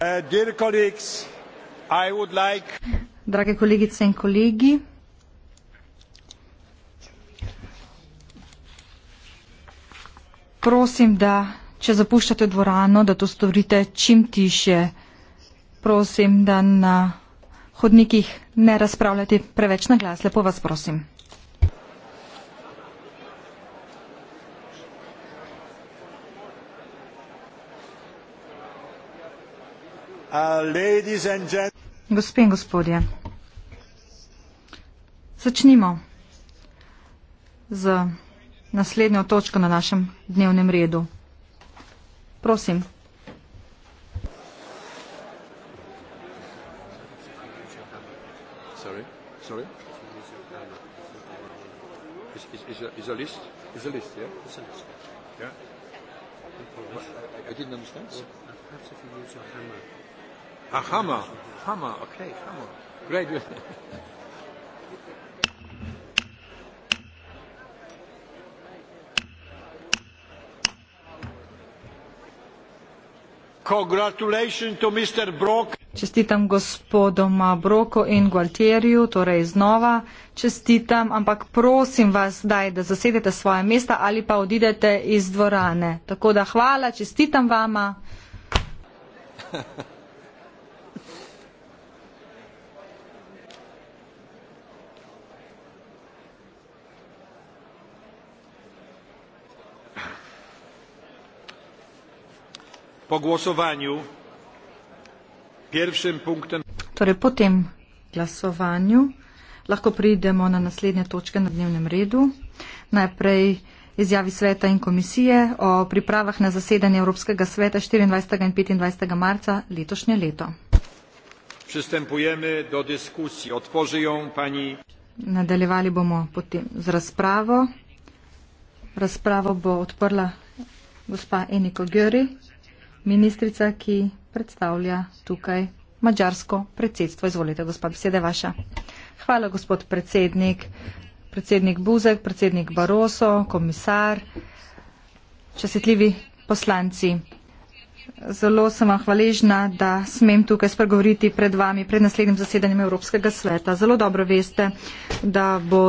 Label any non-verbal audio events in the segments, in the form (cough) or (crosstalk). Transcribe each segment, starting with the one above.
Uh, drage kolegice in kolegi prosim da če zapuščate dvorano da to storite čim tišje prosim da na hodnikih ne razpravljate preveč na glas lepo vas prosim Uh, Gospe in gospodje, začnimo z naslednjo točko na našem dnevnem redu. Prosim. Sorry. Sorry. Is, is, is, a, is a list? Is a list, yeah? It's a list. Yeah? I didn't understand. Well, perhaps if you use your hammer. A hammer. Hammer. Okay. Hammer. Great. Congratulations to Mr. Brock. Čestitam gospodoma Broko in Gualtjeriju, torej znova čestitam, ampak prosim vas, daj, da zasedete svoje mesta ali pa odidete iz dvorane. Tako da hvala, čestitam vama. (laughs) po głosowaniu pierwszym punktem Torej po tem glasovanju lahko prejdemo na naslednje točke na dnevnem redu. Najprej izjavi sveta in komisije o pripravah na zasedanje Evropskega sveta 24. in 25. marca letošnje leto. Pristępujemy do diskusji. Otworzy ją pani. Nadaljevali bomo potem z razpravo. Razpravo bo odprla gospa Eniko Göri ministrica, ki predstavlja tukaj mađarsko predsedstvo. Izvolite, gospod, beseda je vaša. Hvala, gospod predsednik, predsednik Buzek, predsednik Baroso, komisar, časetljivi poslanci. Zelo sem vam hvaležna, da smem tukaj spregovoriti pred vami, pred naslednjim zasedanjem Evropskega sveta. Zelo dobro veste, da bo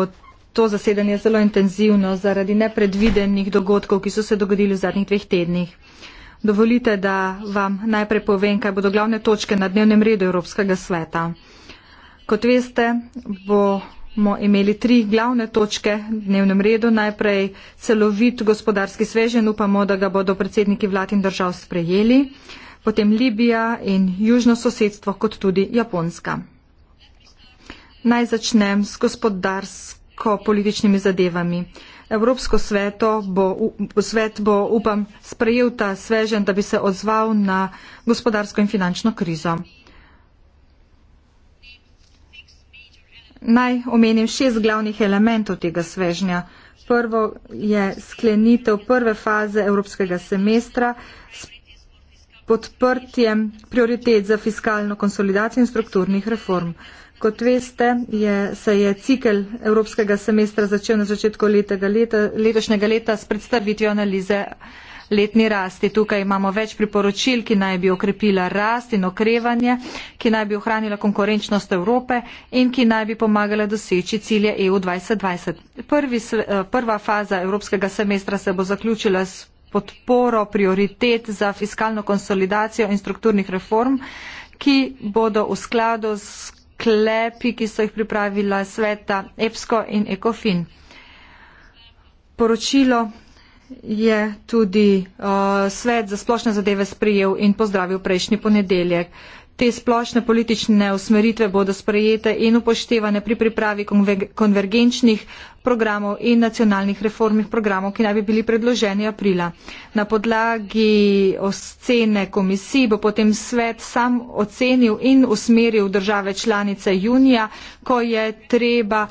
to zasedanje zelo intenzivno zaradi nepredvidenih dogodkov, ki so se dogodili v zadnjih dveh tednih. Uh, Dovolite, da vam najprej povem, kaj bodo glavne točke na dnevnem redu Evropskega sveta. Kot veste, bomo imeli tri glavne točke na dnevnem redu. Najprej celovit gospodarski svežen, upamo, da ga bodo predsedniki vlad in držav sprejeli. Potem Libija in južno sosedstvo, kot tudi Japonska. Naj začnem s gospodarsko-političnimi zadevami. Evropsko sveto bo, svet bo, upam, sprejel ta svežen, da bi se odzval na gospodarsko in finančno krizo. Naj omenim šest glavnih elementov tega svežnja. Prvo je sklenitev prve faze evropskega semestra s podprtjem prioritet za fiskalno konsolidacijo in strukturnih reform. Kot veste, je, se je cikel evropskega semestra začel na začetku letega leta, letošnjega leta s predstavitvijo analize letni rasti. Tukaj imamo več priporočil, ki naj bi okrepila rast in okrevanje, ki naj bi ohranila konkurenčnost Evrope in ki naj bi pomagala doseči cilje EU 2020. Prvi, eh, prva faza evropskega semestra se bo zaključila s podporo prioritet za fiskalno konsolidacijo in strukturnih reform, ki bodo v skladu s sklepi, ki so jih pripravila sveta EPSCO in ECOFIN. Poročilo je tudi uh, svet za splošne zadeve sprijel in pozdravil prejšnji ponedeljek. Uh, Te splošne politične usmeritve bodo sprejete in upoštevane pri pripravi konvergenčnih programov in nacionalnih reformnih programov, ki naj bi bili predloženi aprila. Na podlagi ocene komisij bo potem svet sam ocenil in usmeril države članice junija, ko je treba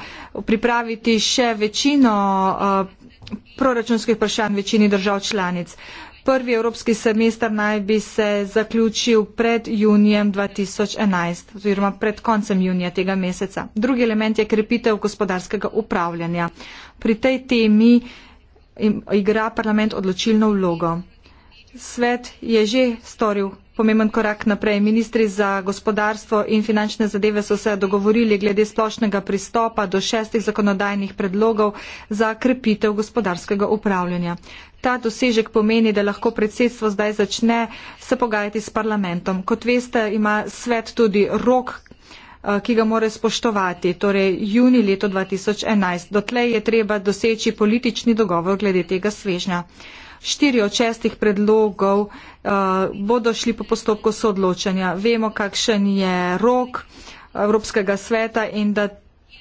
pripraviti še večino uh, proračunskih vprašanj večini držav članic. Uh, prvi evropski semester naj bi se zaključil pred junijem 2011 oziroma pred koncem junija tega meseca. Drugi element je krepitev gospodarskega upravljanja. Pri tej temi igra parlament odločilno vlogo. Svet je že storil pomemben korak naprej. Ministri za gospodarstvo in finančne zadeve so se dogovorili glede splošnega pristopa do šestih zakonodajnih predlogov za krepitev gospodarskega upravljanja. Ta dosežek pomeni, da lahko predsedstvo zdaj začne se pogajati s parlamentom. Kot veste, ima svet tudi rok eh, ki ga mora spoštovati, torej juni leto 2011. Dotlej je treba doseči politični dogovor glede tega svežnja štiri od šestih predlogov uh, bodo šli po postopku soodločanja. Vemo, kakšen je rok eh, Evropskega sveta in da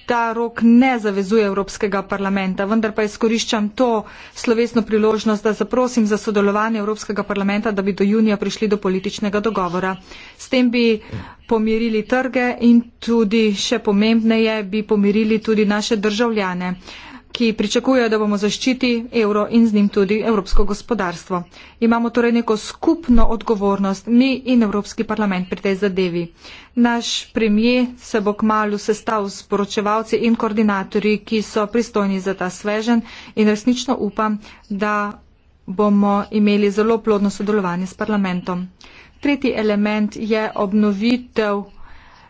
ta rok ne zavezuje Evropskega parlamenta. Vendar pa izkoriščam to slovesno priložnost, da zaprosim za sodelovanje Evropskega parlamenta, da bi do junija prišli do političnega dogovora. S tem bi pomirili trge in tudi še pomembneje bi pomirili tudi naše državljane. Uh, ki pričakuje, da bomo zaščiti evro in z njim tudi evropsko gospodarstvo. Imamo torej neko skupno odgovornost mi in Evropski parlament pri tej zadevi. Naš premije se bo k malu sestav s poročevalci in koordinatorji, ki so pristojni za ta svežen in resnično upam, da bomo imeli zelo plodno sodelovanje s parlamentom. Tretji element je obnovitev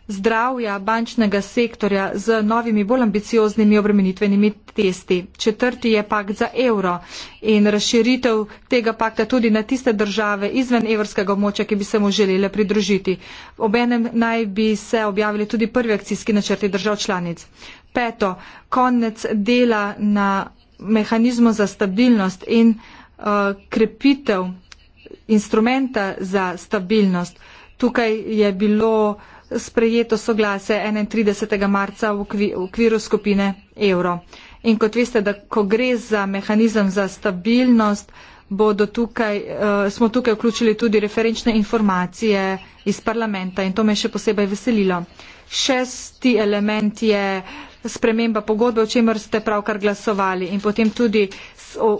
zdravja bančnega sektorja z novimi bolj ambicioznimi obremenitvenimi testi. Četrti je pakt za evro in razširitev tega pakta tudi na tiste države izven evrskega območja, ki bi se mu želele pridružiti. Obenem naj bi se objavili tudi prvi akcijski načrti držav članic. Peto, konec dela na mehanizmu za stabilnost in uh, krepitev instrumenta za stabilnost. Tukaj je bilo sprejeto soglase 31. marca v okviru skupine evro. In kot veste, da ko gre za mehanizem za stabilnost, tukaj, eh, smo tukaj vključili tudi referenčne informacije iz parlamenta in to me še posebej veselilo. Šesti element je sprememba pogodbe, o čemer ste pravkar glasovali in potem tudi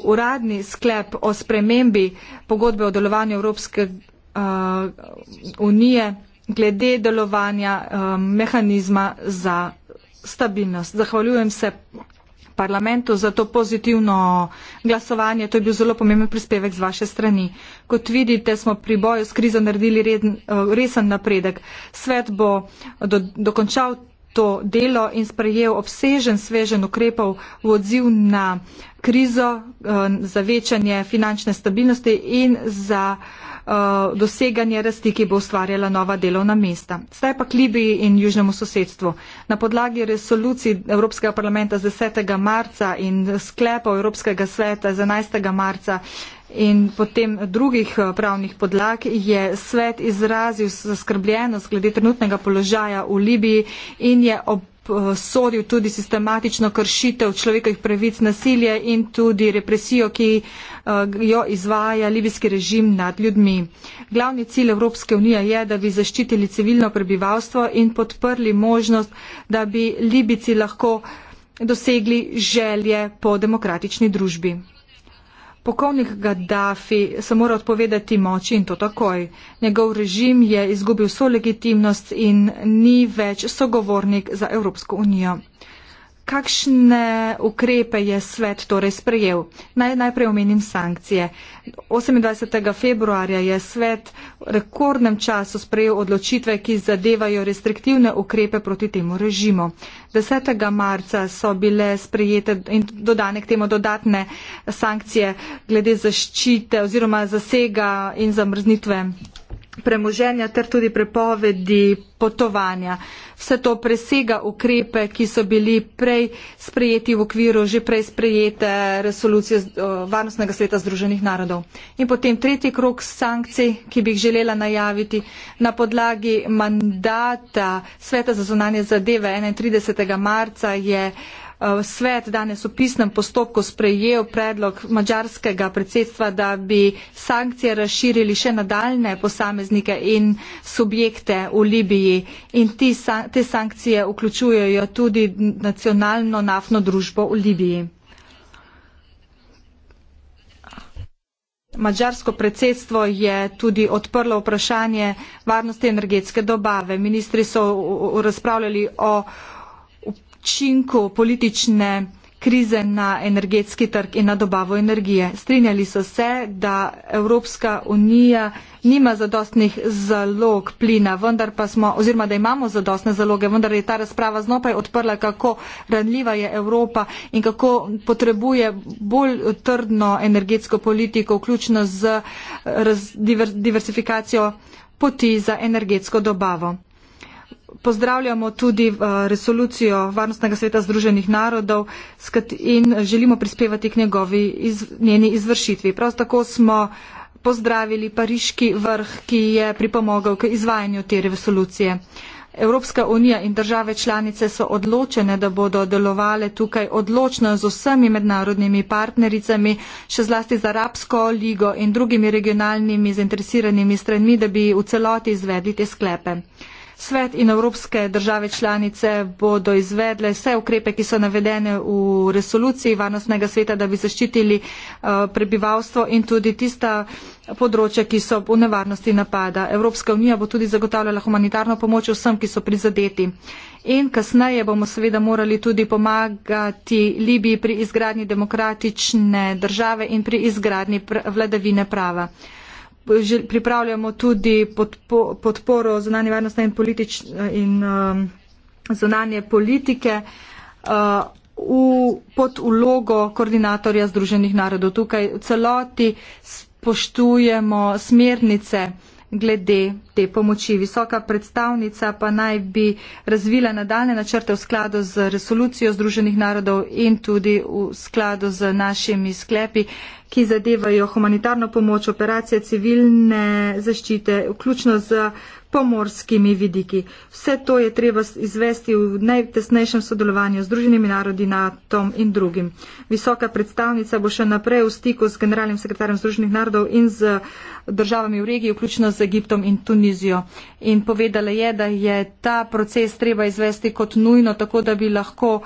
uradni sklep o spremembi pogodbe o delovanju Evropske uh, unije glede delovanja um, mehanizma za stabilnost. Zahvaljujem se parlamentu za to pozitivno glasovanje. To je bil zelo pomemben prispevek z vaše strani. Kot vidite, smo pri boju s krizo naredili reden, uh, resen napredek. Svet bo do, dokončal to delo in sprejel obsežen svežen ukrepov v odziv na krizo, uh, za večanje finančne stabilnosti in za uh, Eh, doseganje rasti, ki bo ustvarjala nova delovna mesta. Zdaj pa k Libiji in južnemu sosedstvu. Na podlagi resoluciji Evropskega parlamenta z 10. marca in sklepov Evropskega sveta z 11. marca in potem drugih eh, pravnih podlag je svet izrazil zaskrbljenost glede trenutnega položaja v Libiji in je obvestil, Eh, sodil tudi sistematično kršitev človekovih pravic, nasilje in tudi represijo, ki eh, jo izvaja libijski režim nad ljudmi. Glavni cilj Evropske unije je, da bi zaščitili civilno prebivalstvo in podprli možnost, da bi Libici lahko dosegli želje po demokratični družbi. Pokovnik Gaddafi se mora odpovedati moči in to takoj. Njegov režim je izgubil vso legitimnost in ni več sogovornik za Evropsko unijo. Kakšne ukrepe je svet torej sprejel? Naj najprej omenim sankcije. 28. februarja je svet v rekordnem času sprejel odločitve, ki zadevajo restriktivne ukrepe proti temu režimu. 10. marca so bile sprejete in dodane k temu dodatne sankcije glede zaščite oziroma zasega in zamrznitve premoženja ter tudi prepovedi potovanja. Vse to presega ukrepe, ki so bili prej sprejeti v okviru že prej sprejete resolucije eh, Varnostnega sveta Združenih narodov. In potem tretji krok sankcij, ki bi jih želela najaviti na podlagi mandata Sveta za zunanje zadeve 31. marca je Eh, svet danes v pisnem postopku sprejel predlog mađarskega predsedstva, da bi sankcije razširili še nadaljne posameznike in subjekte v Libiji. In ti, te sankcije vključujejo tudi nacionalno naftno družbo v Libiji. Mačarsko predsedstvo je tudi odprlo vprašanje varnosti energetske dobave. Ministri so razpravljali o učinku politične krize na energetski trg in na dobavo energije. Strinjali so se, da Evropska unija nima zadostnih zalog plina, vendar pa smo, oziroma da imamo zadostne zaloge, vendar je ta razprava znopaj odprla, kako ranljiva je Evropa in kako potrebuje bolj trdno energetsko politiko, vključno z diversifikacijo poti za energetsko dobavo pozdravljamo tudi eh, resolucijo Varnostnega sveta Združenih narodov in želimo prispevati k njegovi iz, njeni izvršitvi. Prav tako smo pozdravili pariški vrh, ki je pripomogel k izvajanju te resolucije. Evropska unija in države članice so odločene, da bodo delovale tukaj odločno z vsemi mednarodnimi partnericami, še zlasti z Arabsko ligo in drugimi regionalnimi zainteresiranimi stranmi, da bi v celoti izvedli te sklepe. Svet in evropske države članice bodo izvedle vse ukrepe, ki so navedene v resoluciji Varnostnega sveta, da bi zaščitili eh, prebivalstvo in tudi tista področja, ki so v nevarnosti napada. Evropska unija bo tudi zagotavljala humanitarno pomoč vsem, ki so prizadeti. In kasneje bomo seveda morali tudi pomagati Libiji pri izgradnji demokratične države in pri izgradnji vladavine prava pripravljamo tudi podpo, podporo zunanje varnostne in, politič, in um, zunanje politike uh, v, pod ulogo koordinatorja Združenih narodov. Tukaj v celoti spoštujemo smernice uh, glede te pomoči. Visoka predstavnica pa naj bi razvila nadaljne načrte v skladu z resolucijo Združenih narodov in tudi v skladu z našimi sklepi, ki zadevajo humanitarno pomoč, operacije civilne zaščite, vključno z pomorskimi vidiki. Vse to je treba izvesti v najtesnejšem sodelovanju z Združenimi narodi, NATO in drugim. Visoka predstavnica bo še naprej v stiku z generalnim sekretarjem Združenih narodov in z državami v regiji, vključno z Egiptom in Tunizijo. In povedala je, da je ta proces treba izvesti kot nujno, tako da bi lahko uh,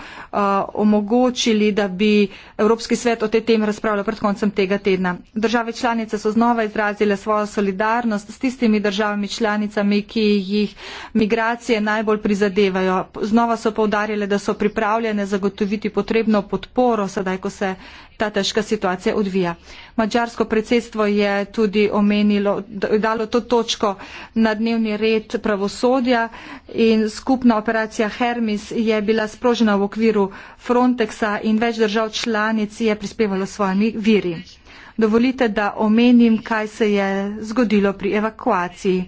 omogočili, da bi Evropski svet o tej temi razpravljal pred koncem tega tedna. Države članice so znova izrazile svojo solidarnost s tistimi državami članicami, težavami, ki jih migracije najbolj prizadevajo. Znova so povdarjali, da so pripravljene zagotoviti potrebno podporo, sedaj, ko se ta težka situacija odvija. Mačarsko predsedstvo je tudi omenilo, dalo to točko na dnevni red pravosodja in skupna operacija Hermes je bila sprožena v okviru Frontexa in več držav članic je prispevalo svojimi viri. Dovolite, da omenim, kaj se je zgodilo pri evakuaciji.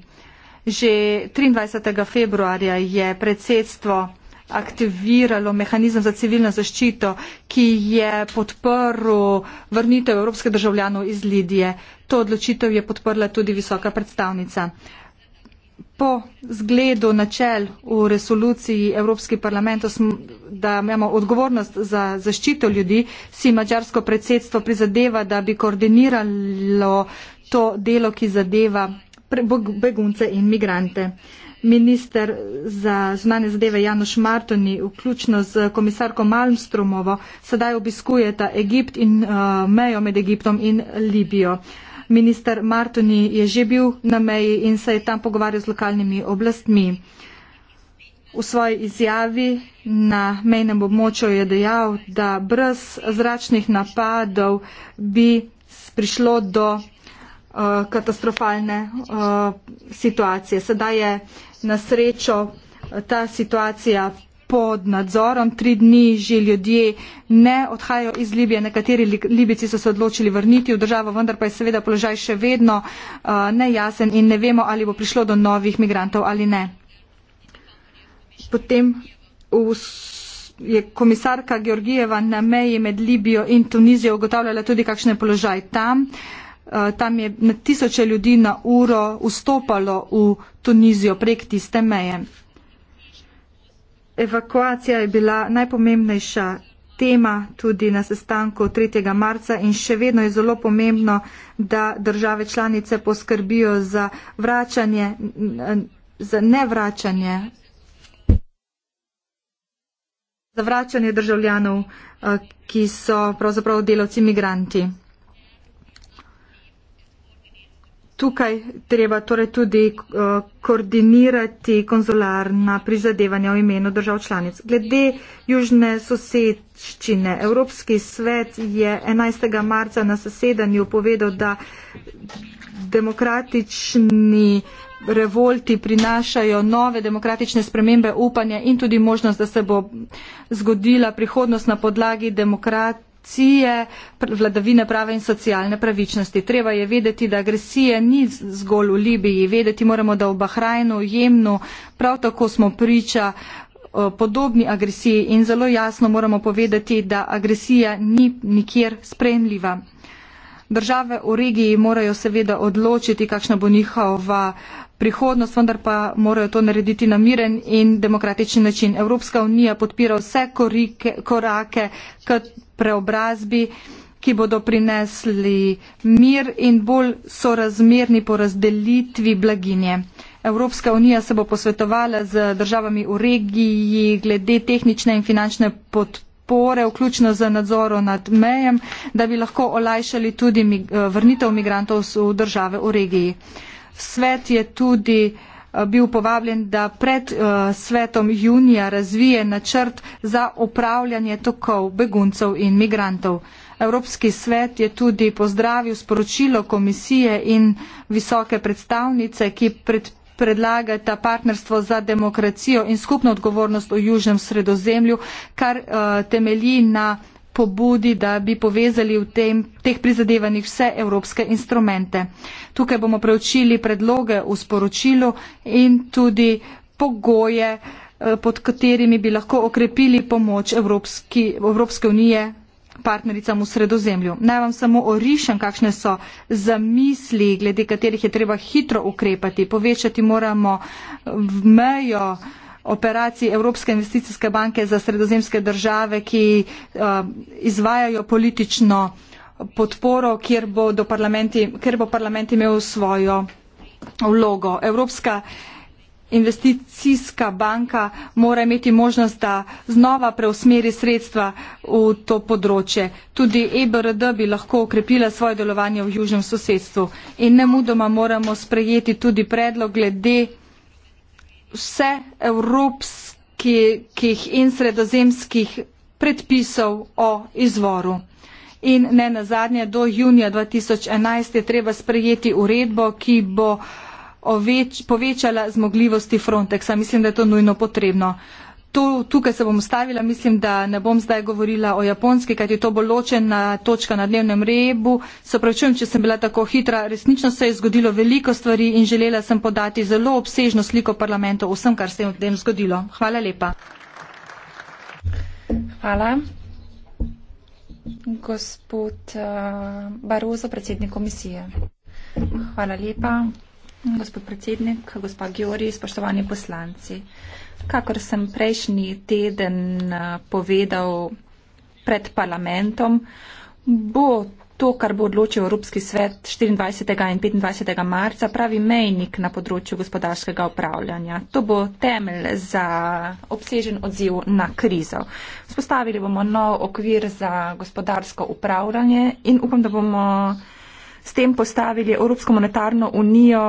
Že 23. februarja je predsedstvo aktiviralo mehanizem za civilno zaščito, ki je podprl vrnitev evropske državljanov iz Lidije. To odločitev je podprla tudi visoka predstavnica. Po zgledu načel v resoluciji Evropski parlament, da imamo odgovornost za zaščito ljudi, si mačarsko predsedstvo prizadeva, da bi koordiniralo to delo, ki zadeva begunce in migrante. Minister za znane zadeve Janoš Martoni, vključno z komisarko Malmstromovo, sedaj obiskujeta Egipt in uh, mejo med Egiptom in Libijo. Minister Martoni je že bil na meji in se je tam pogovarjal z lokalnimi oblastmi. V svoji izjavi na mejnem območju je dejal, da brez zračnih napadov bi prišlo do Eh, katastrofalne eh, situacije. Sedaj je na srečo eh, ta situacija pod nadzorom. Tri dni že ljudje ne odhajajo iz Libije. Nekateri Libici so se odločili vrniti v državo, vendar pa je seveda položaj še vedno nejasen in ne vemo, ali bo prišlo do novih migrantov ali ne. Potem je komisarka Georgijeva na meji med Libijo in Tunizijo ugotavljala tudi, kakšen je položaj tam. Uh, Eh, tam je na tisoče ljudi na uro vstopalo v Tunizijo prek tiste meje. Evakuacija je bila najpomembnejša tema tudi na sestanku 3. marca in še vedno je zelo pomembno, da države članice poskrbijo za vračanje, za nevračanje, za vračanje državljanov, eh, ki so pravzaprav delavci migranti. tukaj treba torej tudi eh, koordinirati konzularna prizadevanja v imenu držav članic. Glede južne sosedščine, Evropski svet je 11. marca na zasedanju povedal, da demokratični revolti prinašajo nove demokratične spremembe upanja in tudi možnost, da se bo zgodila prihodnost na podlagi demokratičnih demokracije, vladavine prave in socialne pravičnosti. Treba je vedeti, da agresije ni zgolj v Libiji. Vedeti moramo, da v Bahrajnu, Jemnu prav tako smo priča podobni agresiji in zelo jasno moramo povedati, da agresija ni nikjer sprejemljiva. Države v regiji morajo seveda odločiti, kakšna bo njihova prihodnost, vendar pa morajo to narediti na miren in demokratičen način. Evropska unija podpira vse korike, korake k preobrazbi, ki bodo prinesli mir in bolj sorazmerni porazdelitvi blaginje. Evropska unija se bo posvetovala z državami v regiji glede tehnične in finančne podpore, vključno z nadzorom nad mejem, da bi lahko olajšali tudi vrnitev migrantov v države v regiji. Svet je tudi uh, Eh, bil povabljen, da pred eh, svetom junija razvije načrt za upravljanje tokov beguncev in migrantov. Evropski svet je tudi pozdravil sporočilo komisije in visoke predstavnice, ki pred predlagata partnerstvo za demokracijo in skupno odgovornost v Južnem sredozemlju, kar uh, temelji na pobudi, da bi povezali v tem, teh prizadevanjih vse evropske instrumente. Tukaj bomo preučili predloge v sporočilu in tudi pogoje, eh, pod katerimi bi lahko okrepili pomoč Evropski, Evropske unije partnericam v sredozemlju. Naj vam samo orišem, kakšne so zamisli, glede katerih je treba hitro ukrepati. Povečati moramo mejo operaciji Evropske investicijske banke za sredozemske države, ki eh, izvajajo politično podporo, kjer bo, kjer bo parlament imel svojo vlogo. Evropska investicijska banka mora imeti možnost, da znova preusmeri sredstva v to področje. Tudi EBRD bi lahko okrepila svoje delovanje v južnem sosedstvu. In nemudoma moramo sprejeti tudi predlog glede vse evropski, ki jih in sredozemskih predpisov o izvoru. In ne nazadnje, do junija 2011 je treba sprejeti uredbo, ki bo oveč, povečala zmogljivosti Frontexa. Mislim, da je to nujno potrebno. To, tukaj se bom ustavila, mislim, da ne bom zdaj govorila o japonski, kajti to bo ločena točka na dnevnem rebu. Se pravčujem, če sem bila tako hitra, resnično se je zgodilo veliko stvari in želela sem podati zelo obsežno sliko parlamentu vsem, kar se je v tem zgodilo. Hvala lepa. Hvala. Gospod eh, Barozo, predsednik komisije. Hvala lepa. Gospod predsednik, gospa Giori, spoštovani poslanci kakor sem prejšnji teden eh, povedal pred parlamentom, bo to, kar bo odločil Evropski svet 24. in 25. marca, pravi mejnik na področju gospodarskega upravljanja. To bo temelj za obsežen odziv na krizo. Spostavili bomo nov okvir za gospodarsko upravljanje in upam, da bomo s tem postavili Evropsko monetarno unijo,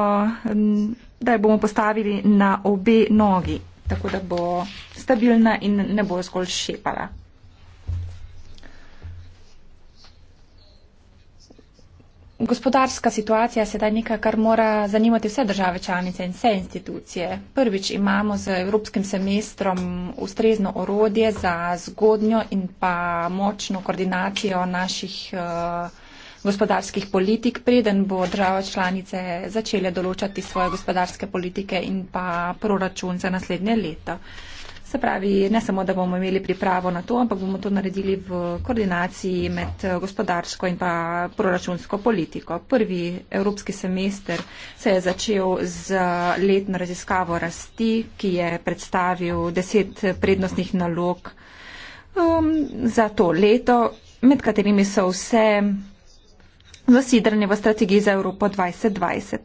da jo bomo postavili na obe nogi tako da bo stabilna in ne bo zgolj šepala. Gospodarska situacija je sedaj nekaj, kar mora zanimati vse države članice in vse institucije. Prvič imamo z evropskim semestrom ustrezno orodje za zgodnjo in pa močno koordinacijo naših uh, gospodarskih politik, preden bo država članice začele določati svoje gospodarske politike in pa proračun za naslednje leto. Se pravi, ne samo, da bomo imeli pripravo na to, ampak bomo to naredili v koordinaciji med gospodarsko in pa proračunsko politiko. Prvi evropski semester se je začel z letno raziskavo rasti, ki je predstavil deset prednostnih nalog um, za to leto, med katerimi so vse zasidranje v strategiji za Evropo 2020.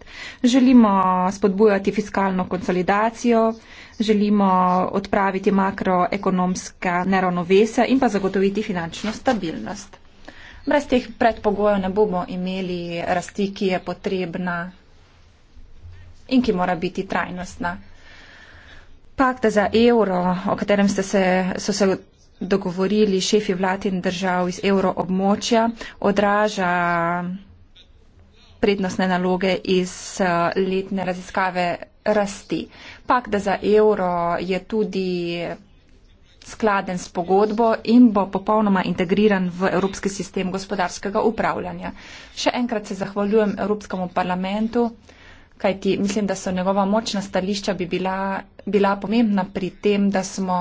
Želimo spodbujati fiskalno konsolidacijo, želimo odpraviti makroekonomska neravnovesja in pa zagotoviti finančno stabilnost. Brez teh predpogojev ne bomo imeli rasti, ki je potrebna in ki mora biti trajnostna. Pakt za evro, o katerem ste se, so se dogovorili šefi vlad in držav iz evroobmočja, odraža prednostne naloge iz eh, letne raziskave rasti. Pak, da za evro je tudi skladen s pogodbo in bo popolnoma integriran v evropski sistem gospodarskega upravljanja. Še enkrat se zahvaljujem Evropskemu parlamentu kajti mislim, da so njegova močna stališča bi bila, bila pomembna pri tem, da smo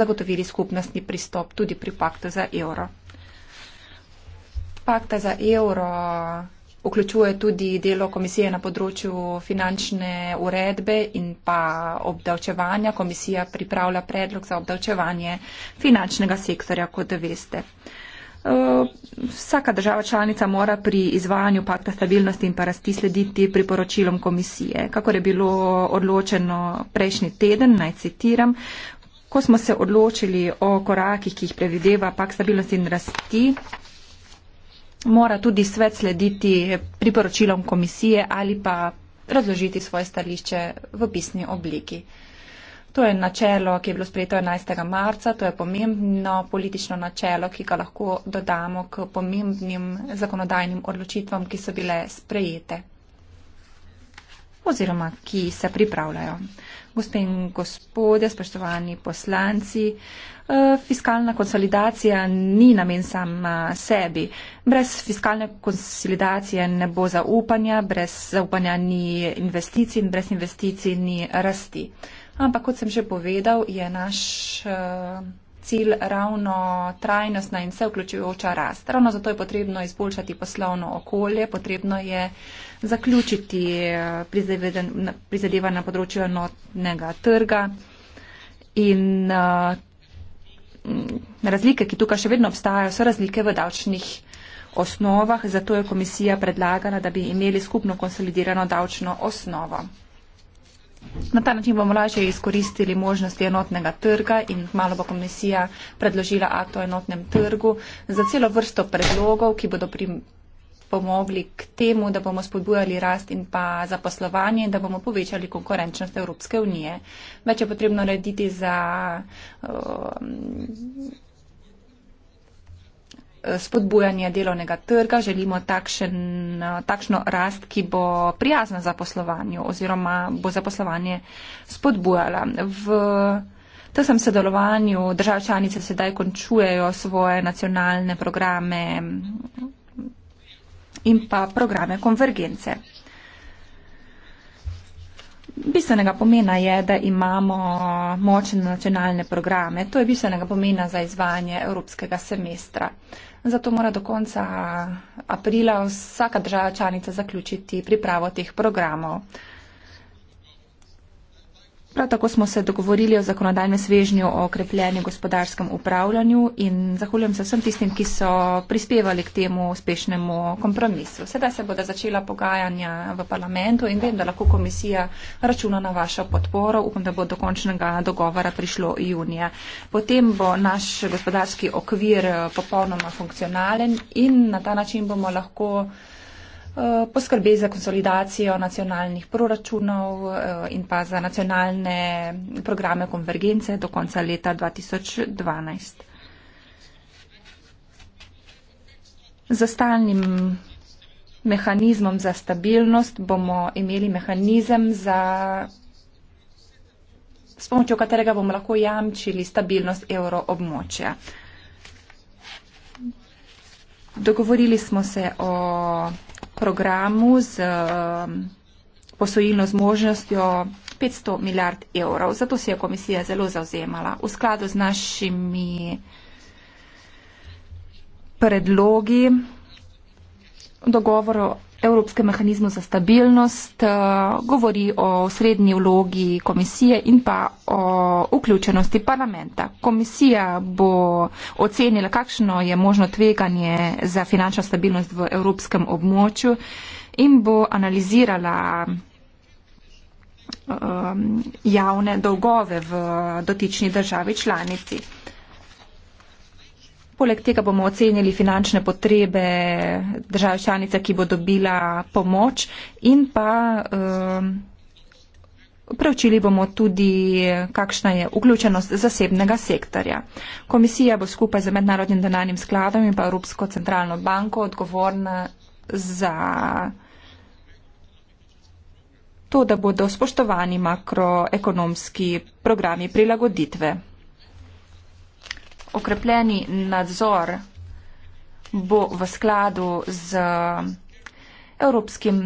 zagotovili skupnostni pristop tudi pri paktu za evro. Pakta za evro vključuje tudi delo komisije na področju finančne uredbe in pa obdavčevanja. Komisija pripravlja predlog za obdavčevanje finančnega sektorja, kot veste vsaka država članica mora pri izvajanju pakta stabilnosti in pa rasti slediti priporočilom komisije. Kako je bilo odločeno prejšnji teden, naj citiram, ko smo se odločili o korakih, ki jih predvideva pakt stabilnosti in rasti, mora tudi svet slediti priporočilom komisije ali pa razložiti svoje stališče v pisni obliki. To je načelo, ki je bilo sprejeto 11. marca, to je pomembno politično načelo, ki ga lahko dodamo k pomembnim zakonodajnim odločitvam, ki so bile sprejete oziroma ki se pripravljajo. Gospe in gospode, spoštovani poslanci, eh, fiskalna konsolidacija ni namen sama sebi. Brez fiskalne konsolidacije ne bo zaupanja, brez zaupanja ni investicij in brez investicij ni rasti. Ampak, kot sem že povedal, je naš eh, cilj ravno trajnostna in vseuključujoča rast. Ravno zato je potrebno izboljšati poslovno okolje, potrebno je zaključiti eh, prizadevanje na področju enotnega trga in eh, razlike, ki tukaj še vedno obstajajo, so razlike v davčnih osnovah, zato je komisija predlagala, da bi imeli skupno konsolidirano davčno osnovo. Na ta način bomo lažje izkoristili možnosti enotnega trga in malo bo komisija predložila akt o enotnem trgu za celo vrsto predlogov, ki bodo pri pomogli k temu, da bomo spodbujali rast in pa zaposlovanje in da bomo povečali konkurenčnost Evropske unije. Več je potrebno narediti za uh, Eh, spodbujanje delovnega trga, želimo takšen, eh, takšno rast, ki bo prijazna za poslovanje oziroma bo za poslovanje spodbujala. V tesnem sodelovanju države članice sedaj končujejo svoje nacionalne programe in pa programe konvergence. Bistvenega pomena je, da imamo močne nacionalne programe. To je bistvenega pomena za izvajanje evropskega semestra. Zato mora do konca aprila vsaka država članica zaključiti pripravo teh programov. Prav tako smo se dogovorili o zakonodajnem svežnju o okrepljenju gospodarskem upravljanju in zahvaljujem se vsem tistim, ki so prispevali k temu uspešnemu kompromisu. Sedaj se bodo začela pogajanja v parlamentu in vem, da lahko komisija računa na vašo podporo. Upam, da bo do končnega dogovora prišlo junija. Potem bo naš gospodarski okvir popolnoma funkcionalen in na ta način bomo lahko. Eh, poskrbi za konsolidacijo nacionalnih proračunov eh, in pa za nacionalne programe konvergence do konca leta 2012. Za stalnim mehanizmom za stabilnost bomo imeli mehanizem za s pomočjo katerega bomo lahko jamčili stabilnost evro območja. Dogovorili smo se o programu z um, posojilno zmožnostjo 500 milijard evrov. Zato se je komisija zelo zauzemala. V skladu z našimi predlogi dogovoru Evropske mehanizme za stabilnost, eh, govori o srednji vlogi komisije in pa o vključenosti parlamenta. Komisija bo ocenila, kakšno je možno tveganje za finančno stabilnost v evropskem območju in bo analizirala eh, javne dolgove v dotični državi članici. Poleg tega bomo ocenili finančne potrebe države članice, ki bo dobila pomoč in pa um, preučili bomo tudi, kakšna je vključenost zasebnega sektorja. Komisija bo skupaj z Mednarodnim denarnim skladom in pa Evropsko centralno banko odgovorna za to, da bodo spoštovani makroekonomski programi prilagoditve okrepljeni nadzor bo v skladu z evropskim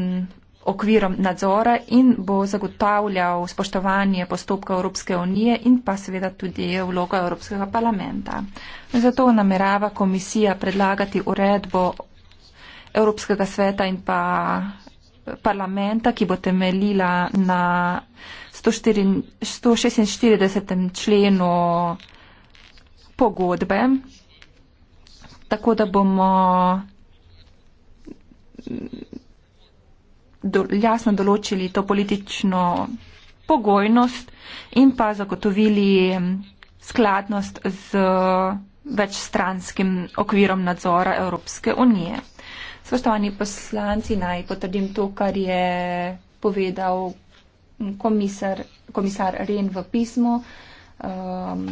okvirom nadzora in bo zagotavljal spoštovanje postopka Evropske unije in pa seveda tudi vloga Evropskega parlamenta. Zato namerava komisija predlagati uredbo Evropskega sveta in pa parlamenta, ki bo temeljila na 144, 146. členu pogodbe, tako da bomo do, jasno določili to politično pogojnost in pa zagotovili mm, skladnost z večstranskim okvirom nadzora Evropske unije. Spoštovani poslanci, naj potrdim to, kar je povedal mm, komisar, komisar Ren v pismu. Um,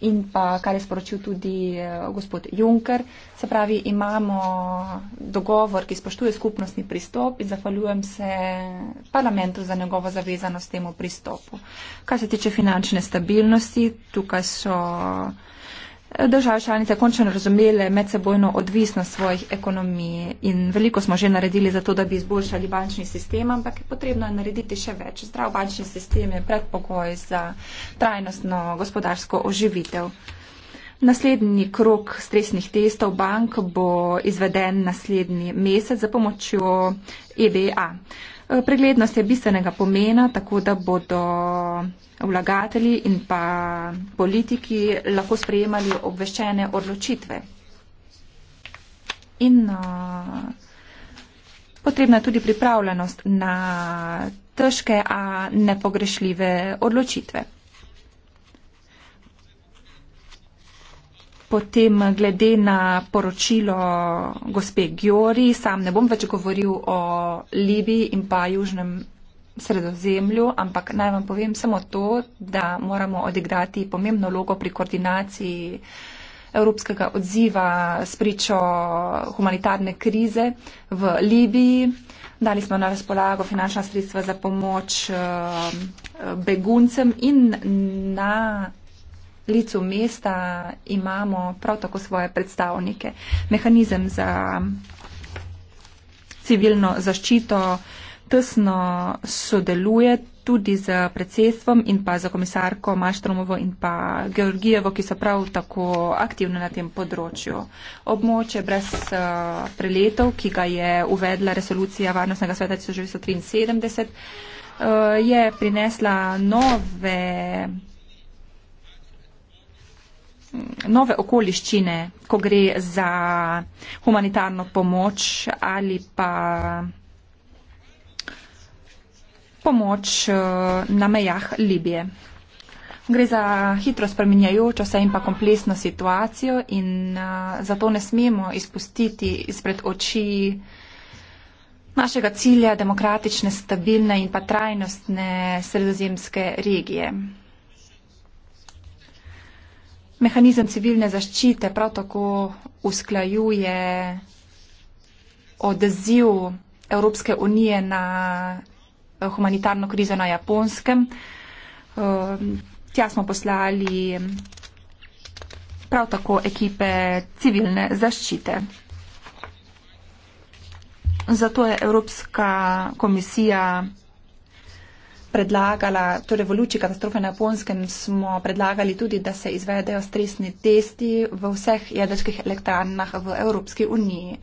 in pa kar je sporočil tudi eh, gospod Juncker. Se pravi, imamo dogovor, ki spoštuje skupnostni pristop in zahvaljujem se parlamentu za njegovo zavezanost temu pristopu. Kar se tiče finančne stabilnosti, tukaj so države članice končno razumele medsebojno odvisnost svojih ekonomij in veliko smo že naredili za to, da bi izboljšali bančni sistem, ampak je potrebno narediti še več. Zdrav bančni sistem je predpogoj za trajnostno gospodarsko oživitev. Naslednji krok stresnih testov bank bo izveden naslednji mesec za pomočjo EBA. Preglednost je bistvenega pomena, tako da bodo vlagatelji in pa politiki lahko sprejemali obveščene odločitve. In uh, potrebna je tudi pripravljenost na težke, a nepogrešljive odločitve. Potem glede na poročilo gospe Gjori, sam ne bom več govoril o Libiji in pa južnem sredozemlju, ampak naj vam povem samo to, da moramo odigrati pomembno logo pri koordinaciji evropskega odziva s pričo humanitarne krize v Libiji. Dali smo na razpolago finančna sredstva za pomoč eh, beguncem in na licu mesta imamo prav tako svoje predstavnike. Mehanizem za civilno zaščito tesno sodeluje tudi z predsedstvom in pa za komisarko Maštromovo in pa Georgijevo, ki so prav tako aktivne na tem področju. Območje brez eh, preletov, ki ga je uvedla resolucija Varnostnega sveta 1973, eh, je prinesla nove nove okoliščine, ko gre za humanitarno pomoč ali pa pomoč eh, na mejah Libije. Gre za hitro spreminjajočo se in pa kompleksno situacijo in eh, zato ne smemo izpustiti izpred oči našega cilja demokratične, stabilne in pa trajnostne sredozemske regije mehanizem civilne zaščite prav tako usklajuje odziv Evropske unije na eh, humanitarno krizo na Japonskem. Eh, tja smo poslali prav tako ekipe civilne zaščite. Zato je Evropska komisija predlagala, torej v luči katastrofe na Japonskem smo predlagali tudi, da se izvedejo stresni testi v vseh jedrskih elektrarnah v Evropski uniji.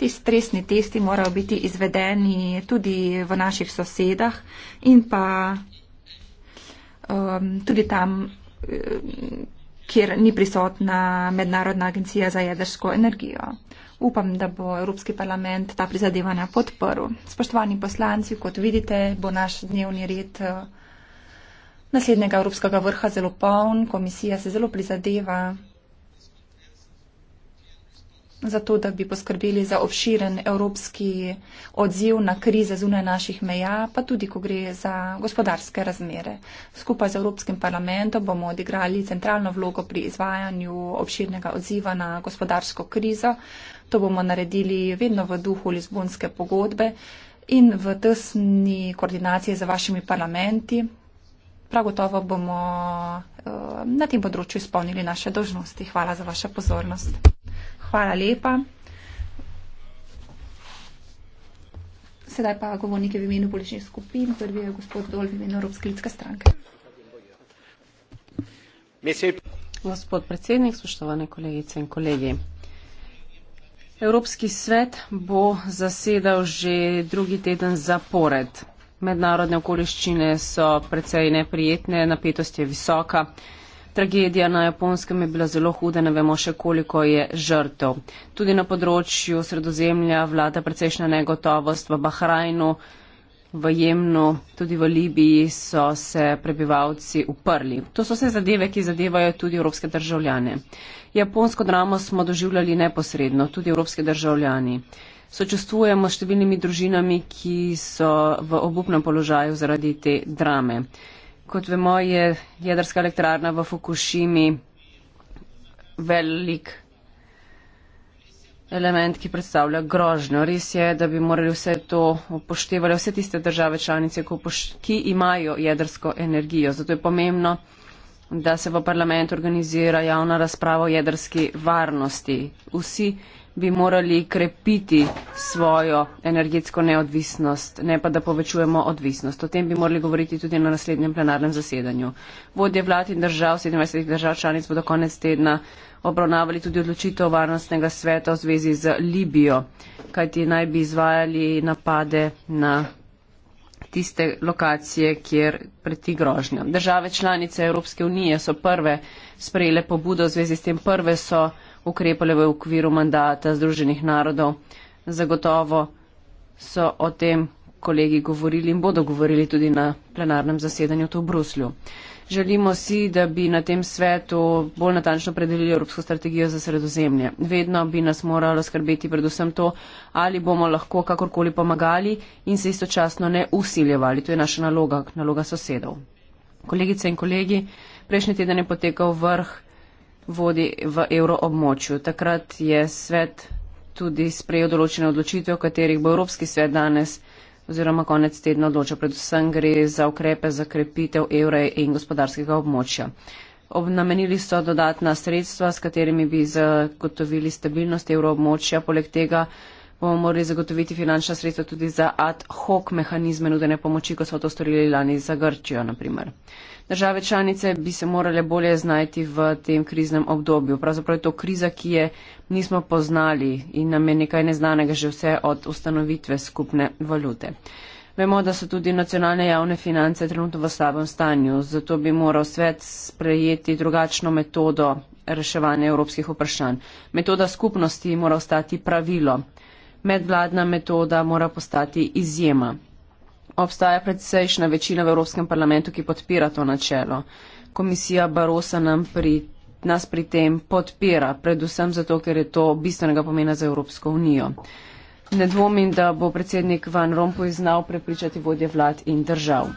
Ti stresni testi morajo biti izvedeni tudi v naših sosedah in pa um, tudi tam, eh, kjer ni prisotna Mednarodna agencija za jedrsko energijo. Upam, da bo Evropski parlament ta prizadevanja podporil. Spoštovani poslanci, kot vidite, bo naš dnevni red eh, naslednjega Evropskega vrha zelo poln. Komisija se zelo prizadeva za to, da bi poskrbeli za obširen evropski odziv na krize zunaj naših meja, pa tudi, ko gre za gospodarske razmere. Skupaj z Evropskim parlamentom bomo odigrali centralno vlogo pri izvajanju obširnega odziva na gospodarsko krizo. To bomo naredili vedno v duhu Lizbonske pogodbe in v tesni koordinaciji z vašimi parlamenti. Prav gotovo bomo eh, na tem področju izpolnili naše dožnosti. Hvala za vašo pozornost. Hvala lepa. Sedaj pa govornike v imenu političnih skupin. Prvi je gospod Dol v imenu Evropske ljudske stranke. Gospod predsednik, spoštovane kolegice in kolegi. Evropski svet bo zasedal že drugi teden zapored. Mednarodne okoliščine so precej neprijetne, napetost je visoka. Tragedija na japonskem je bila zelo huda, ne vemo še koliko je žrtev. Tudi na področju sredozemlja vlada precejšnja negotovost v Bahrajnu v Jemnu, tudi v Libiji so se prebivalci uprli. To so vse zadeve, ki zadevajo tudi evropske državljane. Japonsko dramo smo doživljali neposredno, tudi evropske državljani. Sočustvujemo s številnimi družinami, ki so v obupnem položaju zaradi te drame. Kot vemo, je jedrska elektrarna v Fukushimi velik element, ki predstavlja grožnjo. Res je, da bi morali vse to upoštevali, vse tiste države članice, ki imajo jedrsko energijo. Zato je pomembno, da se v parlament organizira javna razprava o jedrski varnosti. Vsi bi morali krepiti svojo energetsko neodvisnost, ne pa da povečujemo odvisnost. O tem bi morali govoriti tudi na naslednjem plenarnem zasedanju. Vodje vlad in držav, 27 držav članic bodo konec tedna obravnavali tudi odločitev varnostnega sveta v zvezi z Libijo, kajti naj bi izvajali napade na tiste lokacije, kjer preti grožnja. Države članice Evropske unije so prve sprejele pobudo v zvezi s tem, prve so ukrepale v okviru mandata Združenih narodov. Zagotovo so o tem kolegi govorili in bodo govorili tudi na plenarnem zasedanju tu v Bruslju. Želimo si, da bi na tem svetu bolj natančno predelili Evropsko strategijo za sredozemlje. Vedno bi nas moralo skrbeti predvsem to, ali bomo lahko kakorkoli pomagali in se istočasno ne usiljevali. To je naša naloga, naloga sosedov. Kolegice in kolegi, prejšnji teden je potekal vrh vodi v evroobmočju. Takrat je svet tudi sprejel določene odločitve, o katerih bo Evropski svet danes oziroma konec tedna odloča. Predvsem gre za ukrepe za krepitev evra in gospodarskega območja. Ob namenili so dodatna sredstva, s katerimi bi zagotovili stabilnost evroobmočja. Poleg tega bomo morali zagotoviti finančna sredstva tudi za ad hoc mehanizme nudene pomoči, kot so to storili lani za Grčijo, naprimer. Države članice bi se morale bolje znajti v tem kriznem obdobju. Pravzaprav je to kriza, ki je nismo poznali in nam je nekaj neznanega že vse od ustanovitve skupne valute. Vemo, da so tudi nacionalne javne finance trenutno v slabem stanju, zato bi moral svet sprejeti drugačno metodo reševanja evropskih vprašanj. Metoda skupnosti mora ostati pravilo. Medvladna metoda mora postati izjema obstaja predsejšna večina v Evropskem parlamentu, ki podpira to načelo. Komisija Barosa pri, nas pri tem podpira, predvsem zato, ker je to bistvenega pomena za Evropsko unijo. Ne dvomim, da bo predsednik Van Rompuy znal prepričati vodje vlad in držav.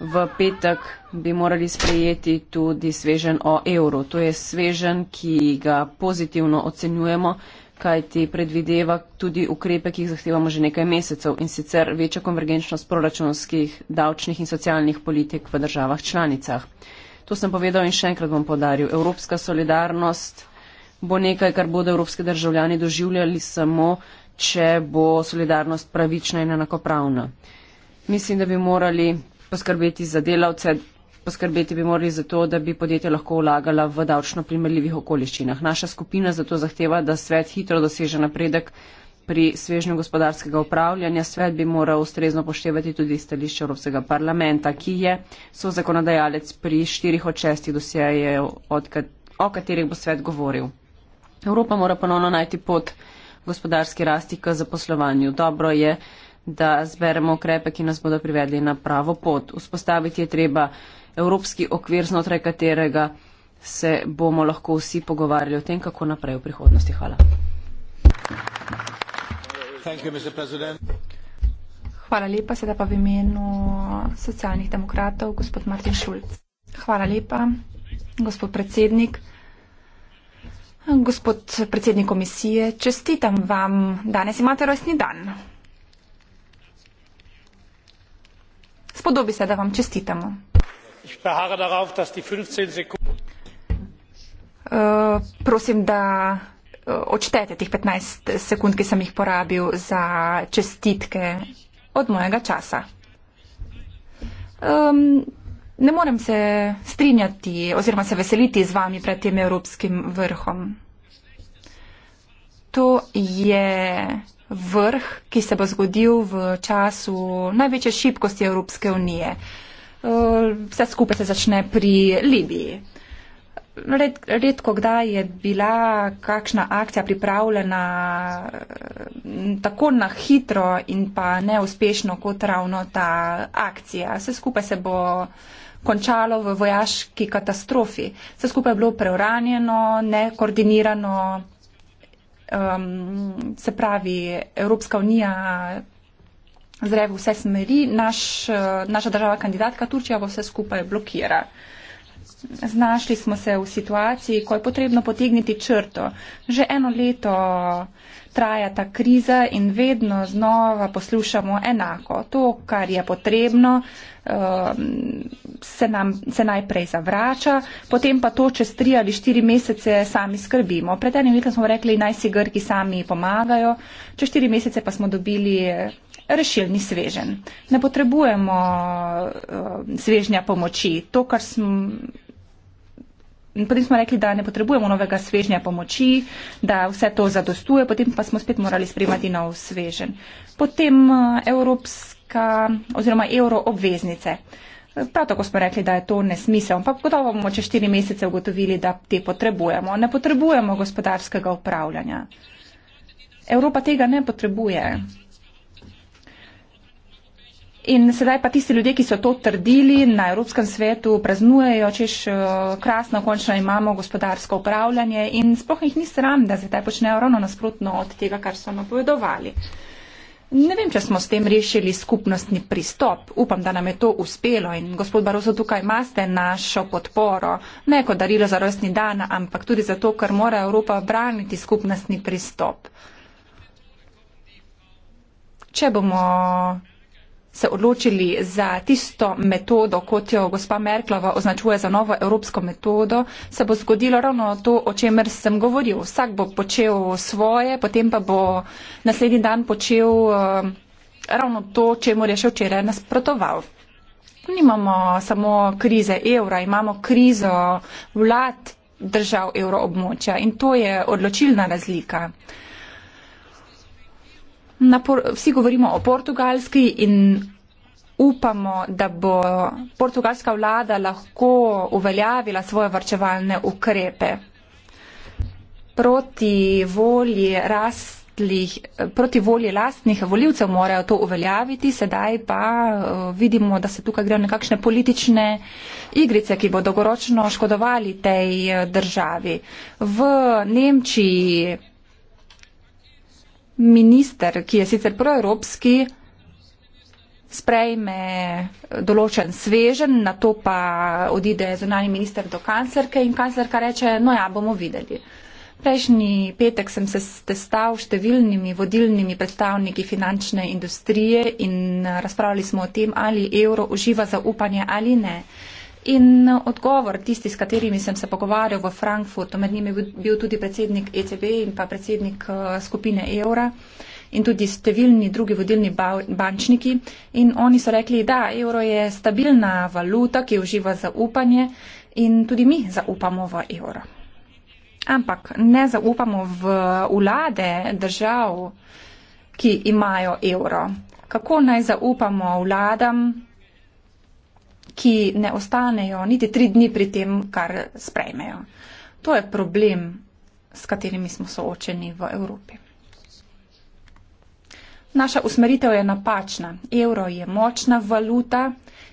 V petek bi morali sprejeti tudi svežen o evru. To je svežen, ki ga pozitivno ocenjujemo, kajti predvideva tudi ukrepe, ki jih zahtevamo že nekaj mesecev in sicer večjo konvergenčnost proračunskih, davčnih in socialnih politik v državah članicah. To sem povedal in še enkrat bom podaril. Evropska solidarnost bo nekaj, kar bodo evropske državljani doživljali samo, če bo solidarnost pravična in enakopravna. Mislim, da bi morali poskrbeti za delavce, poskrbeti bi morali za to, da bi podjetja lahko vlagala v davčno primerljivih okoliščinah. Naša skupina zato zahteva, da svet hitro doseže napredek pri svežnju gospodarskega upravljanja. Svet bi moral ustrezno poštevati tudi stališče Evropskega parlamenta, ki je so zakonodajalec pri štirih od šestih dosjejev, o katerih bo svet govoril. Evropa mora ponovno najti pot gospodarski rasti k zaposlovanju. Dobro je, da zberemo ukrepe, ki nas bodo privedli na pravo pot. Vzpostaviti je treba evropski okvir, znotraj katerega se bomo lahko vsi pogovarjali o tem, kako naprej v prihodnosti. Hvala. Hvala lepa. Sedaj pa v imenu socialnih demokratov gospod Martin Šulc. Hvala lepa, gospod predsednik. Gospod predsednik komisije, čestitam vam. Danes imate rojstni dan. Spodobi se, da vam čestitamo ich beharre darauf, dass die 15 Sekunden. Eh, prosim, da eh, odštete tih 15 sekund, ki sem jih porabil za čestitke od mojega časa. Um, ne morem se strinjati oziroma se veseliti z vami pred tem evropskim vrhom. To je vrh, ki se bo zgodil v času največje šibkosti Evropske unije. Uh, uh, vse skupaj se začne pri Libiji. Red, redko kdaj je bila kakšna akcija pripravljena eh, tako na hitro in pa neuspešno kot ravno ta akcija. Vse skupaj se bo končalo v vojaški katastrofi. Vse skupaj je bilo preuranjeno, nekoordinirano. Um, se pravi, Evropska unija zreve vse smeri, naš, eh, naša država kandidatka Turčija pa vse skupaj blokira. Znašli smo se v situaciji, ko je potrebno potegniti črto. Že eno leto traja ta kriza in vedno znova poslušamo enako. To, kar je potrebno, ehm, se, nam, se najprej zavrača, potem pa to čez tri ali štiri mesece sami skrbimo. Pred enim letom smo rekli, naj si Grki sami pomagajo, čez štiri mesece pa smo dobili rešilni svežen. Ne potrebujemo uh, svežnja pomoči. To, kar sem. Potem smo rekli, da ne potrebujemo novega svežnja pomoči, da vse to zadostuje, potem pa smo spet morali sprejemati nov svežen. Potem eh, evropska oziroma evro obveznice. Prav tako smo rekli, da je to nesmisel, ampak gotovo bomo čez štiri mesece ugotovili, da te potrebujemo. Ne potrebujemo gospodarskega upravljanja. Evropa tega ne potrebuje. In sedaj pa tisti ljudje, ki so to trdili na Evropskem svetu, praznujejo, češ eh, krasno, končno imamo gospodarsko upravljanje in sploh jih ni sram, da zdaj počnejo ravno nasprotno od tega, kar so napovedovali. Ne vem, če smo s tem rešili skupnostni pristop. Upam, da nam je to uspelo in gospod Baroso, tukaj imate našo podporo, ne kot darilo za rojstni dan, ampak tudi zato, ker mora Evropa braniti skupnostni pristop. Če bomo se odločili za tisto metodo, kot jo gospa Merklova označuje za novo evropsko metodo, se bo zgodilo ravno to, o čemer sem govoril. Vsak bo počel svoje, potem pa bo naslednji dan počel eh, ravno to, čemu je še včeraj nasprotoval. Nimamo samo krize evra, imamo krizo vlad držav evroobmočja in to je odločilna razlika na, vsi govorimo o portugalski in upamo, da bo portugalska vlada lahko uveljavila svoje varčevalne ukrepe proti volji rast. Proti volji lastnih voljivcev morajo to uveljaviti, sedaj pa eh, vidimo, da se tukaj grejo nekakšne politične igrice, ki bodo dolgoročno škodovali tej eh, državi. V Nemčiji minister, ki je sicer proevropski, sprejme določen svežen, na to pa odide zunani minister do kanclerke in kanclerka reče, no ja, bomo videli. Prejšnji petek sem se testal številnimi vodilnimi predstavniki finančne industrije in eh, razpravljali smo o tem, ali evro uživa zaupanje ali ne. In odgovor tisti, s katerimi sem se pogovarjal v Frankfurtu, med njimi bil tudi predsednik ECB in pa predsednik eh, skupine evra in tudi številni drugi vodilni bančniki. In oni so rekli, da evro je stabilna valuta, ki uživa zaupanje in tudi mi zaupamo v evro. Ampak ne zaupamo v vlade držav, ki imajo evro. Kako naj zaupamo vladam? ki ne ostanejo niti tri dni pri tem, kar sprejmejo. To je problem, s katerimi smo soočeni v Evropi. Naša usmeritev je napačna. Evro je močna valuta,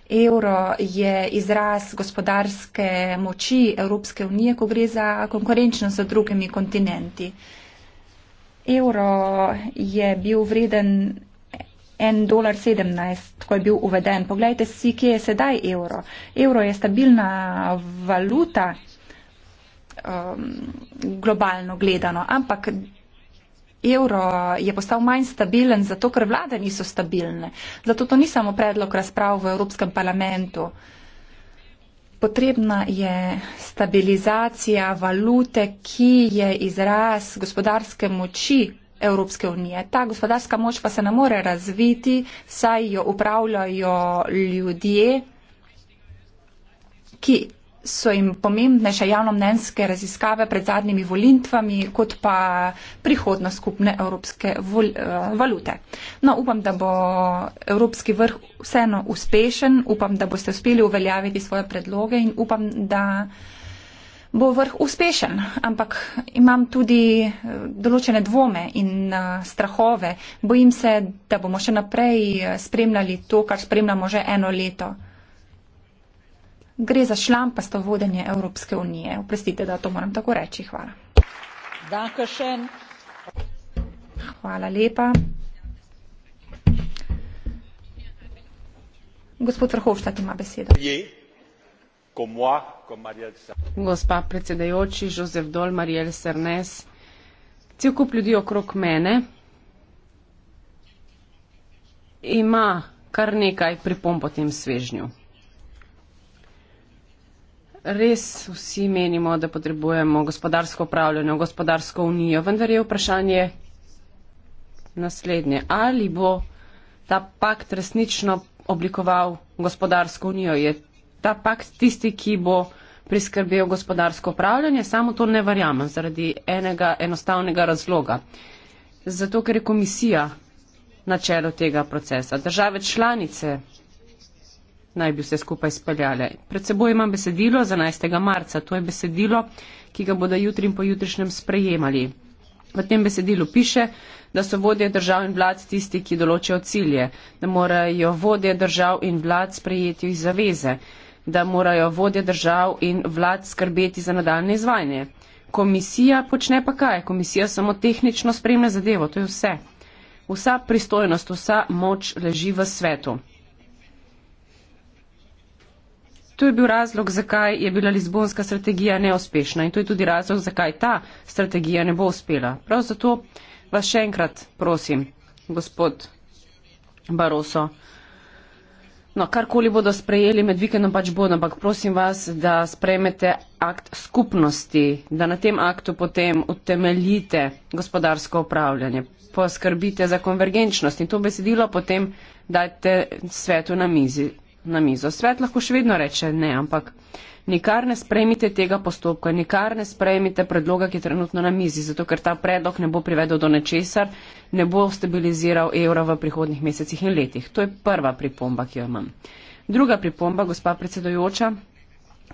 evro je izraz gospodarske moči Evropske unije, ko gre za konkurenčnost z drugimi kontinenti. Evro je bil vreden 1,17, ko je bil uveden. Poglejte si, kje je sedaj evro. Evro je stabilna valuta um, globalno gledano, ampak evro je postal manj stabilen, zato ker vlade niso stabilne. Zato to ni samo predlog razprav v Evropskem parlamentu. Potrebna je stabilizacija valute, ki je izraz gospodarske moči Evropske unije. Ta gospodarska moč pa se ne more razviti, saj jo upravljajo ljudje, ki so jim pomembnejše javnomnenske raziskave pred zadnjimi volitvami, kot pa prihodnost skupne evropske vol, uh, valute. No, upam, da bo evropski vrh vseeno uspešen, upam, da boste uspeli uveljaviti svoje predloge in upam, da bo vrh uspešen, ampak imam tudi eh, določene dvome in eh, strahove. Bojim se, da bomo še naprej eh, spremljali to, kar spremljamo že eno leto. Gre za šlampasto vodenje Evropske unije. Oprostite, da to moram tako reči. Hvala. Hvala lepa. Gospod Vrhovštat ima besedo. Je ko moi, ko Marielle Sernes. Gospa predsedajoči, Jozef Dol, Marielle Sernes, cel kup ljudi okrog mene ima kar nekaj pripomb o tem svežnju. Res vsi menimo, da potrebujemo gospodarsko upravljanje, gospodarsko unijo, vendar je vprašanje naslednje. Ali bo ta pakt resnično oblikoval gospodarsko unijo? Je ta pakt tisti, ki bo priskrbel gospodarsko upravljanje. Samo to ne verjamem zaradi enega enostavnega razloga. Zato, ker je komisija na čelu tega procesa. Države članice naj bi vse skupaj speljale. Pred seboj imam besedilo za 11. marca. To je besedilo, ki ga bodo jutri in pojutrišnjem sprejemali. V tem besedilu piše, da so vodje držav in vlad tisti, ki določajo cilje, da morajo vodje držav in vlad sprejeti zaveze da morajo vodje držav in vlad skrbeti za nadaljne izvajanje. Komisija počne pa kaj? Komisija samo tehnično spremlja zadevo, to je vse. Vsa pristojnost, vsa moč leži v svetu. To je bil razlog, zakaj je bila Lizbonska strategija neuspešna in to je tudi razlog, zakaj ta strategija ne bo uspela. Prav zato vas še enkrat prosim, gospod Baroso, No, karkoli bodo sprejeli med vikendom, pač bodo, ampak prosim vas, da sprejmete akt skupnosti, da na tem aktu potem utemeljite gospodarsko upravljanje, poskrbite za konvergenčnost in to besedilo potem dajte svetu na, mizi, na mizo. Svet lahko še vedno reče ne, ampak nikar ne sprejmite tega postopka, nikar ne sprejmite predloga, ki je trenutno na mizi, zato ker ta predlog ne bo privedel do nečesar, ne bo stabiliziral evra v prihodnih mesecih in letih. To je prva pripomba, ki jo imam. Druga pripomba, gospa predsedojoča,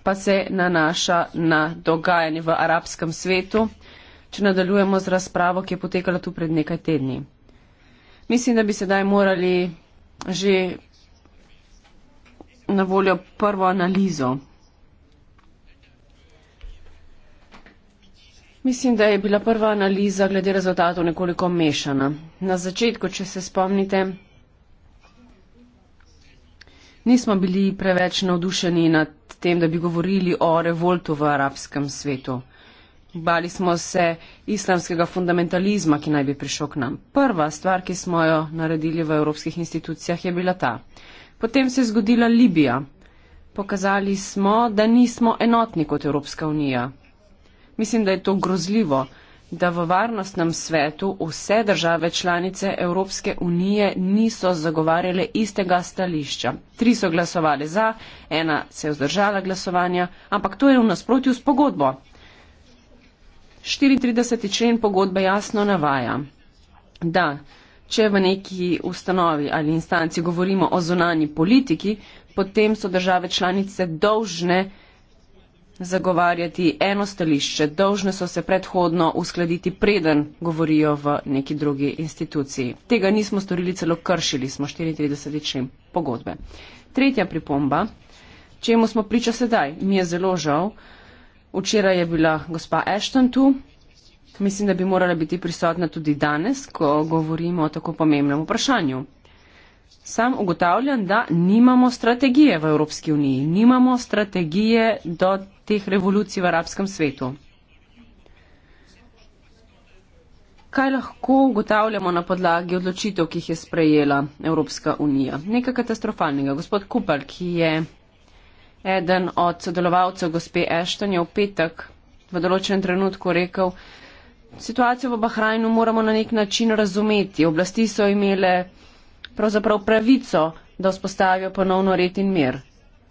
pa se nanaša na dogajanje v arabskem svetu, če nadaljujemo z razpravo, ki je potekala tu pred nekaj tedni. Mislim, da bi sedaj morali že na voljo prvo analizo Mislim, da je bila prva analiza glede rezultatov nekoliko mešana. Na začetku, če se spomnite, nismo bili preveč navdušeni nad tem, da bi govorili o revoltu v arabskem svetu. Bali smo se islamskega fundamentalizma, ki naj bi prišel k nam. Prva stvar, ki smo jo naredili v evropskih institucijah, je bila ta. Potem se je zgodila Libija. Pokazali smo, da nismo enotni kot Evropska unija. Mislim, da je to grozljivo, da v varnostnem svetu vse države članice Evropske unije niso zagovarjale istega stališča. Tri so glasovali za, ena se je vzdržala glasovanja, ampak to je v nasprotju s pogodbo. 34. člen pogodbe jasno navaja, da če v neki ustanovi ali instanci govorimo o zunanji politiki, potem so države članice dolžne zagovarjati eno stališče, dolžne so se predhodno uskladiti preden govorijo v neki drugi instituciji. Tega nismo storili, celo kršili smo 34. člen pogodbe. Tretja pripomba, čemu smo priča sedaj, mi je zelo žal. Včeraj je bila gospa Ashton tu, mislim, da bi morala biti prisotna tudi danes, ko govorimo o tako pomembnem vprašanju. Sam ugotavljam, da nimamo strategije v Evropski uniji. Nimamo strategije do teh revolucij v arabskem svetu. Kaj lahko ugotavljamo na podlagi odločitev, ki jih je sprejela Evropska unija? Nekaj katastrofalnega. Gospod Kupal, ki je eden od sodelovalcev gospe Ashton, je v petek v določenem trenutku rekel, situacijo v Bahrajnu moramo na nek način razumeti. Oblasti so imele pravzaprav pravico, da vzpostavijo ponovno red in mir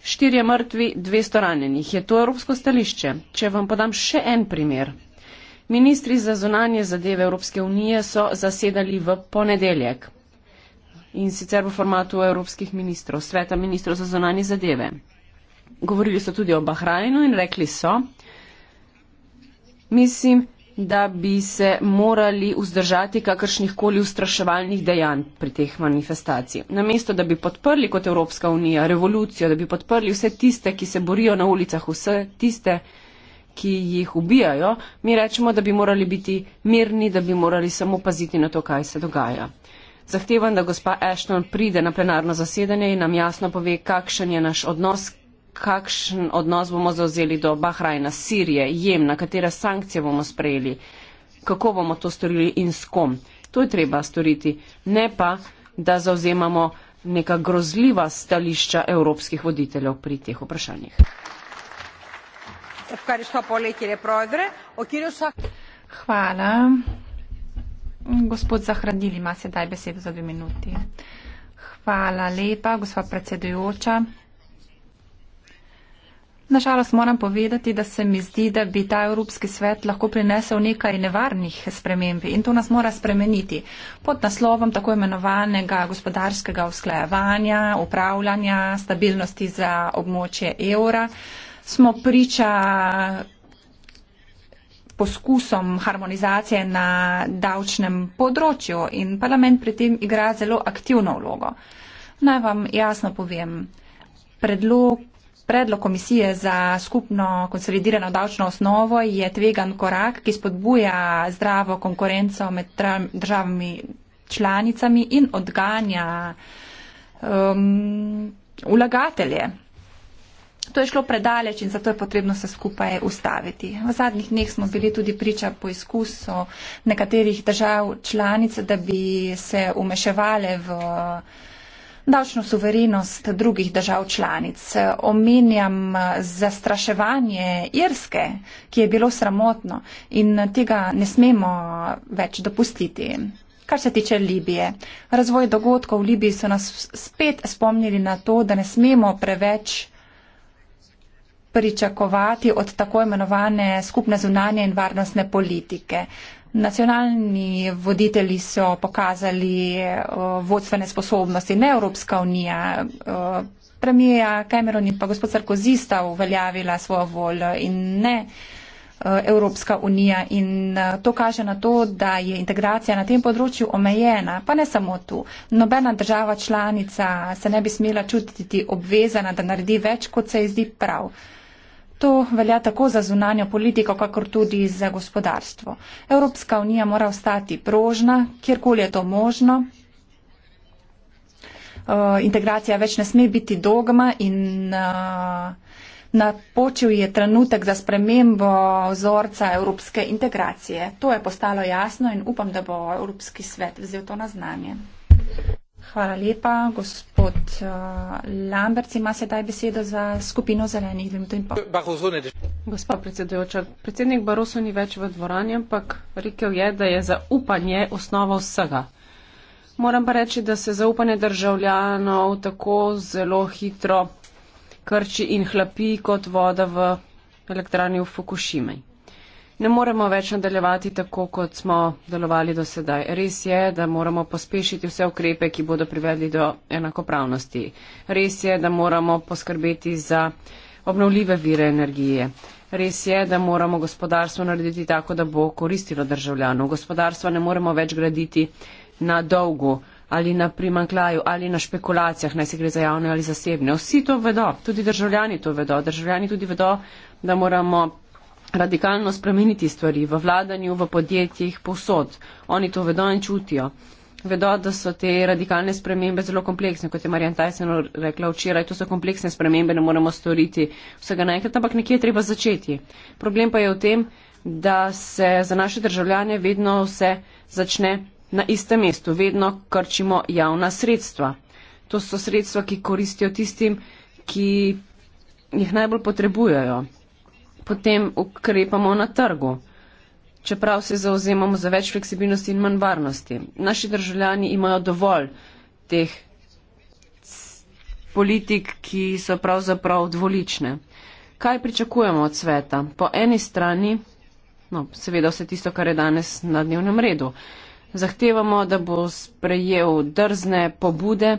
štirje mrtvi, dvesto ranjenih. Je to evropsko stališče? Če vam podam še en primer. Ministri za zunanje zadeve Evropske unije so zasedali v ponedeljek in sicer v formatu evropskih ministrov, sveta ministrov za zunanje zadeve. Govorili so tudi o Bahrajnu in rekli so, mislim, da bi se morali vzdržati kakršnih koli ustraševalnih dejanj pri teh manifestacij. Namesto, da bi podprli kot Evropska unija revolucijo, da bi podprli vse tiste, ki se borijo na ulicah, vse tiste, ki jih ubijajo, mi rečemo, da bi morali biti mirni, da bi morali samo paziti na to, kaj se dogaja. Zahtevam, da gospa Ashton pride na plenarno zasedanje in nam jasno pove, kakšen je naš odnos, kakšen odnos bomo zauzeli do Bahrajna, Sirije, Jemna, katere sankcije bomo sprejeli, kako bomo to storili in s kom. To je treba storiti, ne pa, da zauzemamo neka grozljiva stališča evropskih voditeljev pri teh vprašanjih. Hvala. Gospod Zahradil ima sedaj besedo za dve minuti. Hvala lepa, gospod predsedujoča. Nažalost moram povedati, da se mi zdi, da bi ta Evropski svet lahko prinesel nekaj nevarnih sprememb in to nas mora spremeniti pod naslovom tako imenovanega gospodarskega usklajevanja, upravljanja, stabilnosti za območje evra. Smo priča poskusom harmonizacije na davčnem področju in parlament pri tem igra zelo aktivno vlogo. Naj vam jasno povem, predlog Predlog komisije za skupno konsolidirano davčno osnovo je tvegan korak, ki spodbuja zdravo konkurenco med državami članicami in odganja um, ulagatelje. To je šlo predaleč in zato je potrebno se skupaj ustaviti. V zadnjih dneh smo bili tudi priča po izkusu nekaterih držav članic, da bi se umeševale v davčno suverenost drugih držav članic. Omenjam zastraševanje Irske, ki je bilo sramotno in tega ne smemo več dopustiti. Kar se tiče Libije, razvoj dogodkov v Libiji so nas spet spomnili na to, da ne smemo preveč pričakovati od tako imenovane skupne zunanje in varnostne politike. Nacionalni voditelji so pokazali eh, vodstvene sposobnosti, ne Evropska unija. Eh, Premija Cameron in pa gospod Sarkozy sta uveljavila svojo voljo in ne eh, Evropska unija. In to kaže na to, da je integracija na tem področju omejena, pa ne samo tu. Nobena država članica se ne bi smela čutiti obvezana, da naredi več, kot se ji zdi prav. To velja tako za zunanjo politiko, kakor tudi za gospodarstvo. Evropska unija mora ostati prožna, kjerkoli je to možno. Uh, integracija več ne sme biti dogma in uh, napočil je trenutek za spremembo vzorca evropske integracije. To je postalo jasno in upam, da bo Evropski svet vzel to na znanje. Hvala lepa. Gospod uh, Lambert ima sedaj besedo za skupino zelenih. Gospa predsedujoča, predsednik Baroso ni več v dvorani, ampak rekel je, da je zaupanje osnova vsega. Moram pa reči, da se zaupanje državljanov tako zelo hitro krči in hlapi kot voda v elektrani v Fukushimej ne moremo več nadaljevati tako, kot smo delovali do sedaj. Res je, da moramo pospešiti vse ukrepe, ki bodo privedli do enakopravnosti. Res je, da moramo poskrbeti za obnovljive vire energije. Res je, da moramo gospodarstvo narediti tako, da bo koristilo državljanu. Gospodarstvo ne moremo več graditi na dolgu ali na primanklaju ali na špekulacijah, naj se gre za javne ali zasebne. Vsi to vedo, tudi državljani to vedo. Državljani tudi vedo, da moramo radikalno spremeniti stvari v vladanju, v podjetjih, posod. Oni to vedo in čutijo. Vedo, da so te radikalne spremembe zelo kompleksne, kot je Marjan Tyson rekla včeraj, to so kompleksne spremembe, ne moremo storiti vsega naenkrat, ampak nekje je treba začeti. Problem pa je v tem, da se za naše državljane vedno vse začne na istem mestu, vedno krčimo javna sredstva. To so sredstva, ki koristijo tistim, ki jih najbolj potrebujejo potem ukrepamo na trgu, čeprav se zauzemamo za več fleksibilnosti in manj varnosti. Naši državljani imajo dovolj teh politik, ki so pravzaprav dvolične. Kaj pričakujemo od sveta? Po eni strani, no, seveda vse tisto, kar je danes na dnevnem redu, zahtevamo, da bo sprejel drzne pobude,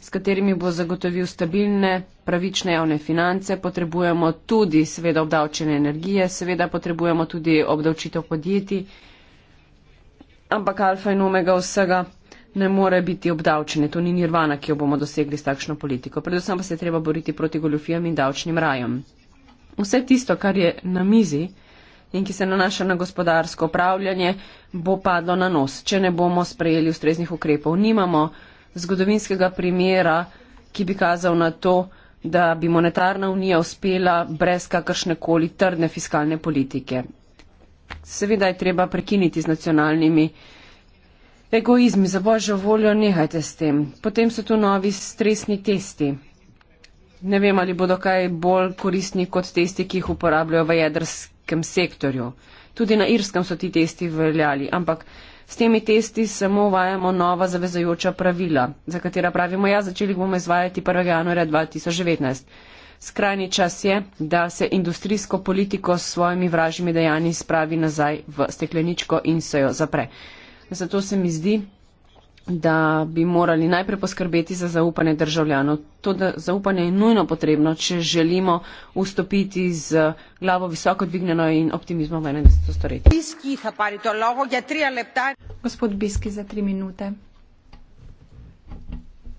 s katerimi bo zagotovil stabilne, pravične javne finance, potrebujemo tudi seveda obdavčene energije, seveda potrebujemo tudi obdavčitev podjetij, ampak alfa in omega vsega ne more biti obdavčene. To ni nirvana, ki jo bomo dosegli s takšno politiko. Predvsem pa se treba boriti proti goljofijam in davčnim rajom. Vse tisto, kar je na mizi in ki se nanaša na gospodarsko upravljanje, bo padlo na nos, če ne bomo sprejeli ustreznih ukrepov. Nimamo zgodovinskega primera, ki bi kazal na to, da bi monetarna unija uspela brez kakršne koli trdne fiskalne politike. Seveda je treba prekiniti z nacionalnimi egoizmi, za božjo voljo nehajte s tem. Potem so tu novi stresni testi. Ne vem, ali bodo kaj bolj koristni kot testi, ki jih uporabljajo v jedrskem sektorju. Tudi na Irskem so ti testi veljali, ampak S temi testi samo uvajamo nova zavezajoča pravila, za katera pravimo, ja, začeli bomo izvajati 1. januarja 2019. Skrajni čas je, da se industrijsko politiko s svojimi vražjimi dejanji spravi nazaj v stekleničko in se jo zapre. Zato se mi zdi, da bi morali najprej poskrbeti za zaupanje državljanov. To zaupanje je nujno potrebno, če želimo vstopiti z glavo visoko dvignjeno in optimizmom v 21. stoletje. Ja, Gospod Biski za tri minute.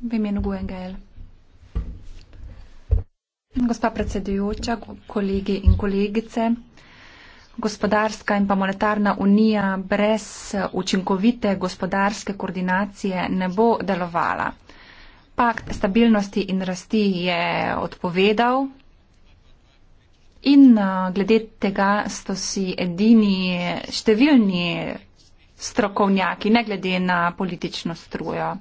V imenu GUNGL. E Gospa predsedujoča, kolegi in kolegice gospodarska in pa monetarna unija brez učinkovite gospodarske koordinacije ne bo delovala. Pakt stabilnosti in rasti je odpovedal in glede tega so si edini številni strokovnjaki, ne glede na politično strujo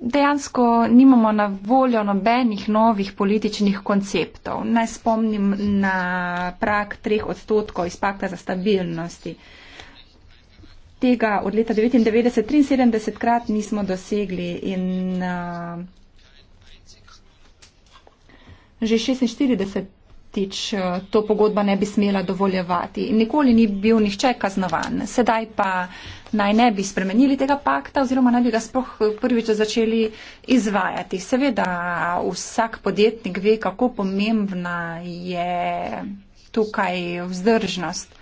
dejansko nimamo na voljo nobenih novih političnih konceptov. Naj spomnim na prak treh odstotkov iz pakta za stabilnosti. Tega od leta 1993 krat nismo dosegli in uh, že 46 Kertič eh, to pogodba ne bi smela dovoljevati. Nikoli ni bil nihče kaznovan. Sedaj pa naj ne bi spremenili tega pakta oziroma naj bi ga sploh eh, prvič začeli izvajati. Seveda vsak podjetnik ve, kako pomembna je tukaj vzdržnost.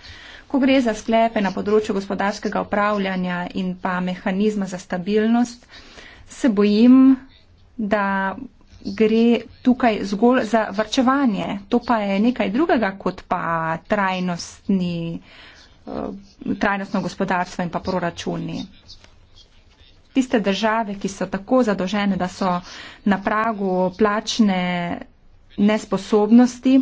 Ko gre za sklepe na področju gospodarskega upravljanja in pa mehanizma za stabilnost, se bojim, da gre tukaj zgolj za vrčevanje. To pa je nekaj drugega kot pa trajnostni, eh, trajnostno gospodarstvo in pa proračuni. Tiste države, ki so tako zadožene, da so na pragu plačne nesposobnosti,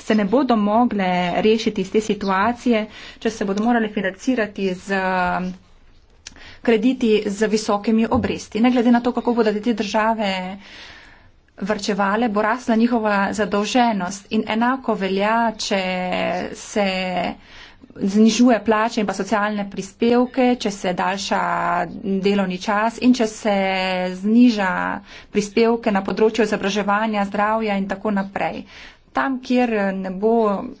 se ne bodo mogle rešiti iz te situacije, če se bodo morali financirati z eh, krediti z visokimi obresti. Ne glede na to, kako bodo te države uh, vrčevale, bo rasla njihova zadolženost. In enako velja, če se znižuje plače in pa socialne prispevke, če se daljša delovni čas in če se zniža prispevke na področju izobraževanja, zdravja in tako naprej. Tam, kjer ne bo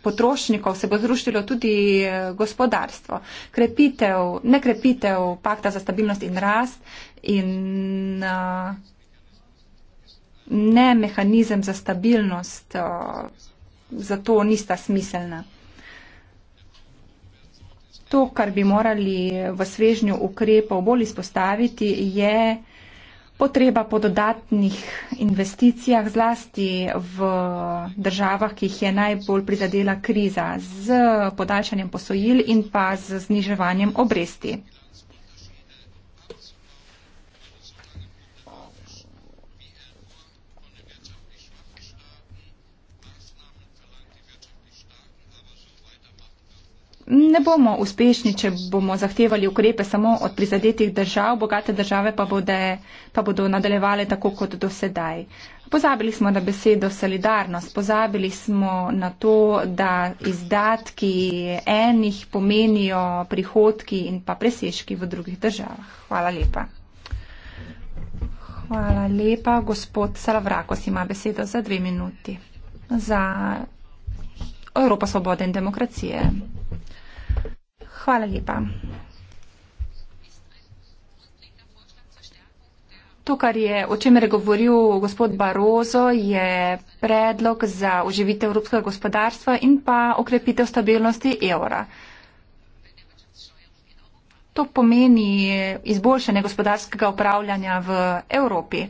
potrošnikov, se bo zrušilo tudi eh, gospodarstvo. Krepitev, ne krepitev pakta za stabilnost in rast in uh, ne mehanizem za stabilnost, zato nista smiselna. To, kar bi morali v svežnju ukrepov bolj izpostaviti, je potreba po dodatnih investicijah, zlasti v državah, ki jih je najbolj prizadela kriza z podaljšanjem posojil in pa z zniževanjem obresti. ne bomo uspešni, če bomo zahtevali ukrepe samo od prizadetih držav, bogate države pa, bode, pa bodo nadaljevale tako kot do sedaj. Pozabili smo na besedo solidarnost, pozabili smo na to, da izdatki enih pomenijo prihodki in pa presežki v drugih državah. Hvala lepa. Hvala lepa, gospod Salavrakos ima besedo za dve minuti. Za Evropo svobode in demokracije. Hvala lepa. To, kar je, o čemer je govoril gospod Barozo, je predlog za oživitev evropskega gospodarstva in pa okrepitev stabilnosti evra. To pomeni izboljšanje gospodarskega upravljanja v Evropi.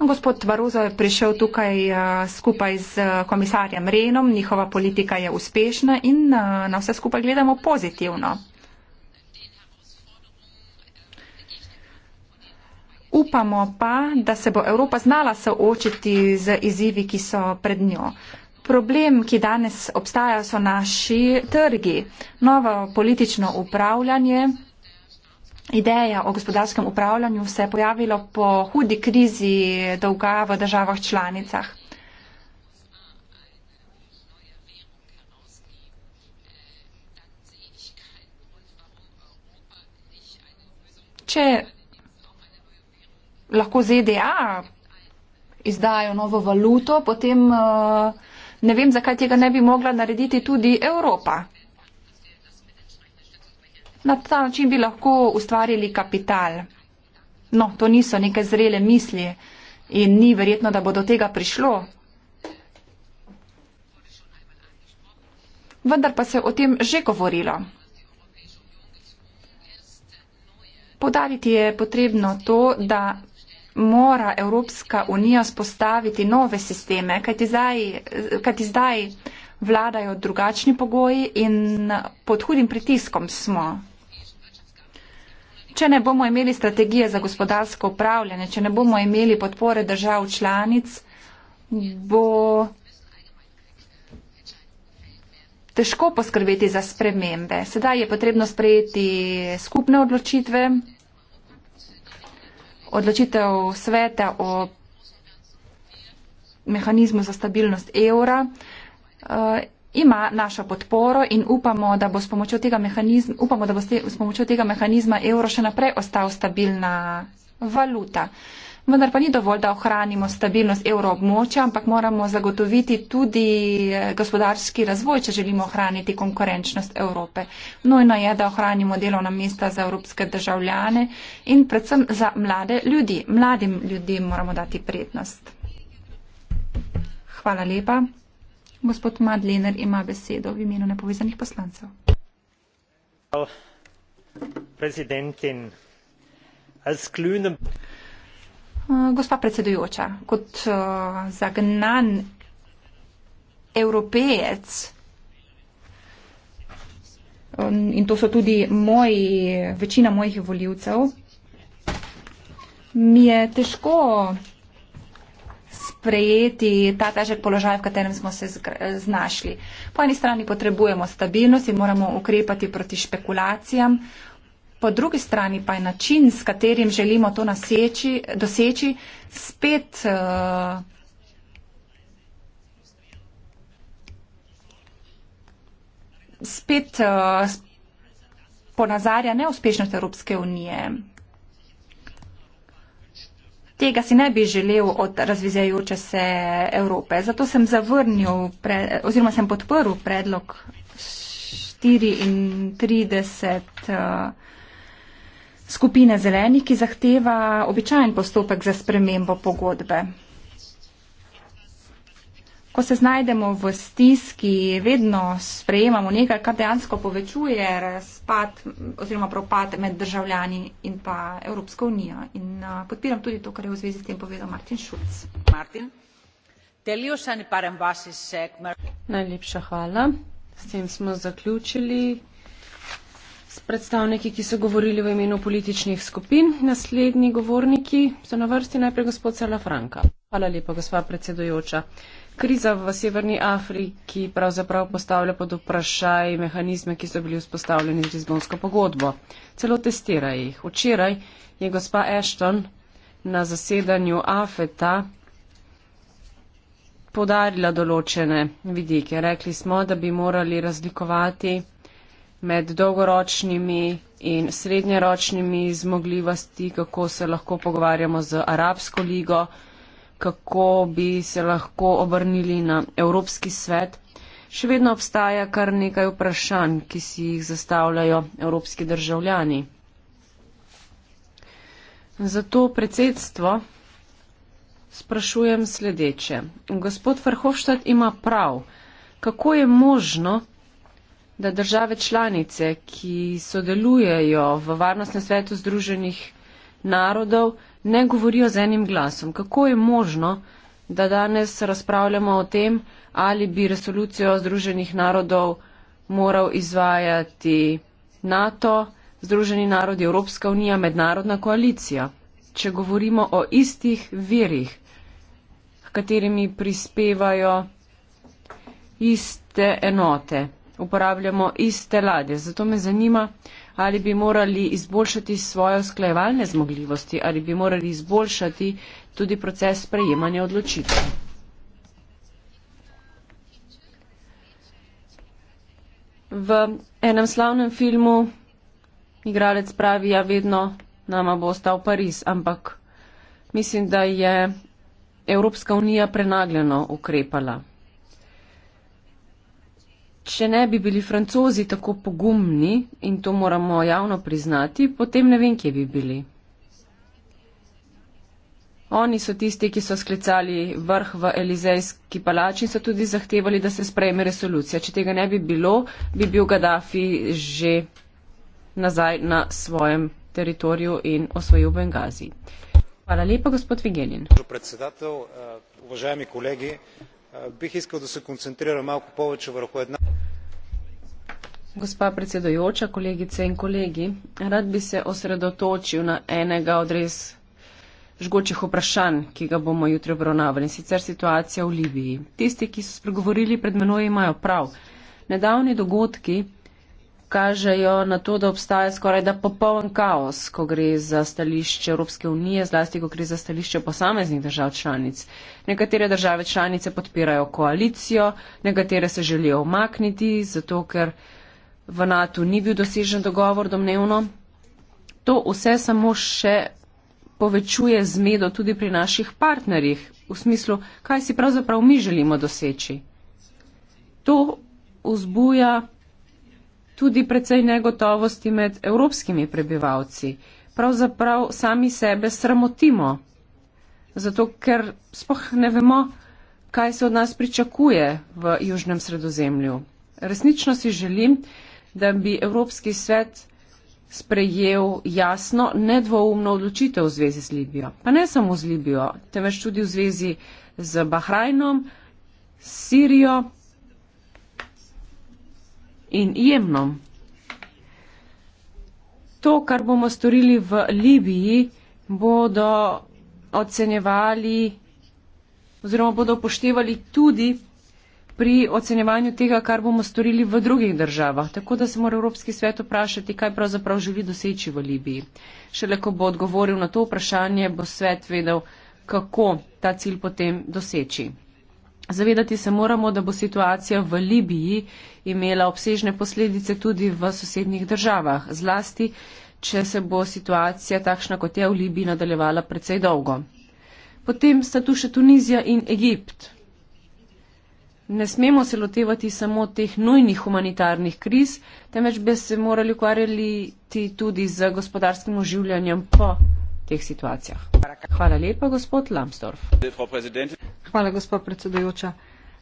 Gospod Varuzo je prišel tukaj eh, skupaj z eh, komisarjem Renom, njihova politika je uspešna in eh, na vse skupaj gledamo pozitivno. Upamo pa, da se bo Evropa znala soočiti z izzivi, ki so pred njo. Problem, ki danes obstaja, so naši trgi, novo politično upravljanje Ideja o gospodarskem upravljanju se je pojavila po hudi krizi dolga v državah članicah. Če lahko ZDA izdajo novo valuto, potem eh, ne vem, zakaj tega ne bi mogla narediti tudi Evropa. Na ta način bi lahko ustvarili kapital. No, to niso neke zrele misli in ni verjetno, da bo do tega prišlo. Vendar pa se je o tem že govorilo. Podariti je potrebno to, da mora Evropska unija spostaviti nove sisteme, kajti zdaj, kajti zdaj vladajo drugačni pogoji in pod hudim pritiskom smo. Če ne bomo imeli strategije za gospodarsko upravljanje, če ne bomo imeli podpore držav članic, bo težko poskrbeti za spremembe. Sedaj je potrebno sprejeti skupne odločitve, odločitev sveta o mehanizmu za stabilnost evra. Eh, ima našo podporo in upamo, da bo s pomočjo tega mehanizma, upamo, da bo s pomočjo tega mehanizma evro še naprej ostal stabilna valuta. Vendar pa ni dovolj, da ohranimo stabilnost evroobmočja, ampak moramo zagotoviti tudi eh, gospodarski razvoj, če želimo ohraniti konkurenčnost Evrope. Nujno je, da ohranimo delovna mesta za evropske državljane in predvsem za mlade ljudi. Mladim ljudem moramo dati prednost. Hvala lepa. Gospod Madlener ima besedo v imenu nepovezanih poslancev. Uh, gospa predsedujoča, kot uh, zagnan evropejec um, in to so tudi moji, večina mojih voljivcev, mi je težko sprejeti ta težek položaj, v katerem smo se znašli. Po eni strani potrebujemo stabilnost in moramo ukrepati proti špekulacijam, po drugi strani pa je način, s katerim želimo to naseči, doseči, spet. Uh, spet uh, ponazarja neuspešnost Evropske unije. Tega si ne bi želel od razvizajoče se Evrope. Zato sem zavrnil pre, oziroma sem podporil predlog 34 uh, eh, skupine zelenih, ki zahteva običajen postopek za spremembo pogodbe ko se znajdemo v stiski, vedno sprejemamo nekaj, kar dejansko povečuje razpad oziroma propad med državljani in pa Evropsko unijo. In uh, podpiram tudi to, kar je v zvezi s tem povedal Martin Šulc. Martin. Najlepša hvala. S tem smo zaključili predstavniki, ki so govorili v imenu političnih skupin. Naslednji govorniki so na vrsti najprej gospod Sela Franka. Hvala lepa, gospa predsedojoča. Kriza v Severni Afriki pravzaprav postavlja pod vprašaj mehanizme, ki so bili vzpostavljeni z Lizbonsko pogodbo. Celo testira jih. Včeraj je gospa Ashton na zasedanju AFETA podarila določene vidike. Rekli smo, da bi morali razlikovati med dolgoročnimi in srednjeročnimi zmogljivosti, kako se lahko pogovarjamo z Arabsko ligo, kako bi se lahko obrnili na Evropski svet. Še vedno obstaja kar nekaj vprašanj, ki si jih zastavljajo evropski državljani. Zato predsedstvo sprašujem sledeče. Gospod Verhofstadt ima prav. Kako je možno, da države članice, ki sodelujejo v varnostnem svetu združenih narodov, ne govorijo z enim glasom. Kako je možno, da danes razpravljamo o tem, ali bi resolucijo združenih narodov moral izvajati NATO, Združeni narodi, Evropska unija, mednarodna koalicija, če govorimo o istih virih, katerimi prispevajo iste enote uporabljamo iste ladje. Zato me zanima, ali bi morali izboljšati svoje usklajevalne zmogljivosti, ali bi morali izboljšati tudi proces sprejemanja odločitev. V enem slavnem filmu igralec pravi, ja, vedno nama bo ostal Pariz, ampak mislim, da je Evropska unija prenagljeno ukrepala če ne bi bili francozi tako pogumni in to moramo javno priznati, potem ne vem, kje bi bili. Oni so tisti, ki so sklicali vrh v Elizejski palači in so tudi zahtevali, da se sprejme resolucija. Če tega ne bi bilo, bi bil Gaddafi že nazaj na svojem teritoriju in osvojil Bengazi. Hvala lepa, gospod Vigenin. Hvala lepa, gospod predsedatelj. Eh, uvaženi kolegi, bih iskal da se koncentriram malo povečje vrhu jedna. Gospa predsedujoča, kolegice in kolegi, rad bi se osredotočil na enega od res žgočih vprašanj, ki ga bomo jutri obravnavali, sicer situacija v Libiji. Tisti, ki so spregovorili pred menoj, imajo prav. Nedavni dogodki kažejo na to, da obstaja skoraj da popoln kaos, ko gre za stališče Evropske unije, zlasti ko gre za stališče posameznih držav članic. Nekatere države članice podpirajo koalicijo, nekatere se želijo omakniti, zato ker v NATO ni bil dosežen dogovor domnevno. To vse samo še povečuje zmedo tudi pri naših partnerjih, v smislu, kaj si pravzaprav mi želimo doseči. To vzbuja tudi precej negotovosti med evropskimi prebivalci. Pravzaprav sami sebe sramotimo, zato ker spoh ne vemo, kaj se od nas pričakuje v Južnem sredozemlju. Resnično si želim, da bi Evropski svet sprejel jasno, nedvoumno odločitev v zvezi z Libijo. Pa ne samo z Libijo, temveč tudi v zvezi z Bahrajnom, Sirijo in Jemnom. To, kar bomo storili v Libiji, bodo ocenjevali oziroma bodo upoštevali tudi pri ocenjevanju tega, kar bomo storili v drugih državah. Tako da se mora Evropski svet vprašati, kaj pravzaprav želi doseči v Libiji. Šele ko bo odgovoril na to vprašanje, bo svet vedel, kako ta cilj potem doseči. Zavedati se moramo, da bo situacija v Libiji imela obsežne posledice tudi v sosednjih državah, zlasti, če se bo situacija takšna, kot je v Libiji, nadaljevala precej dolgo. Potem sta tu še Tunizija in Egipt. Ne smemo se lotevati samo teh nujnih humanitarnih kriz, temveč bi se morali ukvarjati tudi z gospodarskim oživljanjem po teh situacijah. Hvala lepa, gospod Lambsdorff. Hvala, gospod predsedujoča.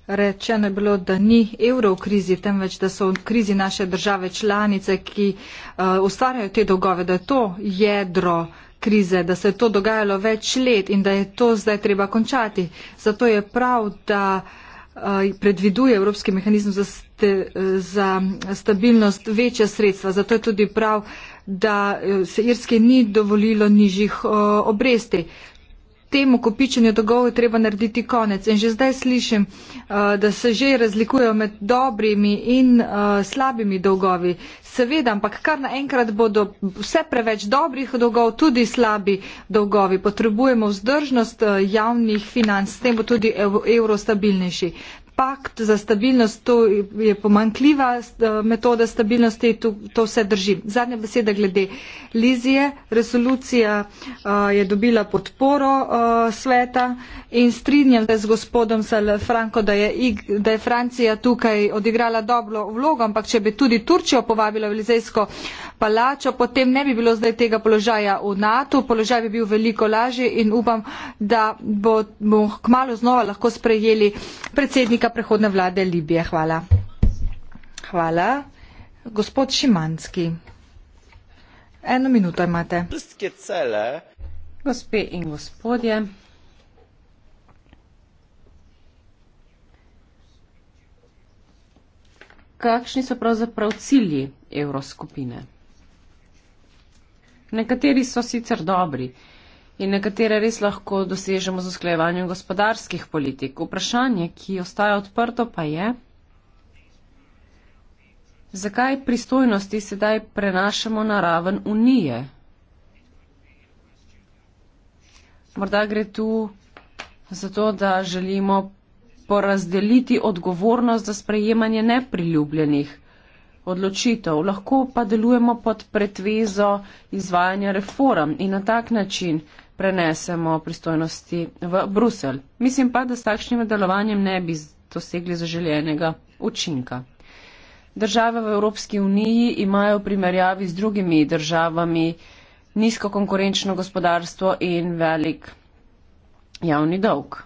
Rečeno je bilo, da ni evro v krizi, temveč da so v krizi naše države članice, ki uh, ustvarjajo te dolgove, da je to jedro krize, da se je to dogajalo več let in da je to zdaj treba končati. Zato je prav, da eh, predviduje Evropski mehanizem za, st eh, za stabilnost večja sredstva. Zato je tudi prav, da eh, se Irske ni dovolilo nižjih eh, obresti. Temu kopičenju dolgov je treba narediti konec. In že zdaj slišim, eh, da se že razlikujejo med dobrimi in slabimi dolgovi. Seveda, ampak kar naenkrat bodo vse preveč dobrih dolgov, tudi slabi dolgovi. Potrebujemo vzdržnost javnih financ, s tem bo tudi evro stabilnejši pakt za stabilnost, to je pomankljiva eh, metoda stabilnosti, to, to vse drži. Zadnja beseda glede Lizije. Resolucija eh, je dobila podporo eh, sveta in strinjam se z gospodom Salfranko, da, da je Francija tukaj odigrala dobro vlogo, ampak če bi tudi Turčijo povabila v Lizejsko palačo, potem ne bi bilo zdaj tega položaja v NATO, položaj bi bil veliko lažji in upam, da bomo kmalo znova lahko sprejeli predsednika kritika prehodne vlade Libije. Hvala. Hvala. Gospod Šimanski, eno minuto imate. Gospe in gospodje, kakšni so pravzaprav cilji evroskupine? Nekateri so sicer dobri, in nekatere res lahko dosežemo z usklejevanjem gospodarskih politik. Vprašanje, ki ostaja odprto, pa je, zakaj pristojnosti sedaj prenašamo na raven unije? Morda gre tu zato, da želimo porazdeliti odgovornost za sprejemanje nepriljubljenih odločitev. Lahko pa delujemo pod pretvezo izvajanja reform in na tak način prenesemo pristojnosti v Bruselj. Mislim pa, da s takšnim delovanjem ne bi dosegli zaželjenega učinka. Države v Evropski uniji imajo v primerjavi z drugimi državami nizko konkurenčno gospodarstvo in velik javni dolg.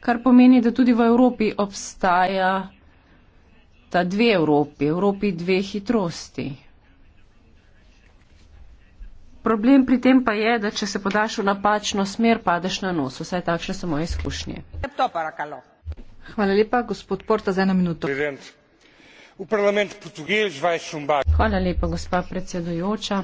Kar pomeni, da tudi v Evropi obstaja ta dve Evropi, Evropi dve hitrosti. Problem pri tem pa je, da če se podaš v napačno smer, padeš na nos. Vse takšne so moje izkušnje. Hvala lepa, gospod Porta, za eno minuto. Hvala lepa, gospa predsedujoča.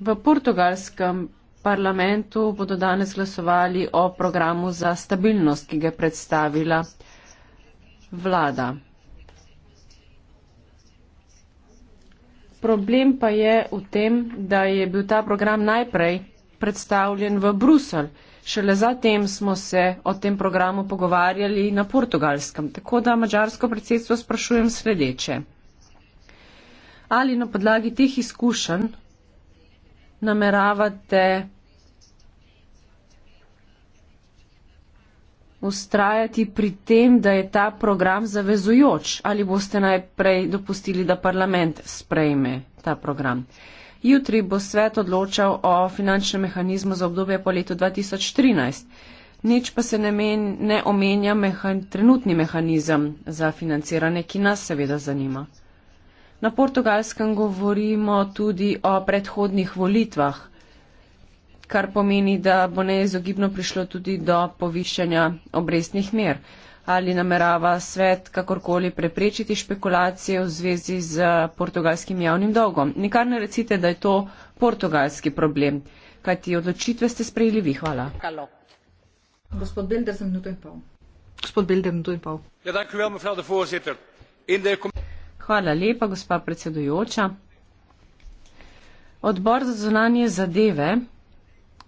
V portugalskem parlamentu bodo danes glasovali o programu za stabilnost, ki ga je predstavila vlada. Problem pa je v tem, da je bil ta program najprej predstavljen v Bruselj. Šele zatem smo se o tem programu pogovarjali na portugalskem. Tako da mađarsko predsedstvo sprašujem sledeče. Ali na podlagi teh izkušenj nameravate ustrajati pri tem, da je ta program zavezujoč ali boste najprej dopustili, da parlament sprejme ta program. Jutri bo svet odločal o finančnem mehanizmu za obdobje po letu 2013. Nič pa se ne, men, ne omenja mehan, trenutni mehanizem za financiranje, ki nas seveda zanima. Na portugalskem govorimo tudi o predhodnih volitvah kar pomeni, da bo neizogibno prišlo tudi do povišanja obrestnih mer. Ali namerava svet kakorkoli preprečiti špekulacije v zvezi z portugalskim javnim dolgom? Nikar ne recite, da je to portugalski problem, kajti odločitve ste sprejeli vi. Hvala. Hello. Gospod Bilder, za minuto in pol. Gospod Bilder, minuto in pol. Ja, danke, vel, mevrouw, de voorzitter. De... Hvala lepa, gospa predsedujoča. Odbor za zunanje zadeve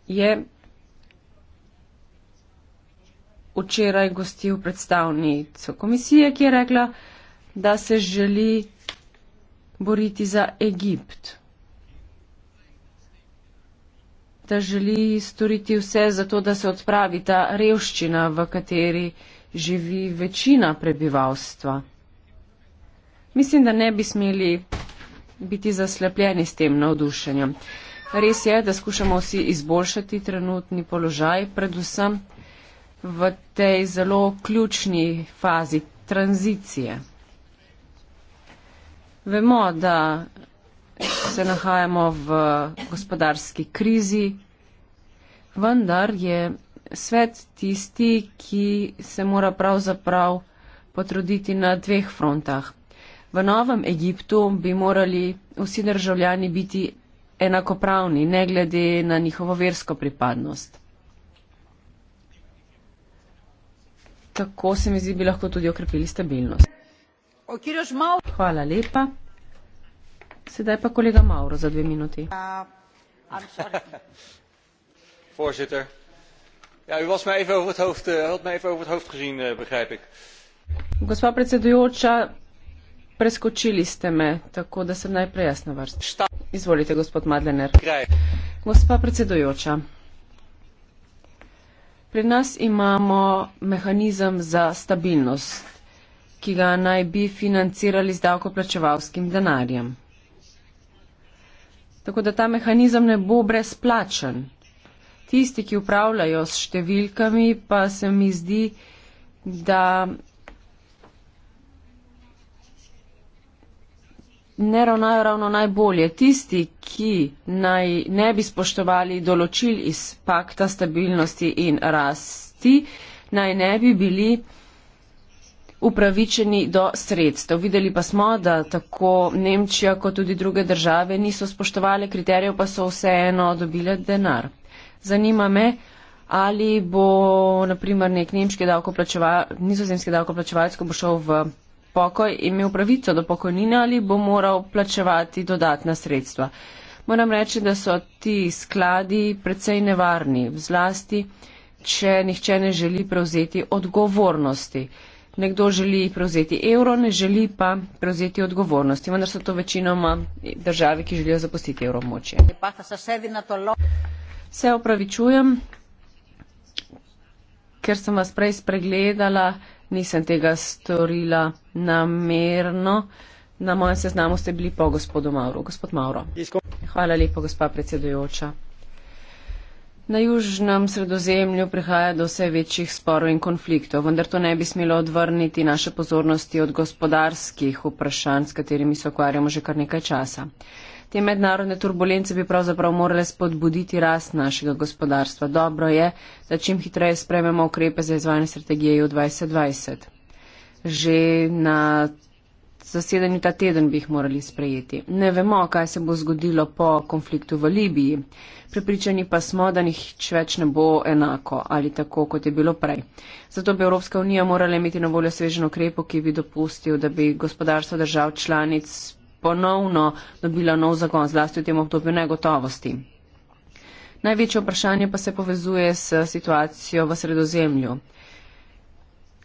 je včeraj gostil predstavnico komisije, ki je rekla, da se želi boriti za Egipt, da želi storiti vse za to, da se odpravi ta revščina, v kateri živi večina prebivalstva. Mislim, da ne bi smeli biti zaslepljeni s tem navdušenjem. No, Res je, da skušamo vsi izboljšati trenutni položaj, predvsem v tej zelo ključni fazi tranzicije. Vemo, da se nahajamo v gospodarski krizi, vendar je svet tisti, ki se mora pravzaprav potruditi na dveh frontah. V Novem Egiptu bi morali vsi državljani biti enakopravni, ne glede na njihovo versko pripadnost. Tako se mi zdi, bi lahko tudi okrepili stabilnost. Hvala lepa. Sedaj pa kolega Mauro za dve minuti. Uh, (laughs) Voorzitter. Ja, u was mij even over het hoofd, uh, had mij even over het hoofd gezien, uh, begrijp ik. Gospa predsedujoča, preskočili ste me, tako da sem najprej jaz na vrsti gospa predsedujoča pri nas imamo mehanizem za stabilnost ki ga naj bi financirali z davkoplačevalskim denarjem tako da ta mehanizem ne bo brezplačen tisti ki upravljajo s številkami pa se mi zdi da ne ravnajo ravno najbolje. Tisti, ki naj ne bi spoštovali določil iz pakta stabilnosti in rasti, naj ne bi bili upravičeni do sredstev. Videli pa smo, da tako Nemčija kot tudi druge države niso spoštovali kriterijev, pa so vseeno dobile denar. Zanima me, ali bo naprimer nek nemški davkoplačevalec, nizozemski davkoplačevalec, ko bo šel v pokoj, imel pravico do pokojnine ali bo moral plačevati dodatna sredstva. Moram reči, da so ti skladi precej nevarni, zlasti, če nihče ne želi prevzeti odgovornosti. Nekdo želi prevzeti evro, ne želi pa prevzeti odgovornosti, vendar so to večinoma države, ki želijo zapustiti evromočje. Se opravičujem, ker sem vas prej spregledala, nisem tega storila namerno. Na mojem seznamu ste bili po gospodu Mauro. Gospod Mauro. Hvala lepo, gospa predsedujoča. Na južnem sredozemlju prihaja do vse večjih sporov in konfliktov, vendar to ne bi smelo odvrniti naše pozornosti od gospodarskih vprašanj, s katerimi se okvarjamo že kar nekaj časa. Te mednarodne turbulence bi pravzaprav morale spodbuditi rast našega gospodarstva. Dobro je, da čim hitreje sprememo ukrepe za izvajanje strategije EU 2020. Že na zasedanju ta teden bi jih morali sprejeti. Ne vemo, kaj se bo zgodilo po konfliktu v Libiji. Pripričani pa smo, da nič več ne bo enako ali tako, kot je bilo prej. Zato bi Evropska unija morala imeti na voljo svežen ukrep, ki bi dopustil, da bi gospodarstvo držav članic ponovno dobila nov zagon, zlasti v tem obdobju negotovosti. Največje vprašanje pa se povezuje s situacijo v sredozemlju.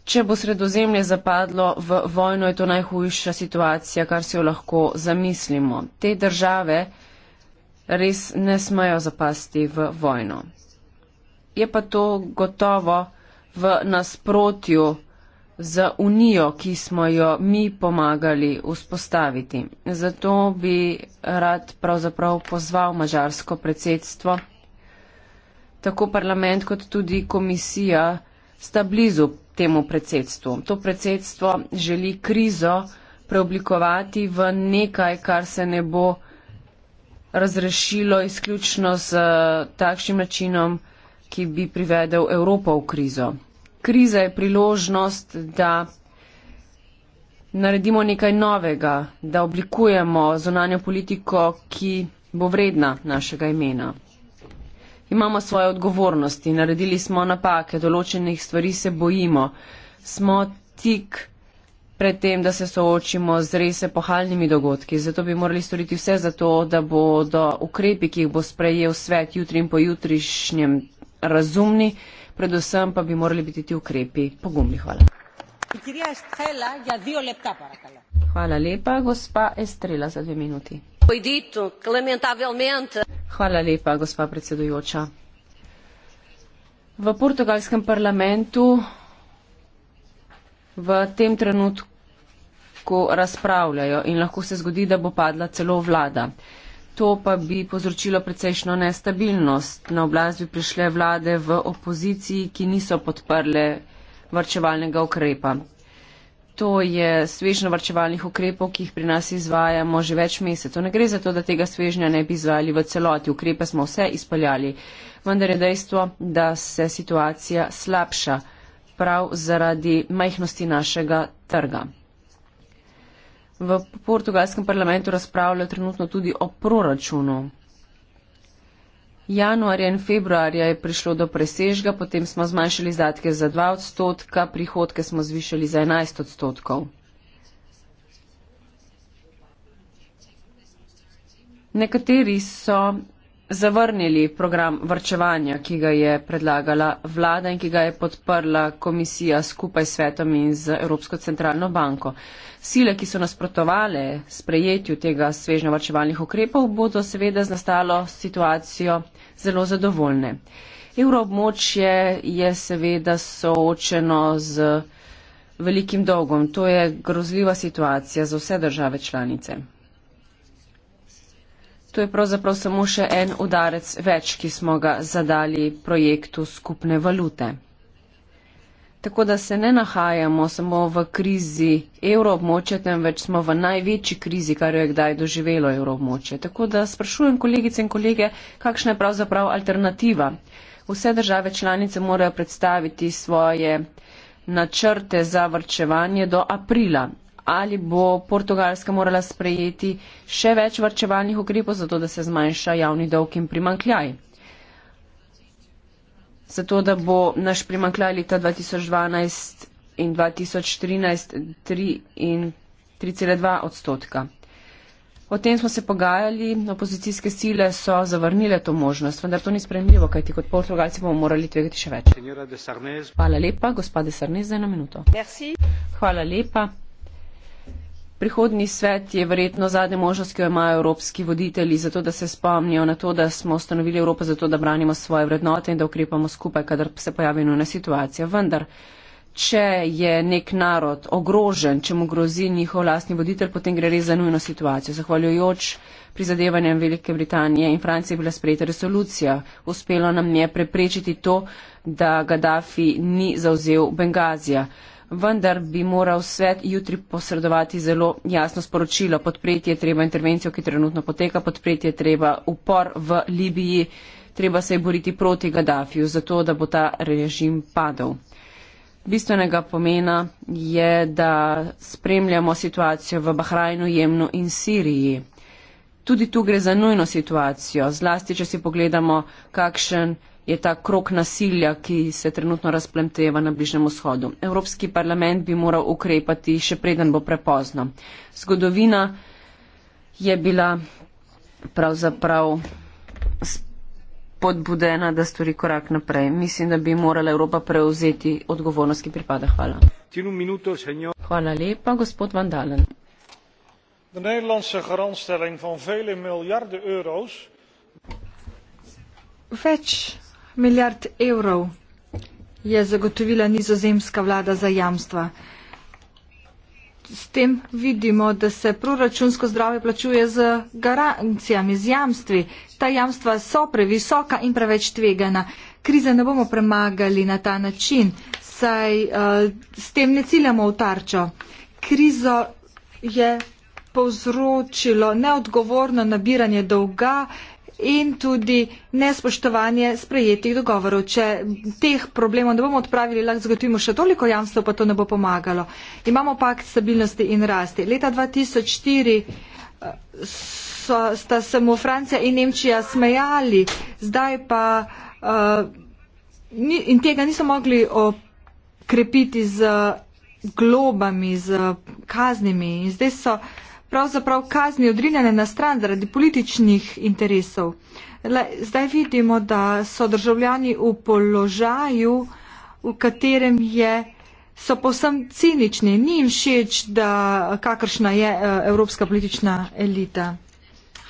Če bo sredozemlje zapadlo v vojno, je to najhujša situacija, kar si jo lahko zamislimo. Te države res ne smejo zapasti v vojno. Je pa to gotovo v nasprotju za unijo, ki smo jo mi pomagali vzpostaviti. Zato bi rad pravzaprav pozval mažarsko predsedstvo. Tako parlament kot tudi komisija sta blizu temu predsedstvu. To predsedstvo želi krizo preoblikovati v nekaj, kar se ne bo razrešilo izključno z takšnim načinom, ki bi privedel Evropo v krizo kriza je priložnost, da naredimo nekaj novega, da oblikujemo zunanjo politiko, ki bo vredna našega imena. Imamo svoje odgovornosti, naredili smo napake, določenih stvari se bojimo. Smo tik pred tem, da se soočimo z res epohalnimi dogodki. Zato bi morali storiti vse za to, da bodo ukrepi, ki jih bo sprejel svet jutri in pojutrišnjem, razumni predvsem pa bi morali biti ti ukrepi pogumni. Hvala. Hvala lepa, gospa Estrela, za dve minuti. Hvala lepa, gospa predsedujoča. V portugalskem parlamentu v tem trenutku razpravljajo in lahko se zgodi, da bo padla celo vlada to pa bi povzročilo precejšno nestabilnost. Na oblast bi prišle vlade v opoziciji, ki niso podprle varčevalnega ukrepa. To je svežno varčevalnih ukrepov, ki jih pri nas izvajamo že več mesecev. Ne gre za to, da tega svežnja ne bi izvajali v celoti. Ukrepe smo vse izpeljali. Vendar je dejstvo, da se situacija slabša prav zaradi majhnosti našega trga v portugalskem parlamentu razpravlja trenutno tudi o proračunu. Januarja in februarja je prišlo do presežga, potem smo zmanjšali izdatke za 2 odstotka, prihodke smo zvišali za 11 odstotkov. Nekateri so zavrnili program vrčevanja, ki ga je predlagala vlada in ki ga je podprla komisija skupaj s svetom in z Evropsko centralno banko. Sile, ki so nasprotovale sprejetju tega svežnja vrčevalnih ukrepov, bodo seveda z nastalo situacijo zelo zadovoljne. Evroobmočje je seveda soočeno z velikim dolgom. To je grozljiva situacija za vse države članice. To je pravzaprav samo še en udarec več, ki smo ga zadali projektu skupne valute. Tako da se ne nahajamo samo v krizi evroobmočja, temveč smo v največji krizi, kar je kdaj doživelo evroobmočje. Tako da sprašujem kolegice in kolege, kakšna je pravzaprav alternativa. Vse države članice morajo predstaviti svoje načrte za vrčevanje do aprila. Ali bo Portugalska morala sprejeti še več vrčevalnih ukrepov, zato da se zmanjša javni dolg in primankljaj? zato da bo naš primankljaj leta 2012 in 2014 3,2 odstotka. O tem smo se pogajali, opozicijske sile so zavrnile to možnost, vendar to ni spremljivo, kajti kot portugalci bomo morali tvegati še več. Hvala lepa, gospode Sarnez, za eno minuto. Merci. Hvala lepa. Prihodni svet je verjetno zadnja možnost, ki jo imajo evropski voditelji, zato da se spomnijo na to, da smo ustanovili Evropo zato, da branimo svoje vrednote in da ukrepamo skupaj, kadar se pojavi nujna situacija. Vendar, če je nek narod ogrožen, če mu grozi njihov lastni voditelj, potem gre res za nujno situacijo. Zahvaljujoč prizadevanjem Velike Britanije in Francije je bila sprejeta resolucija. Uspelo nam je preprečiti to, da Gaddafi ni zauzel Bengazija vendar bi moral svet jutri posredovati zelo jasno sporočilo. Podpreti je treba intervencijo, ki trenutno poteka, podpreti je treba upor v Libiji, treba se je boriti proti Gaddafiju, zato da bo ta režim padel. Bistvenega pomena je, da spremljamo situacijo v Bahrajnu, Jemnu in Siriji. Tudi tu gre za nujno situacijo, zlasti, če si pogledamo, kakšen je ta krok nasilja, ki se trenutno razplemteva na Bližnem vzhodu. Evropski parlament bi moral ukrepati, še preden bo prepozno. Zgodovina je bila pravzaprav podbudena, da stori korak naprej. Mislim, da bi morala Evropa prevzeti odgovornost, ki pripada. Hvala. Minuto, Hvala lepa, gospod Vandalen. De Nederlandse garantstelling van vele miljarden euro's. Več Milijard evrov je zagotovila nizozemska vlada za jamstva. S tem vidimo, da se proračunsko zdravje plačuje z garancijami, z jamstvi. Ta jamstva so previsoka in preveč tvegana. Krize ne bomo premagali na ta način, saj uh, s tem ne ciljamo v tarčo. Krizo je povzročilo neodgovorno nabiranje dolga in tudi nespoštovanje sprejetih dogovorov. Če teh problemov ne bomo odpravili, lahko zagotovimo še toliko jamstva, pa to ne bo pomagalo. Imamo pakt stabilnosti in rasti. Leta 2004 eh, so, sta se mu Francija in Nemčija smejali, zdaj pa uh, ni, in tega niso mogli okrepiti z globami, z kaznimi. In zdaj so pravzaprav kazni odrinjene na stran zaradi političnih interesov. Le, zdaj vidimo, da so državljani v položaju, v katerem je, so povsem cinični. Ni jim všeč, da kakršna je uh, evropska politična elita.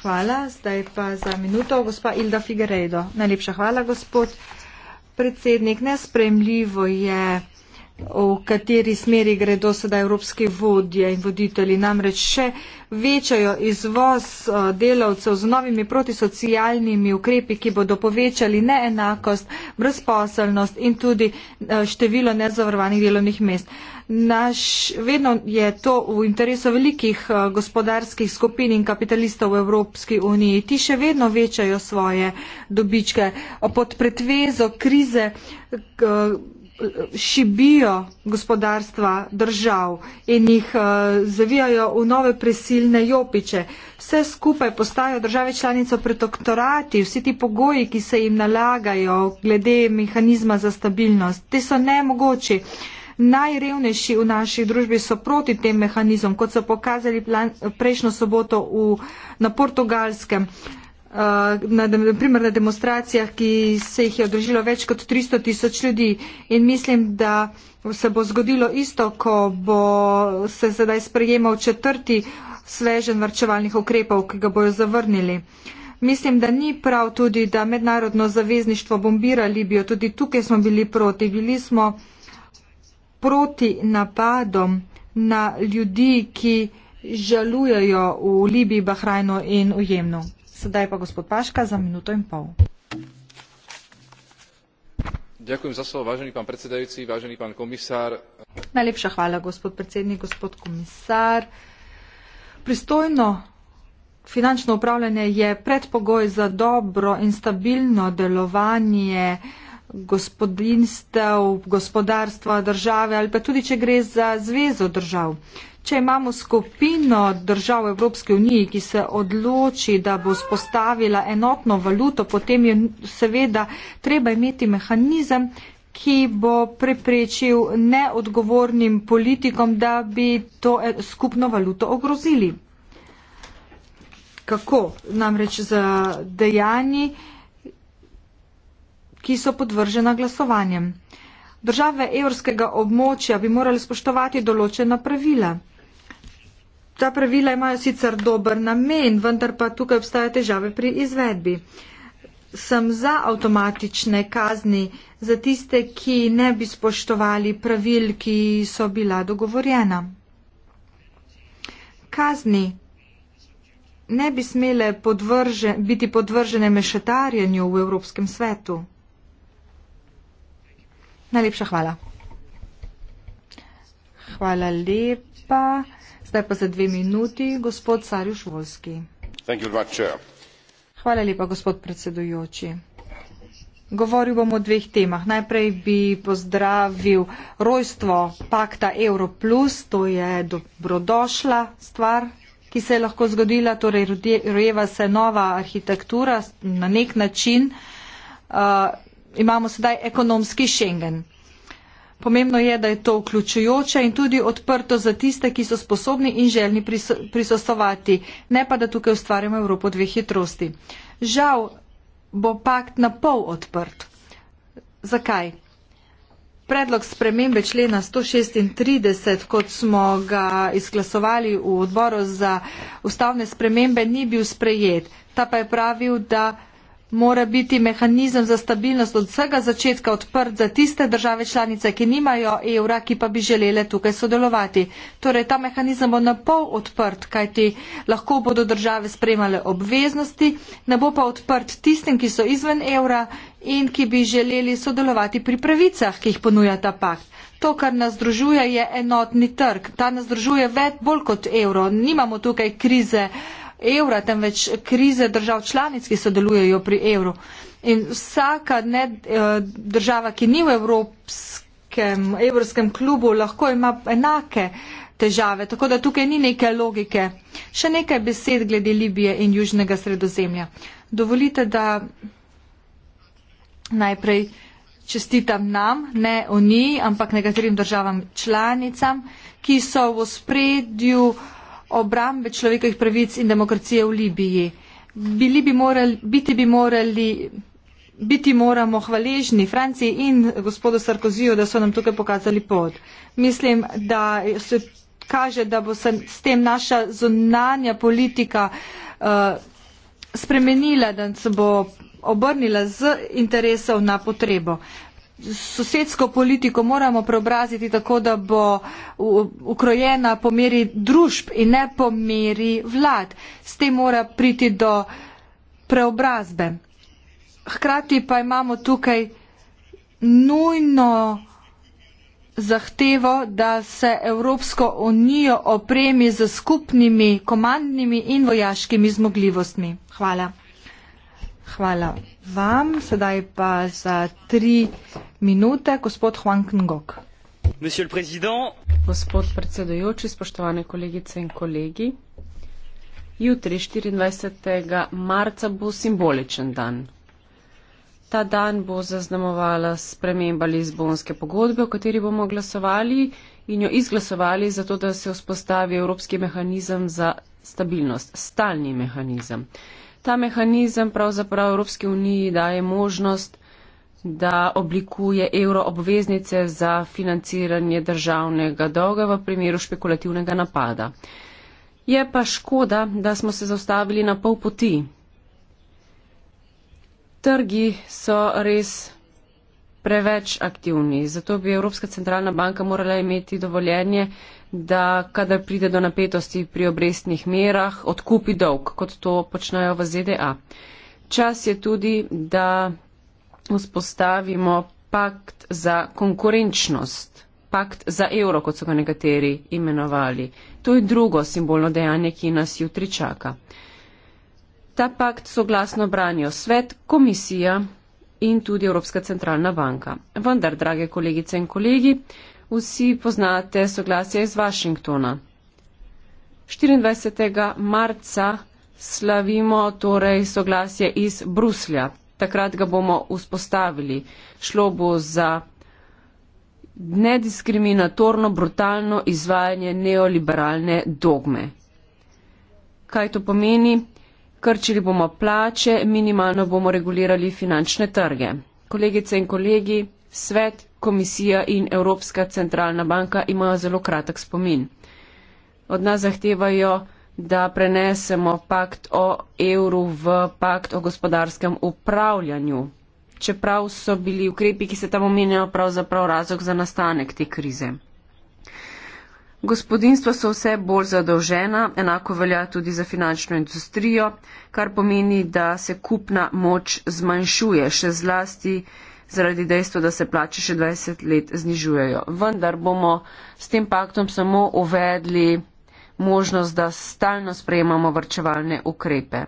Hvala. Zdaj pa za minuto, gospa Ilda Figueredo. Najlepša hvala, gospod predsednik. Nespremljivo je v kateri smeri gredo sedaj evropski vodje in voditelji. Namreč še večajo izvoz eh, delavcev z novimi protisocialnimi ukrepi, ki bodo povečali neenakost, brezposelnost in tudi eh, število nezavarovanih delovnih mest. Naš, vedno je to v interesu velikih eh, gospodarskih skupin in kapitalistov v Evropski uniji. Ti še vedno večajo svoje dobičke pod pretvezo krize šibijo gospodarstva držav in jih eh, zavijajo v nove prisilne jopiče. Vse skupaj postajajo države članice protektorati, vsi ti pogoji, ki se jim nalagajo glede mehanizma za stabilnost, te so nemogoči. Najrevnejši v naši družbi so proti tem mehanizmom, kot so pokazali plan, prejšnjo soboto v, na portugalskem. Eh, na, na primer na demonstracijah, ki se jih je odrežilo več kot 300 tisoč ljudi. In mislim, da se bo zgodilo isto, ko bo se sedaj sprejemal četrti svežen varčevalnih ukrepov, ki ga bojo zavrnili. Mislim, da ni prav tudi, da mednarodno zavezništvo bombira Libijo. Tudi tukaj smo bili proti. Bili smo proti napadom na ljudi, ki žalujejo v Libiji, Bahrajnu in v Jemnu. Sedaj pa gospod Paška za minuto in pol. Ďakujem za slovo, vážený pán predsedajúci, vážený pán komisár. Najlepša hvala, gospod predsednik, gospod komisár. Pristojno finančno upravljanje je predpogoj za dobro in stabilno delovanje gospodinstev, gospodarstva, države ali pa tudi, če gre za zvezo držav. Če imamo skupino držav Evropske unije, ki se odloči, da bo spostavila enotno valuto, potem je seveda treba imeti mehanizem, ki bo preprečil neodgovornim politikom, da bi to eh, skupno valuto ogrozili. Kako namreč za dejanji, ki so podvržena glasovanjem. Države evropskega območja bi morali spoštovati določena pravila. Ta pravila imajo sicer dober namen, vendar pa tukaj obstajajo težave pri izvedbi. Sem za avtomatične kazni za tiste, ki ne bi spoštovali pravil, ki so bila dogovorjena. Kazni ne bi smele podvrže, biti podvržene mešetarjenju v Evropskem svetu. Najlepša hvala. Hvala lepa. Zdaj pa za dve minuti gospod Sarjuš Volski. Hvala lepa, gospod predsedujoči. Govoril bom o dveh temah. Najprej bi pozdravil rojstvo pakta Euro Plus, to je dobrodošla stvar, ki se je lahko zgodila, torej rojeva se nova arhitektura na nek način. Uh, imamo sedaj ekonomski šengen. Pomembno je, da je to vključujoče in tudi odprto za tiste, ki so sposobni in želni prisostovati, ne pa da tukaj ustvarjamo Evropo dveh hitrosti. Žal bo pakt na pol odprt. Zakaj? Predlog spremembe člena 136, kot smo ga izglasovali v odboru za ustavne spremembe, ni bil sprejet. Ta pa je pravil, da mora biti mehanizem za stabilnost od vsega začetka odprt za tiste države članice, ki nimajo evra, ki pa bi želele tukaj sodelovati. Torej, ta mehanizem bo napol odprt, kajti lahko bodo države spremale obveznosti, ne bo pa odprt tistim, ki so izven evra in ki bi želeli sodelovati pri pravicah, ki jih ponuja ta pakt. To, kar nas združuje, je enotni trg. Ta nas združuje več bolj kot evro. Nimamo tukaj krize. Uh, evra, temveč krize držav članic, ki sodelujejo pri evru. In vsaka ne, eh, država, ki ni v evropskem, evropskem klubu, lahko ima enake težave, tako da tukaj ni neke logike. Še nekaj besed glede Libije in Južnega sredozemlja. Dovolite, da najprej čestitam nam, ne Uniji, ampak nekaterim državam članicam, ki so v spredju uh, obrambe človekovih pravic in demokracije v Libiji. Bili bi morali, biti bi morali, biti moramo hvaležni Franciji in gospodu Sarkoziju, da so nam tukaj pokazali pot. Mislim, da se kaže, da bo se s tem naša zunanja politika uh, spremenila, da se bo obrnila z interesov na potrebo. Uh, sosedsko politiko moramo preobraziti tako, da bo ukrojena po meri družb in ne po meri vlad. S tem mora priti do preobrazbe. Hkrati pa imamo tukaj nujno zahtevo, da se Evropsko unijo opremi z skupnimi komandnimi in vojaškimi zmogljivostmi. Hvala hvala vam. Sedaj pa za tri minute gospod Juan Kngok. Gospod predsedujoči, spoštovane kolegice in kolegi. Jutri, 24. marca, bo simboličen dan. Ta dan bo zaznamovala sprememba Lizbonske pogodbe, o kateri bomo glasovali in jo izglasovali zato, da se vzpostavi evropski mehanizem za stabilnost, stalni mehanizem ta mehanizem pravzaprav Evropski uniji daje možnost, da oblikuje evro obveznice za financiranje državnega dolga v primeru špekulativnega napada. Je pa škoda, da smo se zaustavili na pol poti. Trgi so res preveč aktivni, zato bi Evropska centralna banka morala imeti dovoljenje uh, da kadar pride do napetosti pri obrestnih merah, odkupi dolg, kot to počnejo v ZDA. Čas je tudi, da vzpostavimo pakt za konkurenčnost, pakt za evro, kot so ga nekateri imenovali. To je drugo simbolno dejanje, ki nas jutri čaka. Ta pakt soglasno branijo svet, komisija in tudi Evropska centralna banka. Vendar, drage kolegice in kolegi, vsi poznate soglasje iz Vašingtona. 24. marca slavimo torej soglasje iz Bruslja. Takrat ga bomo vzpostavili. Šlo bo za nediskriminatorno, brutalno izvajanje neoliberalne dogme. Kaj to pomeni? Krčili bomo plače, minimalno bomo regulirali finančne trge. Kolegice in kolegi, svet, komisija in Evropska centralna banka imajo zelo kratek spomin. Od nas zahtevajo, da prenesemo pakt o evru v pakt o gospodarskem upravljanju, čeprav so bili ukrepi, ki se tam omenjajo, pravzaprav razlog za nastanek te krize. Gospodinstva so vse bolj zadolžena, enako velja tudi za finančno industrijo, kar pomeni, da se kupna moč zmanjšuje, še zlasti zaradi dejstva, da se plače še 20 let znižujejo. Vendar bomo s tem paktom samo uvedli možnost, da stalno sprejemamo vrčevalne ukrepe.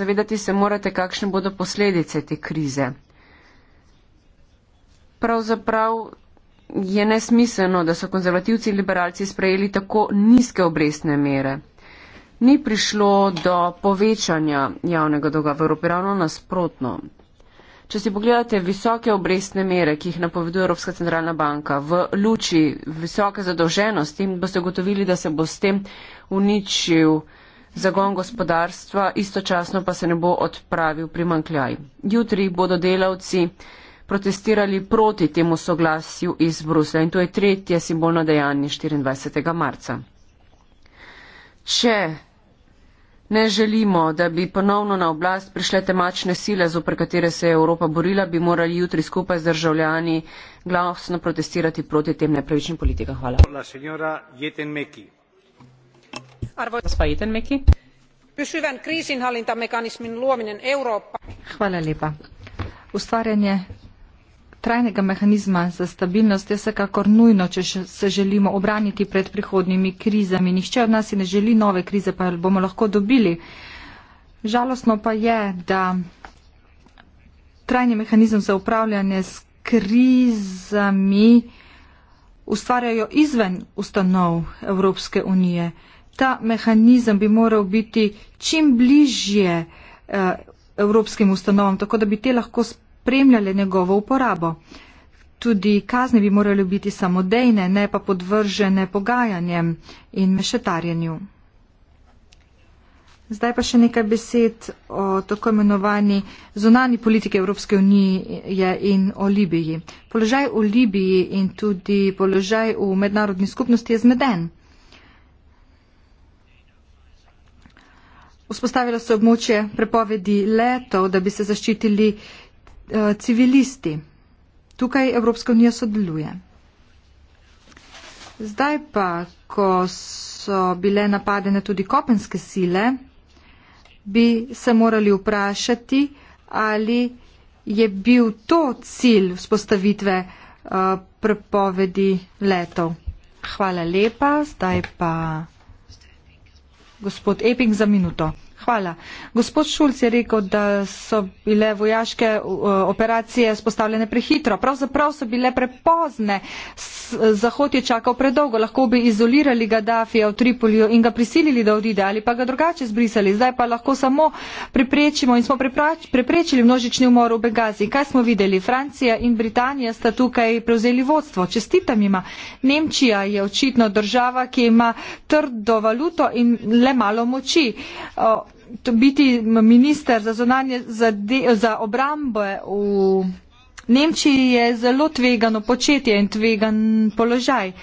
Zavedati se morate, kakšne bodo posledice te krize. Pravzaprav je nesmiselno, da so konzervativci in liberalci sprejeli tako nizke obrestne mere. Ni prišlo do povečanja javnega dolga v Evropi, ravno nasprotno. Če si pogledate visoke obrestne mere, ki jih napoveduje Evropska centralna banka v luči visoke zadolženosti, boste ugotovili, da se bo s tem uničil zagon gospodarstva, istočasno pa se ne bo odpravil primankljaj. Jutri bodo delavci protestirali proti temu soglasju iz Brusla in to je tretje simbolno dejanje 24. marca. Če Ne želimo, da bi ponovno na oblast prišle temačne sile, zopr katere se je Evropa borila, bi morali jutri skupaj z državljani glasno protestirati proti tem nepravičnim politikam. Hvala. Hvala lepa. Ustvarjanje trajnega mehanizma za stabilnost je vsekakor nujno, če se želimo obraniti pred prihodnjimi krizami. Nihče od nas si ne želi nove krize, pa jo bomo lahko dobili. Žalostno pa je, da trajni mehanizem za upravljanje s krizami ustvarjajo izven ustanov Evropske unije. Ta mehanizem bi moral biti čim bližje eh, evropskim ustanovam, tako da bi te lahko spremljali spremljale njegovo uporabo. Tudi kazni bi morali biti samodejne, ne pa podvržene pogajanjem in mešetarjenju. Zdaj pa še nekaj besed o tako imenovani zonani politike Evropske unije in o Libiji. Položaj v Libiji in tudi položaj v mednarodni skupnosti je zmeden. Vzpostavilo se območje prepovedi letov, da bi se zaščitili Eh, civilisti. Tukaj Evropska unija sodeluje. Zdaj pa, ko so bile napadene tudi kopenske sile, bi se morali vprašati, ali je bil to cilj vzpostavitve uh, prepovedi letov. Hvala lepa. Zdaj pa gospod Eping za minuto. Hvala. Gospod Šulc je rekel, da so bile vojaške uh, operacije spostavljene prehitro. Pravzaprav so bile prepozne. Zahod je čakal predolgo. Lahko bi izolirali Gaddafija v Tripoliju in ga prisilili, da odide ali pa ga drugače zbrisali. Zdaj pa lahko samo preprečimo in smo preprečili množični umor v Begazi. Kaj smo videli? Francija in Britanija sta tukaj prevzeli vodstvo. Čestitam jima. Nemčija je očitno država, ki ima trdo valuto in le malo moči to biti minister za, zonanje, za, de, za obrambe v Nemčiji je zelo tvegano početje in tvegan položaj. Uh,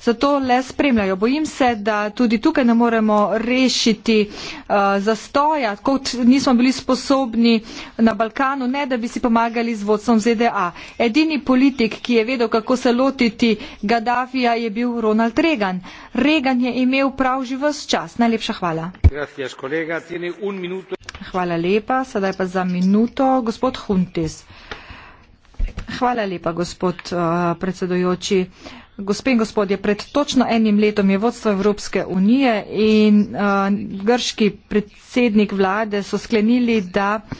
zato le spremljajo. Bojim se, da tudi tukaj ne moremo rešiti uh, zastoja, kot nismo bili sposobni na Balkanu, ne da bi si pomagali z vodstvom ZDA. Edini politik, ki je vedel, kako se lotiti Gaddafija, je bil Ronald Reagan. Reagan je imel prav že vse čas. Najlepša hvala. Hvala lepa. Sedaj pa za minuto gospod Huntis. Hvala lepa, gospod uh, eh, predsedojoči. Uh, Gospe in gospodje, pred točno enim letom je vodstvo Evropske unije in uh, grški predsednik vlade so sklenili, da uh,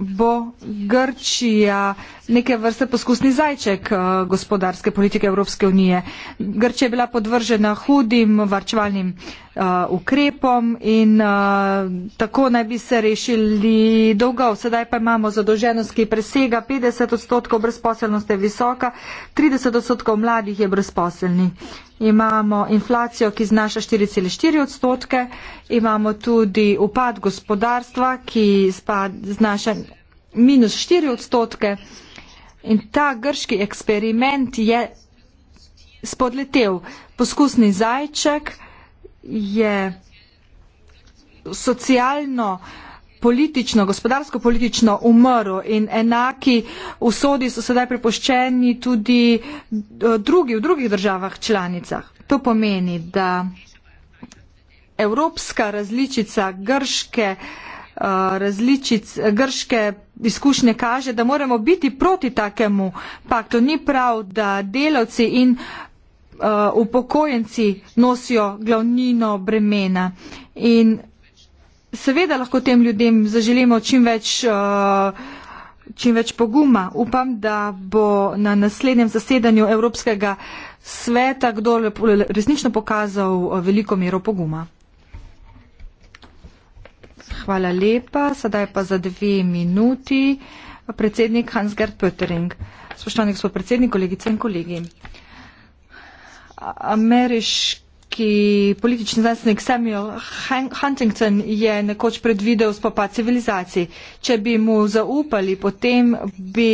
bo Grčija neke vrste poskusni zajček eh, gospodarske politike Evropske unije. Grčija je bila podvržena hudim varčevalnim eh, ukrepom in eh, tako naj bi se rešili dolgov. Sedaj pa imamo zadolženost, ki presega 50 odstotkov brezposelnosti visoka, 30 odstotkov mladih je brezposelni. Imamo inflacijo, ki znaša 4,4 odstotke imamo tudi upad gospodarstva, ki znaša minus 4 odstotke in ta grški eksperiment je spodletel. Poskusni zajček je socialno, politično, gospodarsko politično umrl in enaki usodi so sedaj prepoščeni tudi eh, drugi v drugih državah članicah. To pomeni, da evropska različica grške, uh, različic, grške izkušnje kaže, da moramo biti proti takemu paktu. Ni prav, da delavci in uh, upokojenci nosijo glavnino bremena. In seveda lahko tem ljudem zaželimo čim več. Uh, Čim več poguma. Upam, da bo na naslednjem zasedanju Evropskega sveta kdo resnično pokazal veliko mero poguma. Hvala lepa. Sedaj pa za dve minuti predsednik Hans-Gert Pöttering. Spoštovani gospod predsednik, kolegice in kolegi. Ameriški politični znanstvenik Samuel Huntington je nekoč predvidel spopad civilizacij. Če bi mu zaupali, potem bi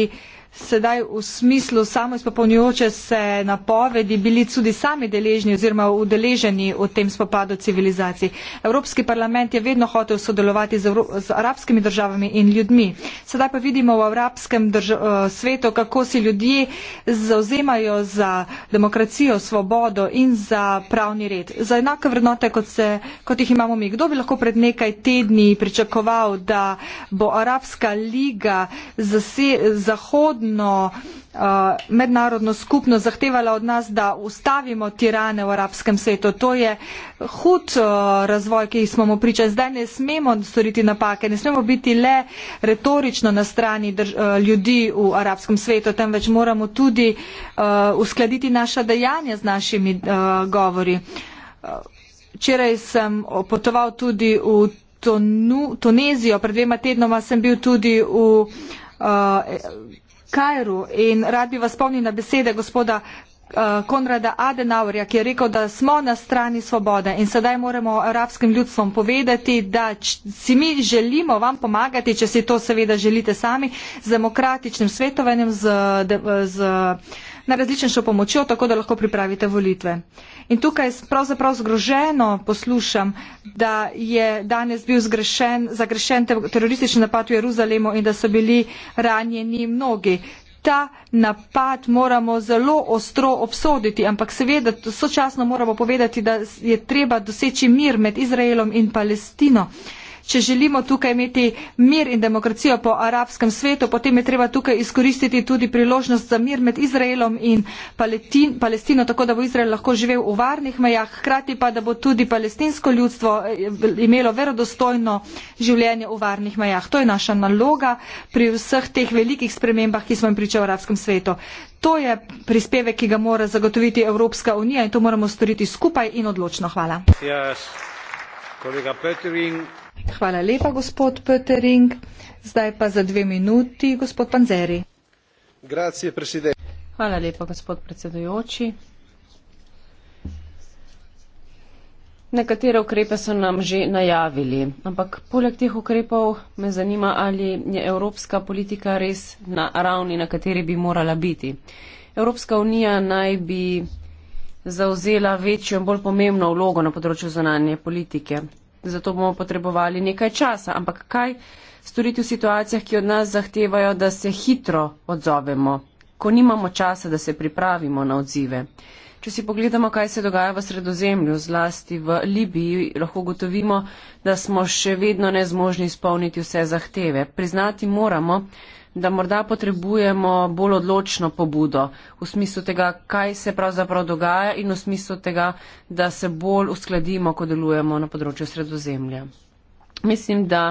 sedaj v smislu samo izpopolnjujoče se napovedi bili tudi sami deležni oziroma udeleženi v tem spopadu civilizacij. Evropski parlament je vedno hotel sodelovati z, Evro z arabskimi državami in ljudmi. Sedaj pa vidimo v arabskem eh, svetu, kako si ljudje zauzemajo za demokracijo, svobodo in za pravni red. Za enake vrednote, kot, se, kot jih imamo mi. Kdo bi lahko pred nekaj tedni pričakoval, da bo Arabska liga zase, zahodna mednarodno, uh, mednarodno skupno zahtevala od nas, da ustavimo tirane v arabskem svetu. To je hud uh, razvoj, ki smo mu pričali. Zdaj ne smemo storiti napake, ne smemo biti le retorično na strani drž, uh, ljudi v arabskem svetu, temveč moramo tudi uh, uskladiti naša dejanja z našimi uh, govori. Včeraj sem potoval tudi v Tonu, Tunezijo, pred dvema tednoma sem bil tudi v uh, Kajru in rad bi vas spomnil na besede gospoda eh, Konrada Adenauerja, ki je rekel, da smo na strani svobode in sedaj moramo arabskim ljudstvom povedati, da si mi želimo vam pomagati, če si to seveda želite sami, z demokratičnim svetovanjem, z, z, na različen še pomočjo, tako da lahko pripravite volitve. Uh, In tukaj pravzaprav zgroženo poslušam, da je danes bil zgrešen, zagrešen teroristični napad v Jeruzalemu in da so bili ranjeni mnogi. Ta napad moramo zelo ostro obsoditi, ampak seveda sočasno moramo povedati, da je treba doseči mir med Izraelom in Palestino. Če želimo tukaj imeti mir in demokracijo po arabskem svetu, potem je treba tukaj izkoristiti tudi priložnost za mir med Izraelom in Paletin, Palestino, tako da bo Izrael lahko živel v varnih mejah, hkrati pa, da bo tudi palestinsko ljudstvo eh, imelo verodostojno življenje v varnih mejah. To je naša naloga pri vseh teh velikih spremembah, ki smo jim pričali v arabskem svetu. To je prispevek, ki ga mora zagotoviti Evropska unija in to moramo storiti skupaj in odločno. Hvala. Yes. Kolega Petrin. Hvala lepa, gospod Petering. Zdaj pa za dve minuti, gospod Panzeri. Grazie, predsednik. Hvala lepa, gospod predsedujoči. Nekatere ukrepe so nam že najavili, ampak poleg teh ukrepov me zanima, ali je evropska politika res na ravni, na kateri bi morala biti. Evropska unija naj bi zauzela večjo in bolj pomembno vlogo na področju zunanje politike zato bomo potrebovali nekaj časa. Ampak kaj storiti v situacijah, ki od nas zahtevajo, da se hitro odzovemo, ko nimamo časa, da se pripravimo na odzive? Če si pogledamo, kaj se dogaja v sredozemlju, zlasti v Libiji, lahko gotovimo, da smo še vedno nezmožni izpolniti vse zahteve. Priznati moramo, da morda potrebujemo bolj odločno pobudo v smislu tega, kaj se pravzaprav dogaja in v smislu tega, da se bolj uskladimo, ko delujemo na področju sredozemlja. Mislim, da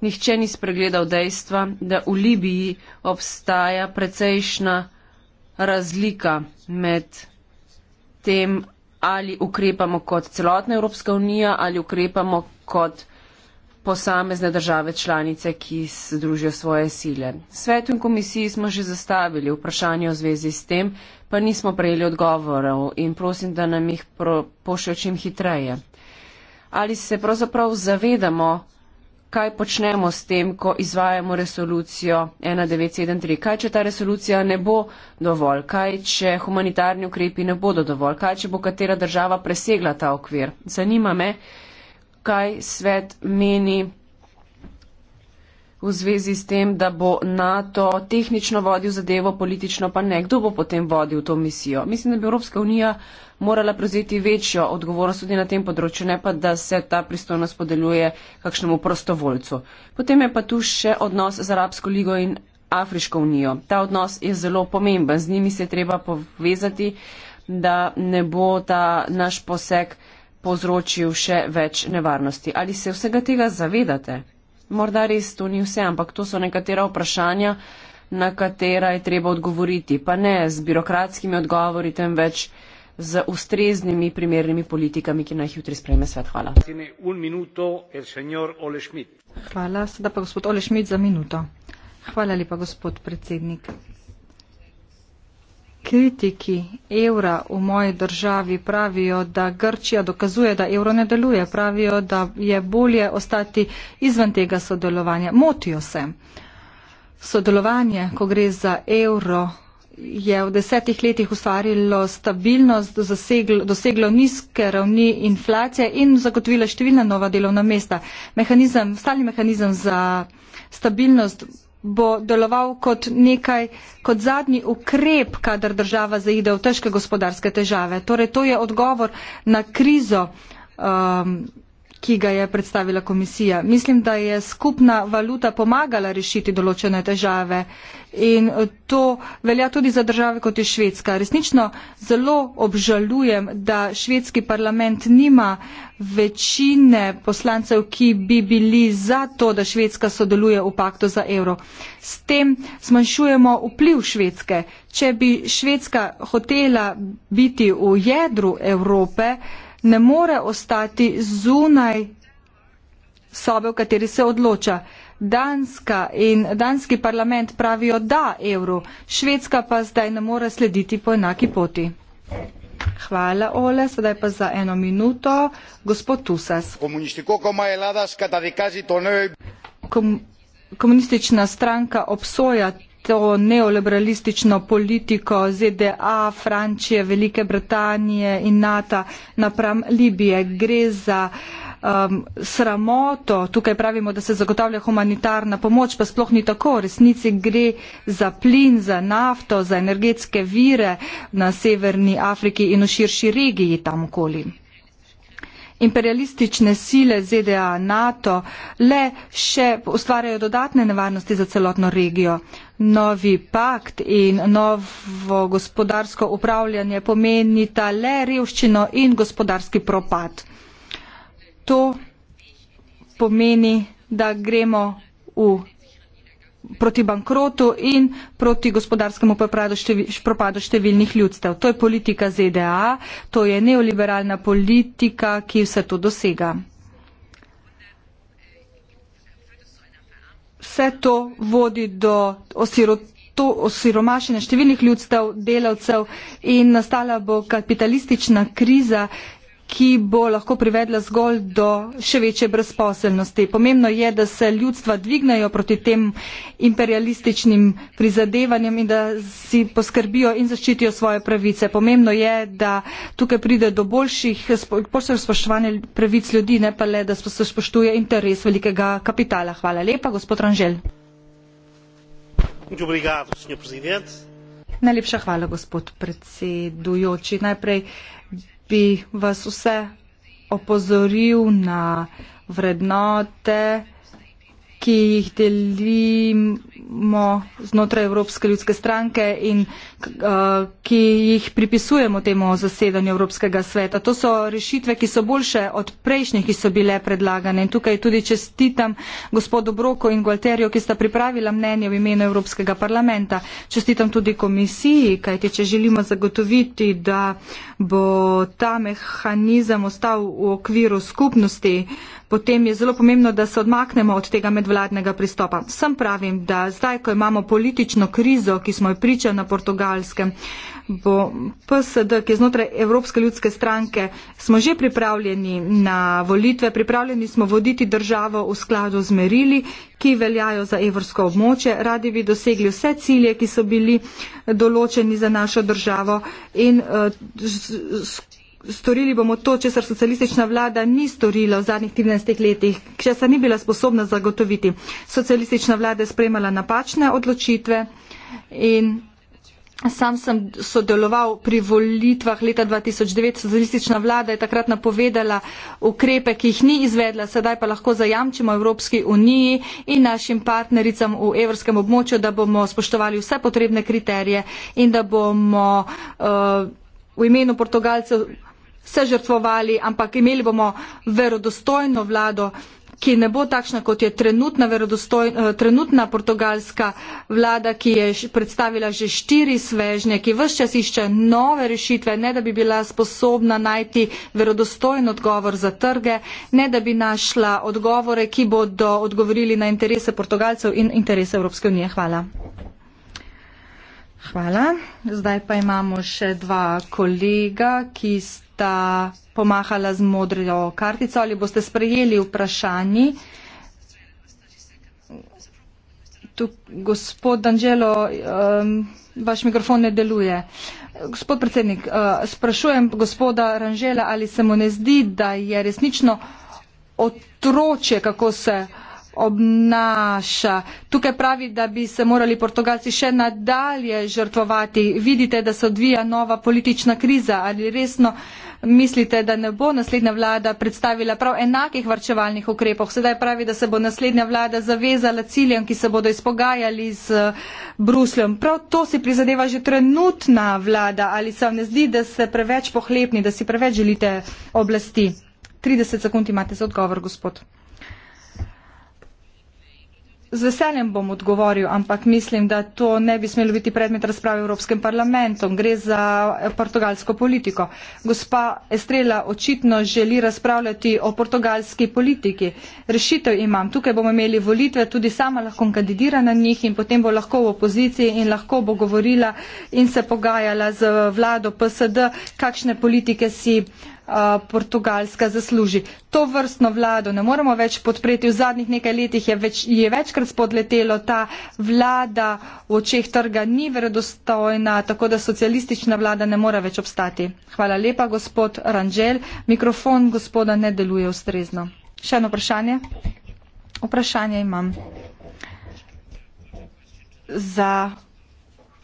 nihče ni spregledal dejstva, da v Libiji obstaja precejšna razlika med tem, ali ukrepamo kot celotna Evropska unija ali ukrepamo kot posamezne države članice, ki združijo svoje sile. Svetu in komisiji smo že zastavili vprašanje o zvezi s tem, pa nismo prejeli odgovorov in prosim, da nam jih pošljo čim hitreje. Ali se pravzaprav zavedamo, kaj počnemo s tem, ko izvajamo resolucijo 1973? Kaj, če ta resolucija ne bo dovolj? Kaj, če humanitarni ukrepi ne bodo dovolj? Kaj, če bo katera država presegla ta okvir? Zanima me, kaj svet meni v zvezi s tem, da bo NATO tehnično vodil zadevo, politično pa ne. Kdo bo potem vodil to misijo? Mislim, da bi Evropska unija morala prevzeti večjo odgovornost tudi na tem področju, ne pa, da se ta pristojnost podeljuje kakšnemu prostovoljcu. Potem je pa tu še odnos z Arabsko ligo in Afriško unijo. Ta odnos je zelo pomemben. Z njimi se je treba povezati, da ne bo ta naš poseg povzročil še več nevarnosti. Ali se vsega tega zavedate? Morda res to ni vse, ampak to so nekatera vprašanja, na katera je treba odgovoriti. Pa ne z birokratskimi odgovori, temveč z ustreznimi primernimi politikami, ki naj jutri sprejme svet. Hvala. Hvala, sedaj pa gospod Ole Šmit za minuto. Hvala lepa, gospod predsednik kritiki evra v moji državi pravijo, da Grčija dokazuje, da evro ne deluje, pravijo, da je bolje ostati izven tega sodelovanja. Motijo se. Sodelovanje, ko gre za evro, je v desetih letih ustvarilo stabilnost, doseglo, doseglo nizke ravni inflacije in zagotovilo številna nova delovna mesta. Mehanizem, stalni mehanizem za stabilnost bo deloval kot nekaj, kot zadnji ukrep, kadar država zaide v težke gospodarske težave. Torej, to je odgovor na krizo. Um, ki ga je predstavila komisija. Mislim, da je skupna valuta pomagala rešiti določene težave in to velja tudi za države, kot je Švedska. Resnično zelo obžalujem, da švedski parlament nima večine poslancev, ki bi bili za to, da Švedska sodeluje v paktu za evro. S tem zmanjšujemo vpliv Švedske. Če bi Švedska hotela biti v jedru Evrope, ne more ostati zunaj sobe, v kateri se odloča. Danska in danski parlament pravijo da evru, švedska pa zdaj ne more slediti po enaki poti. Hvala, Ole. Sedaj pa za eno minuto, gospod Tusas. Komunistična stranka obsoja to neoliberalistično politiko ZDA, Francije, Velike Britanije in NATO napram Libije. Gre za um, sramoto, tukaj pravimo, da se zagotavlja humanitarna pomoč, pa sploh ni tako. V resnici gre za plin, za nafto, za energetske vire na severni Afriki in v širši regiji tam okoli imperialistične sile ZDA, NATO le še ustvarjajo dodatne nevarnosti za celotno regijo. Novi pakt in novo gospodarsko upravljanje pomenita le revščino in gospodarski propad. To pomeni, da gremo v proti bankrotu in proti gospodarskemu propadu številnih ljudstev. To je politika ZDA, to je neoliberalna politika, ki vse to dosega. Vse to vodi do osirot, osiromašenja številnih ljudstev, delavcev in nastala bo kapitalistična kriza, ki bo lahko privedla zgolj do še večje brezposelnosti. Pomembno je, da se ljudstva dvignejo proti tem imperialističnim prizadevanjem in da si poskrbijo in zaščitijo svoje pravice. Pomembno je, da tukaj pride do boljših, boljših spoštovanja pravic ljudi, ne pa le, da se spoštuje interes velikega kapitala. Hvala lepa, gospod Ranžel. Obrigado, Najlepša hvala, gospod predsedujoči. Najprej bi vas vse opozoril na vrednote, ki jih delimo znotraj Evropske ljudske stranke in uh, ki jih pripisujemo temu zasedanju Evropskega sveta. To so rešitve, ki so boljše od prejšnjih, ki so bile predlagane. In tukaj tudi čestitam gospodu Broko in Gualterju, ki sta pripravila mnenje v imenu Evropskega parlamenta. Čestitam tudi komisiji, kajti če želimo zagotoviti, da bo ta mehanizem ostal v okviru skupnosti, potem je zelo pomembno, da se odmaknemo od tega medvladnega pristopa. Sem pravim, da zdaj, ko imamo politično krizo, ki smo jo pričali na portugalskem, bo PSD, ki je znotraj Evropske ljudske stranke, smo že pripravljeni na volitve, pripravljeni smo voditi državo v skladu z merili, ki veljajo za evrsko območje. Radi bi dosegli vse cilje, ki so bili določeni za našo državo in uh, z, z, storili bomo to, česar socialistična vlada ni storila v zadnjih 13 letih, česar ni bila sposobna zagotoviti. Socialistična vlada je sprejemala napačne odločitve in sam sem sodeloval pri volitvah leta 2009. Socialistična vlada je takrat napovedala ukrepe, ki jih ni izvedla, sedaj pa lahko zajamčimo Evropski uniji in našim partnericam v evropskem območju, da bomo spoštovali vse potrebne kriterije in da bomo. Uh, V imenu Portugalcev se žrtvovali, ampak imeli bomo verodostojno vlado, ki ne bo takšna, kot je trenutna, eh, trenutna portugalska vlada, ki je predstavila že štiri svežnje, ki vse čas išče nove rešitve, ne da bi bila sposobna najti verodostojen odgovor za trge, ne da bi našla odgovore, ki bodo odgovorili na interese portugalcev in interese Evropske unije. Hvala. Hvala. Zdaj pa imamo še dva kolega, ki sta pomahala z modrijo kartico. Ali boste sprejeli vprašanji? Gospod Danželo, um, vaš mikrofon ne deluje. Gospod predsednik, uh, sprašujem gospoda Ranžela, ali se mu ne zdi, da je resnično otroče, kako se. Uh, obnaša. Tukaj pravi, da bi se morali Portugalci še nadalje žrtvovati. Vidite, da se odvija nova politična kriza. Ali resno mislite, da ne bo naslednja vlada predstavila prav enakih varčevalnih ukrepov? Sedaj pravi, da se bo naslednja vlada zavezala ciljem, ki se bodo izpogajali z eh, Brusljem. Prav to si prizadeva že trenutna vlada. Ali se vam ne zdi, da ste preveč pohlepni, da si preveč želite oblasti? 30 sekund imate za odgovor, gospod. Z veseljem bom odgovoril, ampak mislim, da to ne bi smelo biti predmet razprave v Evropskem parlamentu. Gre za eh, portugalsko politiko. Gospa Estrela očitno želi razpravljati o portugalski politiki. Rešitev imam. Tukaj bomo imeli volitve, tudi sama lahko kandidira na njih in potem bo lahko v opoziciji in lahko bo govorila in se pogajala z vlado PSD, kakšne politike si. Uh, Eh, Portugalska zasluži. To vrstno vlado ne moremo več podpreti. V zadnjih nekaj letih je, več, je večkrat spodletelo ta vlada v očeh trga ni verodostojna, tako da socialistična vlada ne more več obstati. Hvala lepa, gospod Ranžel. Mikrofon gospoda ne deluje ustrezno. Še eno vprašanje? Vprašanje imam. Za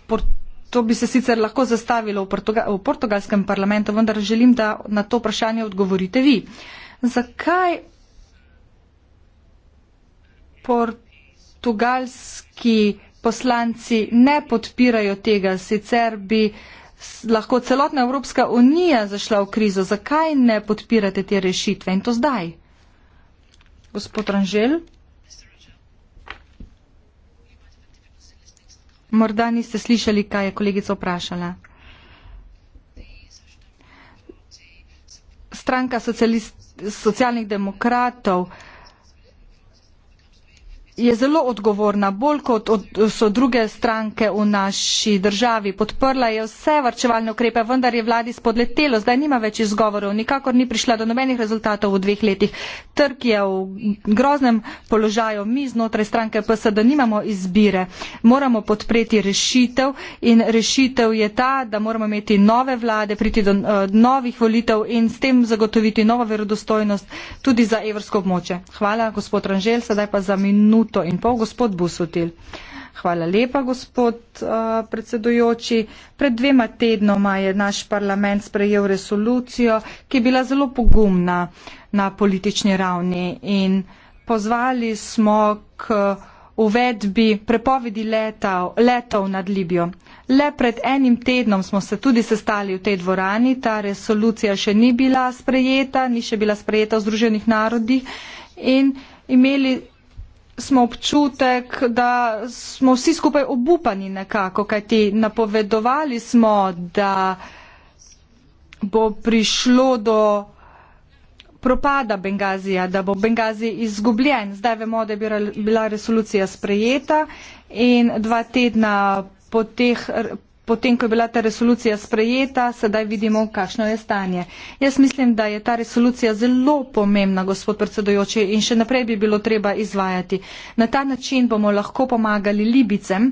Portugalsko To bi se sicer lahko zastavilo v, Portuga v portugalskem parlamentu, vendar želim, da na to vprašanje odgovorite vi. Zakaj portugalski poslanci ne podpirajo tega, sicer bi lahko celotna Evropska unija zašla v krizo? Zakaj ne podpirate te rešitve in to zdaj? Gospod Ranžel. Morda niste slišali, kaj je kolegica vprašala. Stranka socialnih demokratov je zelo odgovorna, bolj kot so druge stranke v naši državi. Podprla je vse varčevalne ukrepe, vendar je vladi spodletelo, zdaj nima več izgovorov, nikakor ni prišla do nobenih rezultatov v dveh letih. Trg je v groznem položaju, mi znotraj stranke PSD nimamo izbire. Moramo podpreti rešitev in rešitev je ta, da moramo imeti nove vlade, priti do uh, novih volitev in s tem zagotoviti novo verodostojnost tudi za evrsko območje. Hvala, gospod Ranžel, sedaj pa za minuto minuto in pol, gospod Busutil. Hvala lepa, gospod uh, predsedujoči. Pred dvema tednoma je naš parlament sprejel resolucijo, ki je bila zelo pogumna na politični ravni in pozvali smo k uvedbi prepovedi letov, letov nad Libijo. Le pred enim tednom smo se tudi sestali v tej dvorani, ta resolucija še ni bila sprejeta, ni še bila sprejeta v Združenih narodih in imeli smo občutek, da smo vsi skupaj obupani nekako, kajti napovedovali smo, da bo prišlo do propada Bengazija, da bo Bengazij izgubljen. Zdaj vemo, da je bila resolucija sprejeta in dva tedna po teh potem, ko je bila ta resolucija sprejeta, sedaj vidimo, kakšno je stanje. Jaz mislim, da je ta resolucija zelo pomembna, gospod predsedojoči, in še naprej bi bilo treba izvajati. Na ta način bomo lahko pomagali Libicem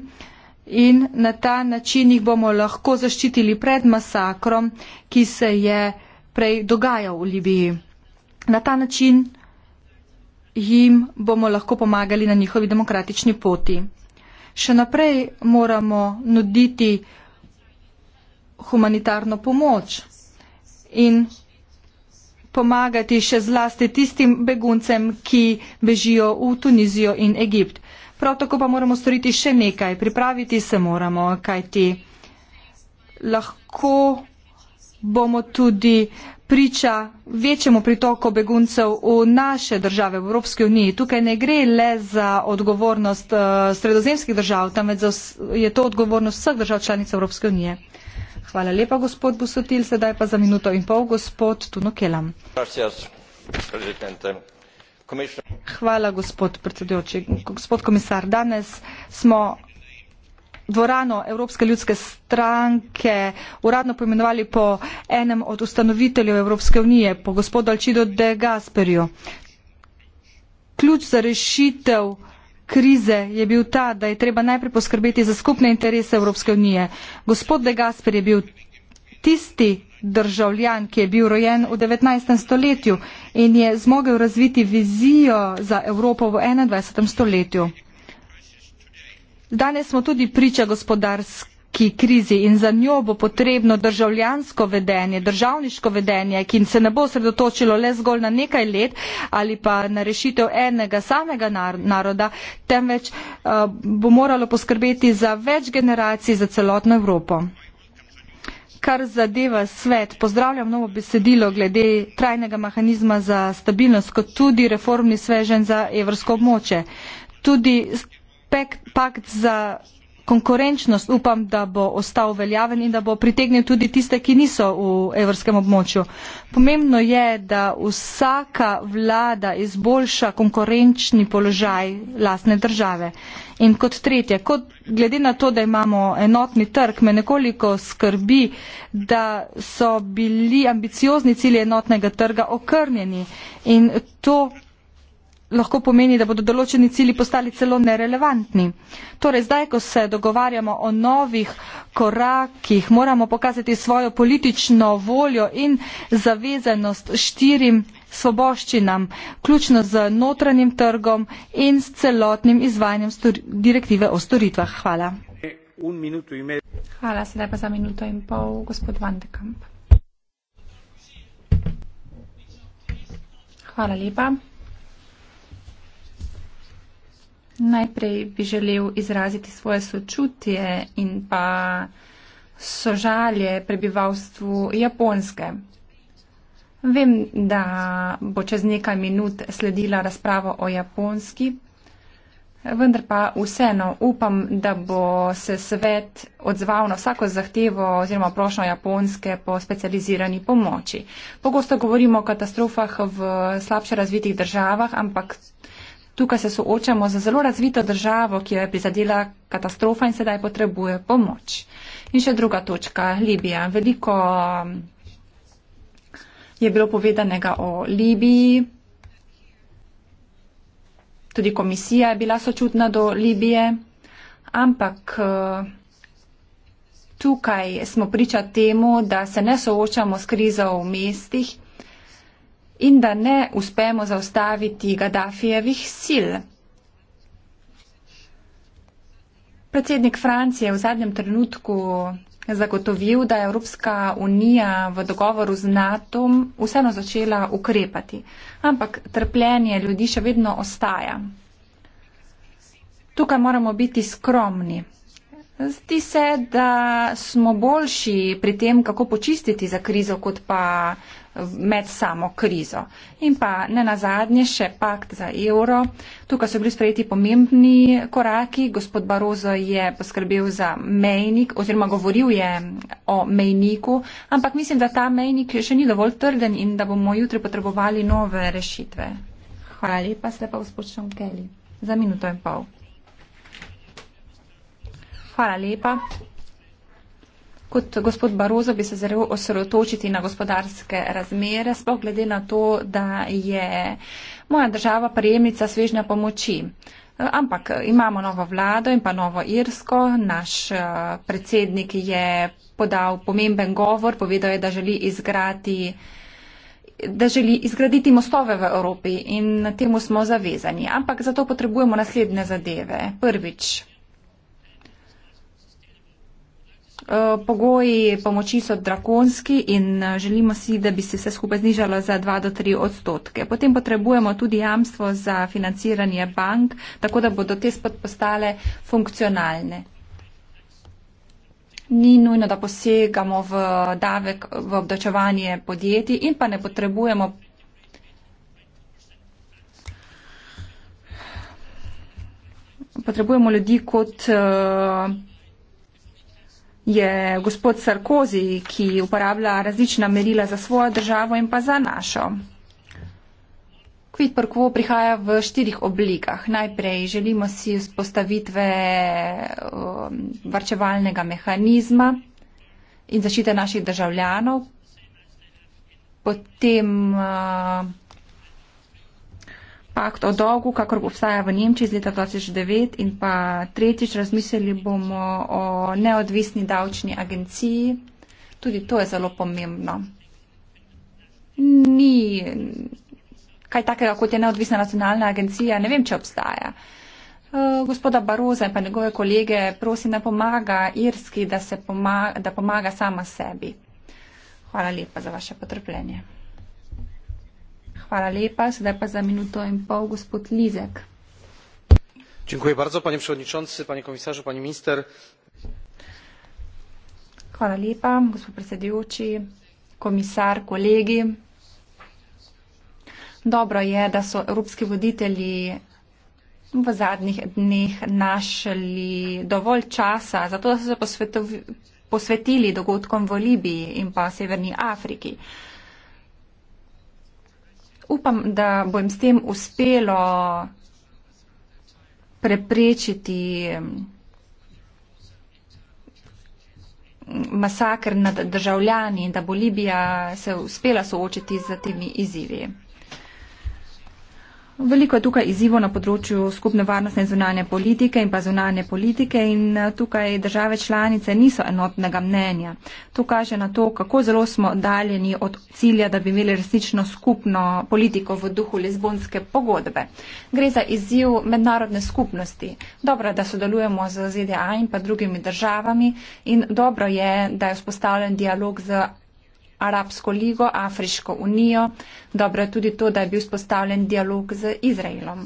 in na ta način jih bomo lahko zaščitili pred masakrom, ki se je prej dogajal v Libiji. Na ta način jim bomo lahko pomagali na njihovi demokratični poti. Še naprej moramo nuditi humanitarno pomoč in pomagati še zlasti tistim beguncem, ki bežijo v Tunizijo in Egipt. Prav tako pa moramo storiti še nekaj, pripraviti se moramo, kajti lahko bomo tudi priča večjemu pritoku beguncev v naše države, v Evropski uniji. Tukaj ne gre le za odgovornost uh, sredozemskih držav, temveč je to odgovornost vseh držav članic Evropske unije. Hvala lepa, gospod Busotil. Sedaj pa za minuto in pol, gospod Tunokelam. Hvala, gospod predsedujoči. Gospod komisar, danes smo dvorano Evropske ljudske stranke uradno pojmenovali po enem od ustanoviteljev Evropske unije, po gospodu Alčido de Gasperju. Ključ za rešitev krize je bil ta, da je treba najprej poskrbeti za skupne interese Evropske unije. Gospod De Gasper je bil tisti državljan, ki je bil rojen v 19. stoletju in je zmogel razviti vizijo za Evropo v 21. stoletju. Danes smo tudi priča gospodarske ki krizi in za njo bo potrebno državljansko vedenje, državniško vedenje, ki se ne bo sredotočilo le zgolj na nekaj let ali pa na rešitev enega samega naroda, temveč eh, bo moralo poskrbeti za več generacij, za celotno Evropo. Kar zadeva svet, pozdravljam novo besedilo glede trajnega mehanizma za stabilnost, kot tudi reformni svežen za evrsko območje. Tudi pakt za konkurenčnost upam, da bo ostal veljaven in da bo pritegnil tudi tiste, ki niso v evropskem območju. Pomembno je, da vsaka vlada izboljša konkurenčni položaj lastne države. In kot tretje, kot glede na to, da imamo enotni trg, me nekoliko skrbi, da so bili ambiciozni cilji enotnega trga okrnjeni in to lahko pomeni, da bodo določeni cilji postali celo nerelevantni. Torej, zdaj, ko se dogovarjamo o novih korakih, moramo pokazati svojo politično voljo in zavezanost štirim svoboščinam, ključno z notranjim trgom in s celotnim izvajanjem direktive o storitvah. Hvala. Hvala, sedaj pa za minuto in pol, gospod Vandekamp. Hvala lepa. Najprej bi želel izraziti svoje sočutje in pa sožalje prebivalstvu Japonske. Vem, da bo čez nekaj minut sledila razprava o Japonski, vendar pa vseeno upam, da bo se svet odzval na vsako zahtevo oziroma prošnjo Japonske po specializirani pomoči. Pogosto govorimo o katastrofah v slabše razvitih državah, ampak Tukaj se soočamo z zelo razvito državo, ki jo je prizadela katastrofa in sedaj potrebuje pomoč. In še druga točka, Libija. Veliko um, je bilo povedanega o Libiji. Tudi komisija je bila sočutna do Libije, ampak uh, tukaj smo priča temu, da se ne soočamo s krizo v mestih in da ne uspemo zaustaviti Gaddafijevih sil. Predsednik Francije je v zadnjem trenutku zagotovil, da je Evropska unija v dogovoru z NATO vseeno začela ukrepati, ampak trpljenje ljudi še vedno ostaja. Tukaj moramo biti skromni. Zdi se, da smo boljši pri tem, kako počistiti za krizo, kot pa med samo krizo. In pa ne nazadnje še pakt za evro. Tukaj so bili sprejeti pomembni koraki. Gospod Barozo je poskrbel za mejnik oziroma govoril je o mejniku, ampak mislim, da ta mejnik še ni dovolj trden in da bomo jutri potrebovali nove rešitve. Hvala lepa, ste pa gospod Šonkeli. Za minuto in pol. Hvala lepa. Kot gospod Barozo bi se zelo osredotočiti na gospodarske razmere, sploh glede na to, da je moja država prejemnica svežnja pomoči. Ampak imamo novo vlado in pa novo Irsko. Naš eh, predsednik je podal pomemben govor, povedal je, da želi izgrati da želi izgraditi mostove v Evropi in temu smo zavezani. Ampak za to potrebujemo naslednje zadeve. Prvič, Eh, pogoji pomoči so drakonski in eh, želimo si, da bi se vse skupaj znižalo za 2 do 3 odstotke. Potem potrebujemo tudi jamstvo za financiranje bank, tako da bodo te spet postale funkcionalne. Ni nujno, da posegamo v davek, v obdačevanje podjetij in pa ne potrebujemo. Potrebujemo ljudi kot. Uh, je gospod Sarkozi, ki uporablja različna merila za svojo državo in pa za našo. Kvit prkvo prihaja v štirih oblikah. Najprej želimo si vzpostavitve um, varčevalnega mehanizma in zaščite naših državljanov. Potem uh, pakt o dolgu, kakor obstaja v Nemčiji z leta 2009 in pa tretjič razmislili bomo o neodvisni davčni agenciji. Tudi to je zelo pomembno. Ni kaj takega, kot je neodvisna nacionalna agencija, ne vem, če obstaja. Eh, gospoda Baroza in pa njegove kolege prosim, da pomaga Irski, da, pomaga, da pomaga sama sebi. Hvala lepa za vaše potrpljenje. Hvala lepa. Sedaj pa za minuto in pol gospod Lizek. Dziękuję bardzo, panie przewodniczący, panie komisarzu, pani minister. Hvala lepa, gospod predsedujoči, komisar, kolegi. Dobro je, da so evropski voditelji v zadnjih dneh našli dovolj časa, zato da so se posvetili dogodkom v Libiji in pa Severni Afriki. Uh, upam, da bo jim s tem uspelo preprečiti masakr nad državljani in da bo Libija se uspela soočiti z temi izzivi. Veliko je tukaj izzivo na področju skupne varnostne in zunanje politike in pa zunanje politike in eh, tukaj države članice niso enotnega mnenja. To kaže na to, kako zelo smo daljeni od cilja, da bi imeli resnično skupno politiko v duhu Lizbonske pogodbe. Gre za izziv mednarodne skupnosti. Dobro je, da sodelujemo z ZDA in pa drugimi državami in dobro je, da je vzpostavljen dialog z Arabsko ligo, Afriško unijo. Dobro je tudi to, da je bil spostavljen dialog z Izraelom.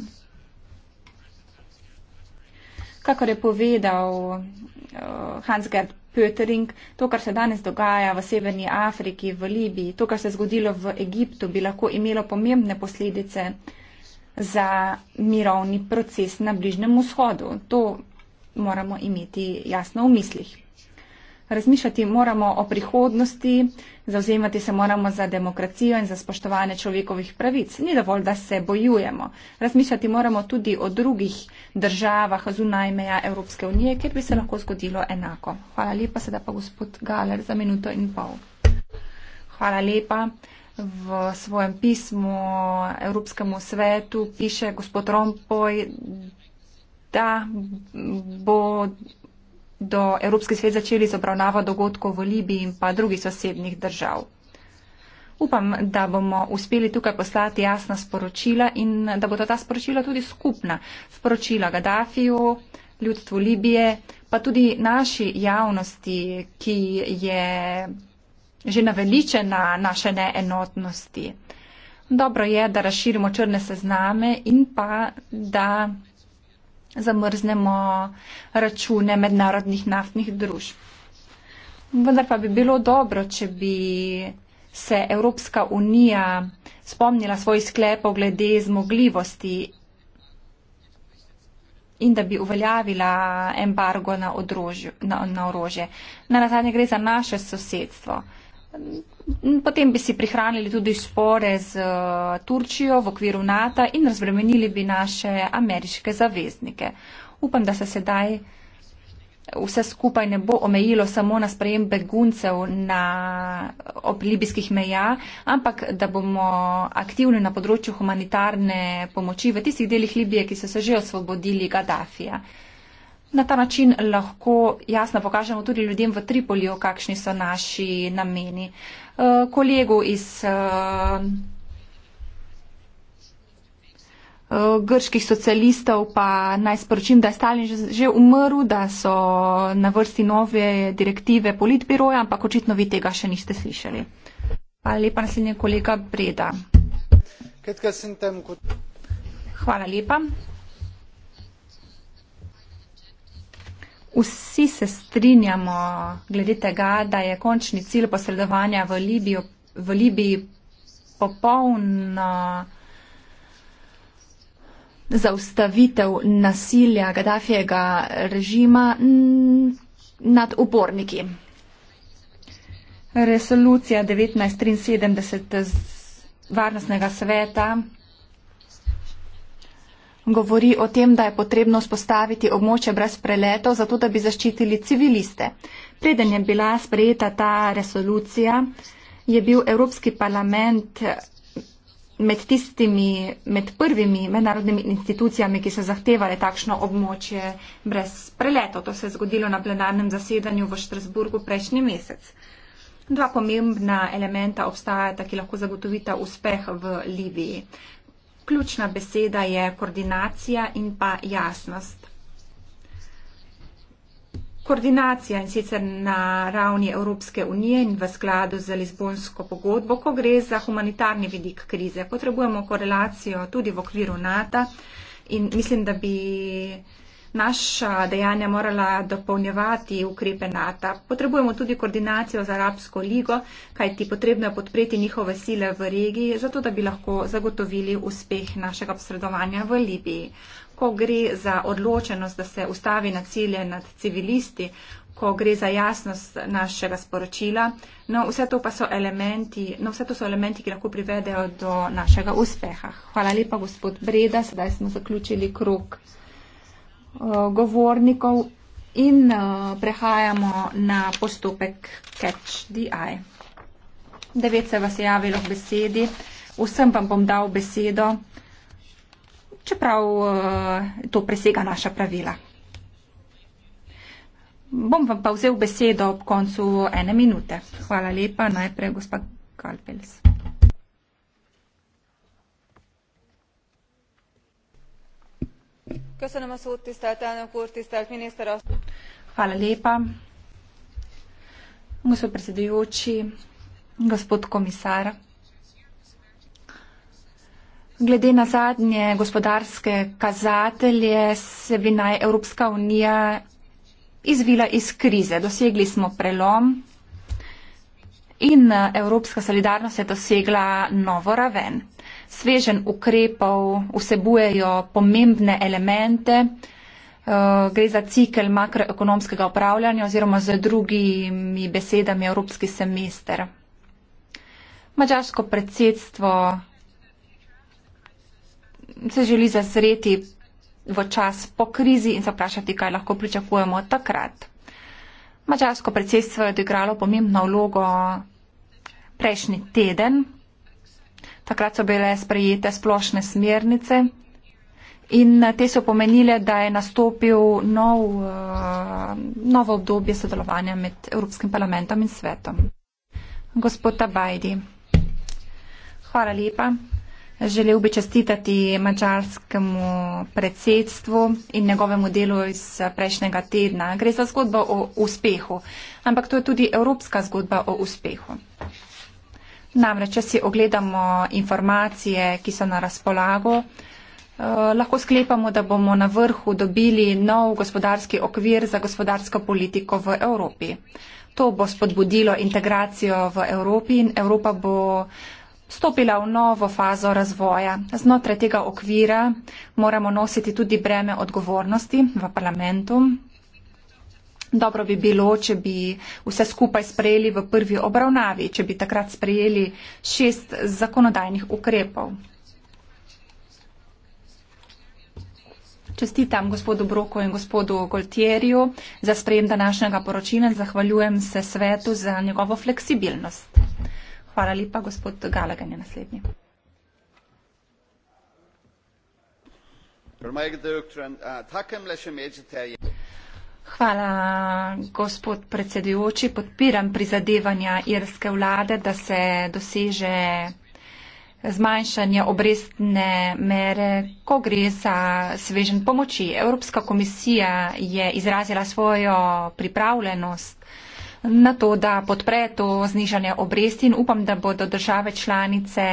Kakor je povedal eh, Hans Gerd Pötering, to, kar se danes dogaja v Severni Afriki, v Libiji, to, kar se je zgodilo v Egiptu, bi lahko imelo pomembne posledice za mirovni proces na Bližnem vzhodu. To moramo imeti jasno v mislih razmišljati moramo o prihodnosti, zauzemati se moramo za demokracijo in za spoštovanje človekovih pravic. Ni dovolj, da se bojujemo. Razmišljati moramo tudi o drugih državah zunaj meja Evropske unije, kjer bi se lahko zgodilo enako. Hvala lepa, sedaj pa gospod Galer za minuto in pol. Hvala lepa. V svojem pismu Evropskemu svetu piše gospod Rompoj, da bo do Evropski svet začeli z obravnavo dogodkov v Libiji in pa drugih sosednjih držav. Upam, da bomo uspeli tukaj poslati jasna sporočila in da bodo ta sporočila tudi skupna. Sporočila Gaddafiju, ljudstvu Libije, pa tudi naši javnosti, ki je že naveličena naše neenotnosti. Dobro je, da razširimo črne sezname in pa da zamrznemo račune mednarodnih naftnih družb. Vendar pa bi bilo dobro, če bi se Evropska unija spomnila svoj sklep o glede zmogljivosti in da bi uveljavila embargo na, odrožju, na, na orožje. Na nazadnje gre za naše sosedstvo. Mm, potem bi si prihranili tudi spore z eh, Turčijo v okviru NATO in razbremenili bi naše ameriške zaveznike. Upam, da se sedaj vse skupaj ne bo omejilo samo na sprejem beguncev na, ob libijskih meja, ampak da bomo aktivni na področju humanitarne pomoči v tistih delih Libije, ki so se že osvobodili Gaddafija. Na ta način lahko jasno pokažemo tudi ljudem v Tripoliju, kakšni so naši nameni. Eh, kolegu iz eh, eh, grških socialistov pa naj sporočim, da je Stalin že umrl, da so na vrsti nove direktive politbiroja, ampak očitno vi tega še niste slišali. Hvala lepa, naslednji kolega Breda. Hvala lepa. Vsi se strinjamo glede tega, da je končni cilj posredovanja v, Libijo, v Libiji popolno zaustavitev nasilja Gaddafijega režima nad uporniki. Resolucija 1973 varnostnega sveta govori o tem, da je potrebno spostaviti območje brez preletov, zato da bi zaščitili civiliste. Preden je bila sprejeta ta resolucija, je bil Evropski parlament med tistimi, med prvimi mednarodnimi institucijami, ki so zahtevali takšno območje brez preletov. To se je zgodilo na plenarnem zasedanju v Štrasburgu prejšnji mesec. Dva pomembna elementa obstajata, ki lahko zagotovita uspeh v Libiji. Ključna beseda je koordinacija in pa jasnost. Koordinacija in sicer na ravni Evropske unije in v skladu z Lizbonsko pogodbo, ko gre za humanitarni vidik krize. Potrebujemo korelacijo tudi v okviru NATO in mislim, da bi naša dejanja morala dopolnjevati ukrepe NATO. Potrebujemo tudi koordinacijo z Arabsko ligo, kajti potrebno je podpreti njihove sile v regiji, zato da bi lahko zagotovili uspeh našega posredovanja v Libiji. Ko gre za odločenost, da se ustavi nacilje nad civilisti, ko gre za jasnost našega sporočila, no vse to pa so elementi, no vse to so elementi, ki lahko privedejo do našega uspeha. Hvala lepa, gospod Breda, sedaj smo zaključili krok. Eh, govornikov in eh, prehajamo na postopek catch the eye. Devet se vas je javilo k besedi, vsem vam bom dal besedo, čeprav eh, to presega naša pravila. Bom vam pa vzel besedo ob koncu ene minute. Hvala lepa, najprej gospod Kalpels. tisztelt elnök úr, tisztelt miniszter Hvala lepa. Gospod predsedujoči, gospod komisar. Glede na zadnje gospodarske kazatelje se bi naj Evropska unija izvila iz krize. Dosegli smo prelom in evropska solidarnost je dosegla novo raven svežen ukrepov vsebujejo pomembne elemente. Eh, gre za cikel makroekonomskega upravljanja oziroma z drugimi besedami Evropski semester. Mačarsko predsedstvo se želi zazreti v čas po krizi in se vprašati, kaj lahko pričakujemo takrat. Mačarsko predsedstvo je odigralo pomembno vlogo prejšnji teden Takrat so bile sprejete splošne smernice in te so pomenile, da je nastopil nov, eh, novo obdobje sodelovanja med Evropskim parlamentom in svetom. Gospod Tabajdi, hvala lepa. Želel bi čestitati mačarskemu predsedstvu in njegovemu delu iz prejšnjega tedna. Gre za zgodbo o uspehu, ampak to je tudi evropska zgodba o uspehu. Namreč, če si ogledamo informacije, ki so na razpolago, eh, lahko sklepamo, da bomo na vrhu dobili nov gospodarski okvir za gospodarsko politiko v Evropi. To bo spodbudilo integracijo v Evropi in Evropa bo stopila v novo fazo razvoja. Znotraj tega okvira moramo nositi tudi breme odgovornosti v parlamentu. Dobro bi bilo, če bi vse skupaj sprejeli v prvi obravnavi, če bi takrat sprejeli šest zakonodajnih ukrepov. Čestitam gospodu Broko in gospodu Goltjerju za sprejem današnjega poročina in zahvaljujem se svetu za njegovo fleksibilnost. Hvala lepa, gospod Galagan je naslednji. Hvala lepa, gospod Galagan je naslednji. Hvala, gospod predsedujoči. Podpiram prizadevanja irske vlade, da se doseže zmanjšanje obrestne mere, ko gre za svežen pomoči. Evropska komisija je izrazila svojo pripravljenost na to, da podpre to znižanje obresti in upam, da bodo države članice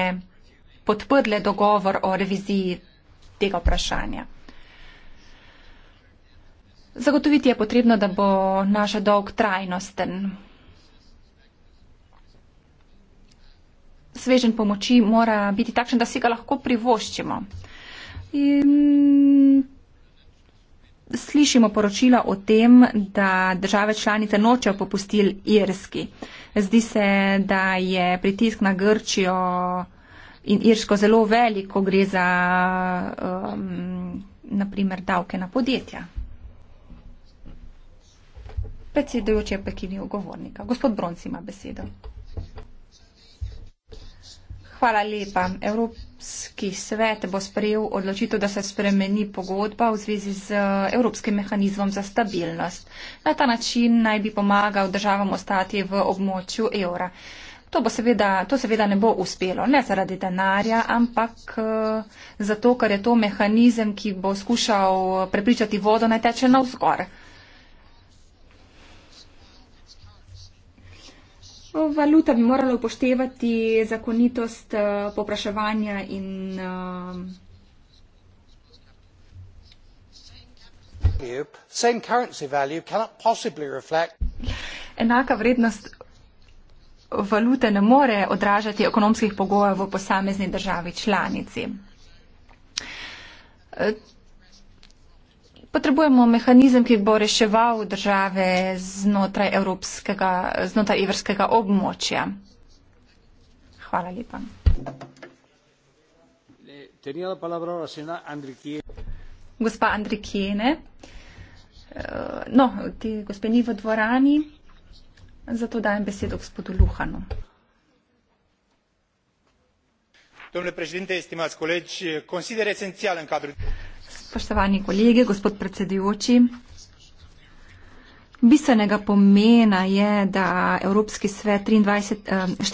podprle dogovor o reviziji tega vprašanja. Zagotoviti je potrebno, da bo naš dolg trajnosten. Svežen pomoči mora biti takšen, da si ga lahko privoščimo. In slišimo poročila o tem, da države članice nočejo popustil Irski. Zdi se, da je pritisk na Grčijo in Irsko zelo velik, ko gre za um, naprimer davke na podjetja. Predsedujoče prekinil govornika. Gospod Bronc ima besedo. Hvala lepa. Evropski svet bo sprejel odločitev, da se spremeni pogodba v zvezi z eh, Evropskim mehanizmom za stabilnost. Na ta način naj bi pomagal državam ostati v območju evra. To, bo seveda, to seveda ne bo uspelo, ne zaradi denarja, ampak eh, zato, ker je to mehanizem, ki bo skušal eh, prepričati vodo naj teče navzgor. Valuta bi morala upoštevati zakonitost eh, popraševanja in. Eh, Enaka vrednost valute ne more odražati ekonomskih pogojev v posamezni državi članici. Eh, Potrebujemo mehanizem, ki bo reševal države znotraj evropskega, znotraj evrskega območja. Hvala lepa. Gospa Andrikijene, eh, no, ti gospe ni v dvorani, zato dajem besedo gospodu Luhanu. Domnule predsednik, spoštovani kolegi, considero esencialen kadro. Spoštovani kolegi, gospod predsedujoči. Bistvenega pomena je, da Evropski svet 23,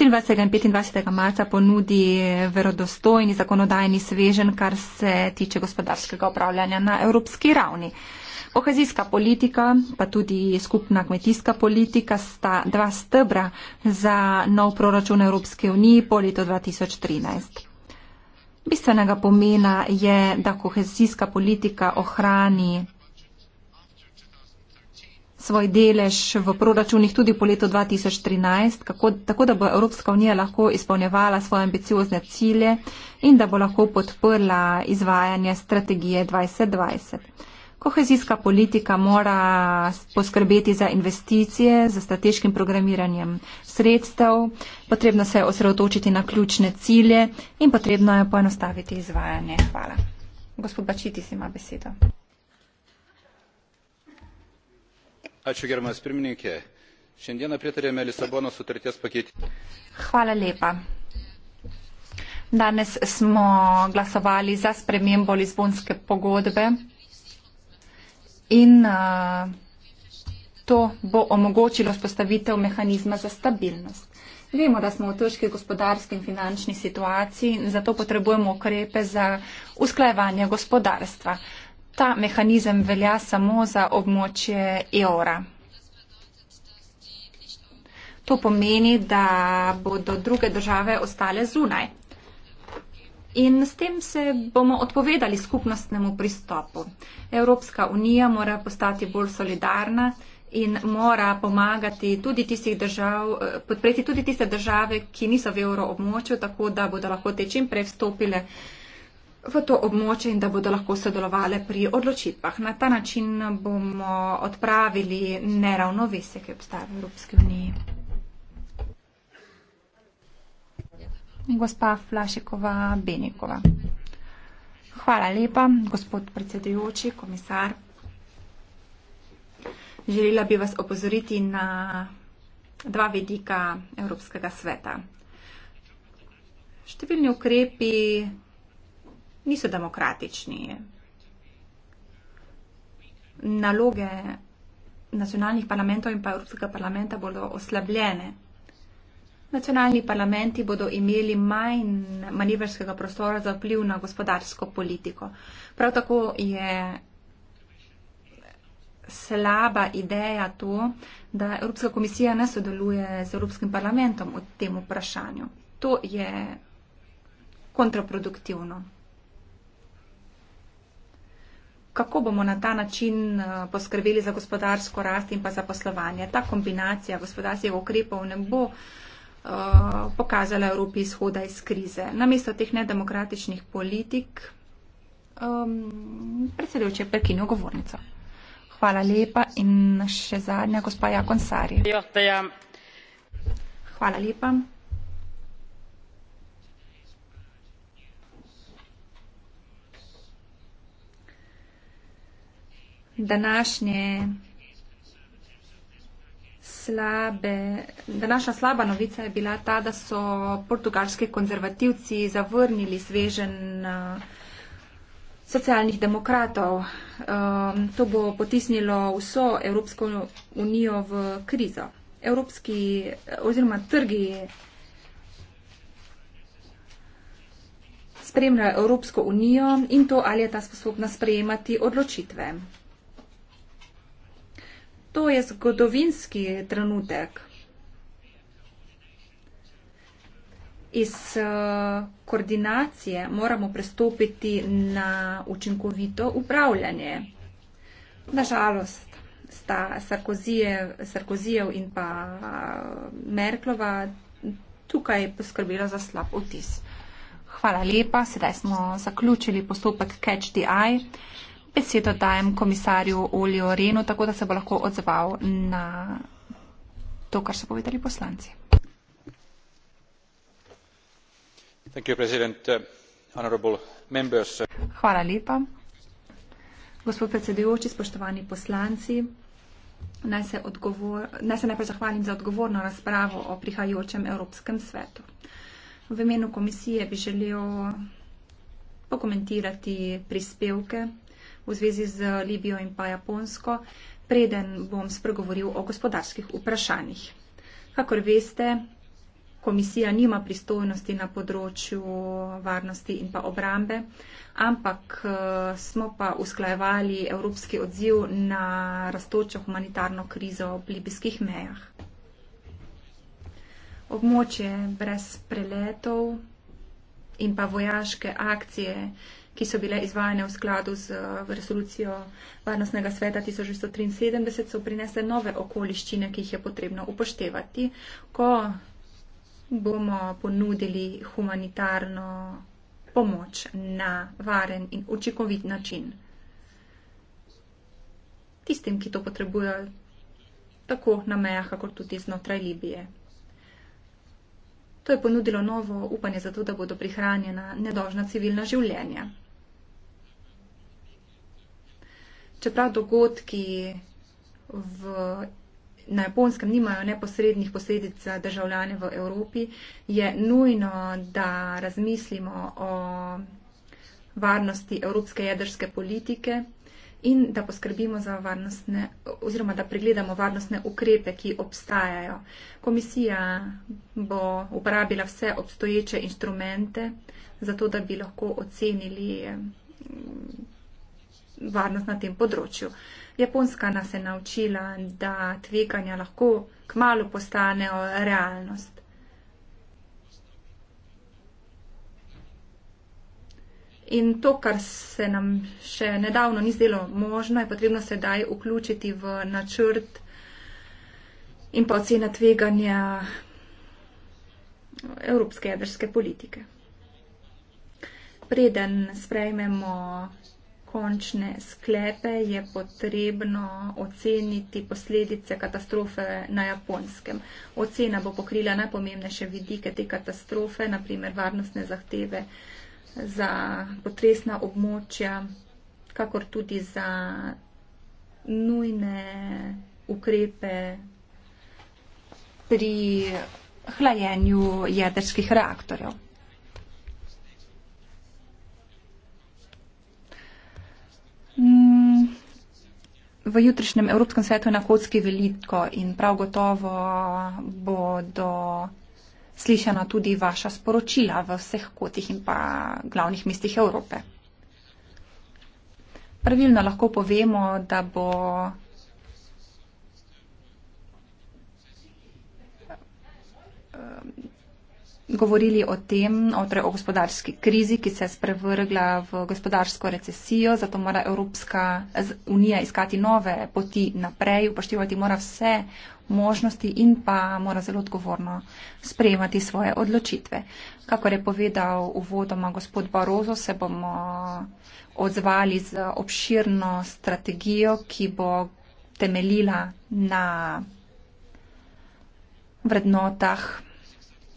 24. Eh, in 25. marca ponudi verodostojni zakonodajni svežen, kar se tiče gospodarskega upravljanja na evropski ravni. Kohezijska politika, pa tudi skupna kmetijska politika sta dva stebra za nov proračun Evropske unije po letu 2013. Bistvenega pomena je, da kohezijska politika ohrani svoj delež v proračunih tudi po letu 2013, kako, tako da bo Evropska unija lahko izpolnjevala svoje ambiciozne cilje in da bo lahko podprla izvajanje strategije 2020. Kohezijska politika mora poskrbeti za investicije, za strateškim programiranjem sredstev, potrebno se je osredotočiti na ključne cilje in potrebno je poenostaviti izvajanje. Hvala. Gospod Bačiti ima besedo. Ačiū, germas pirmininkė. Šiandieną pritarėme Lisabono sutarties pakeitimui. Hvala lepa. Danes smo glasovali za spremembo Lisbonske pogodbe in to bo omogočilo spostavitev mehanizma za stabilnost. Vemo, da smo v težki gospodarski in finančni situaciji in zato potrebujemo ukrepe za usklajevanje gospodarstva. Ta mehanizem velja samo za območje evra. To pomeni, da bodo druge države ostale zunaj. In s tem se bomo odpovedali skupnostnemu pristopu. Evropska unija mora postati bolj solidarna in mora pomagati tudi tistih držav, eh, podpreti tudi tiste države, ki niso v evroobmočju, tako da bodo lahko te čim prej vstopile v to območje in da bodo lahko sodelovali pri odločitvah. Na ta način bomo odpravili neravnovesje, ki obstaja v Evropski uniji. gospa Flašikova Benikova. Hvala lepa, gospod predsedujoči, komisar. Želela bi vas opozoriti na dva vedika Evropskega sveta. Številni ukrepi niso demokratični. Naloge nacionalnih parlamentov in pa Evropskega parlamenta bodo oslabljene. Nacionalni parlamenti bodo imeli manj manevrskega prostora za vpliv na gospodarsko politiko. Prav tako je slaba ideja to, da Evropska komisija ne sodeluje z Evropskim parlamentom v tem vprašanju. To je kontraproduktivno. Kako bomo na ta način eh, poskrbeli za gospodarsko rast in pa za poslovanje? Ta kombinacija gospodarskih ukrepov ne bo. Eh, pokazala Evropi izhoda iz krize. Namesto teh nedemokratičnih politik um, predsedujoče prekinil govornico. Hvala lepa in še zadnja gospa Jakonsari. Hvala lepa. Današnje slabe, današnja slaba novica je bila ta, da so portugalski konzervativci zavrnili svežen eh, socialnih demokratov. Eh, to bo potisnilo vso Evropsko unijo v krizo. Evropski oziroma trgi spremljajo Evropsko unijo in to, ali je ta sposobna sprejemati odločitve. To je zgodovinski trenutek. Iz eh, koordinacije moramo prestopiti na učinkovito upravljanje. Nažalost, sta Sarkozijev in pa eh, Merklova tukaj poskrbila za slab vtis. Hvala lepa, sedaj smo zaključili postopek Catch the Eye besedo dajem komisarju Olijo Renu, tako da se bo lahko odzval na to, kar so povedali poslanci. Hvala lepa. Gospod predsedujoči, spoštovani poslanci, naj se, odgovor, naj se najprej zahvalim za odgovorno razpravo o prihajajočem Evropskem svetu. V imenu komisije bi želel pokomentirati prispevke v zvezi z Libijo in pa Japonsko, preden bom spregovoril o gospodarskih vprašanjih. Kakor veste, komisija nima pristojnosti na področju varnosti in pa obrambe, ampak eh, smo pa usklajevali evropski odziv na raztočo humanitarno krizo ob libijskih mejah. Območje brez preletov in pa vojaške akcije ki so bile izvajane v skladu z eh, resolucijo Varnostnega sveta 1673, so prinesle nove okoliščine, ki jih je potrebno upoštevati, ko bomo ponudili humanitarno pomoč na varen in učinkovit način tistim, ki to potrebujejo tako na mejah, kakor tudi znotraj Libije. To je ponudilo novo upanje za to, da bodo prihranjena nedožna civilna življenja. čeprav dogodki v, na japonskem nimajo neposrednih posledic za državljane v Evropi, je nujno, da razmislimo o varnosti evropske jedrske politike in da poskrbimo za varnostne oziroma da pregledamo varnostne ukrepe, ki obstajajo. Komisija bo uporabila vse obstoječe inštrumente, zato da bi lahko ocenili varnost na tem področju. Japonska nas je naučila, da tveganja lahko kmalo postanejo realnost. In to, kar se nam še nedavno ni zdelo možno, je potrebno sedaj vključiti v načrt in pa ocena tveganja evropske jedrske politike. Preden sprejmemo končne sklepe, je potrebno oceniti posledice katastrofe na japonskem. Ocena bo pokrila najpomembnejše vidike te katastrofe, naprimer varnostne zahteve za potresna območja, kakor tudi za nujne ukrepe pri hlajenju jedrskih reaktorjev. V jutrišnjem Evropskem svetu je na kocki veliko in prav gotovo bodo slišena tudi vaša sporočila v vseh kotih in pa glavnih mestih Evrope. Pravilno lahko povemo, da bo um, govorili o tem, o, torej, o gospodarski krizi, ki se je sprevrgla v gospodarsko recesijo, zato mora Evropska unija iskati nove poti naprej, upoštevati mora vse možnosti in pa mora zelo odgovorno sprejemati svoje odločitve. Kakor je povedal uvodoma gospod Barozo, se bomo odzvali z obširno strategijo, ki bo temeljila na vrednotah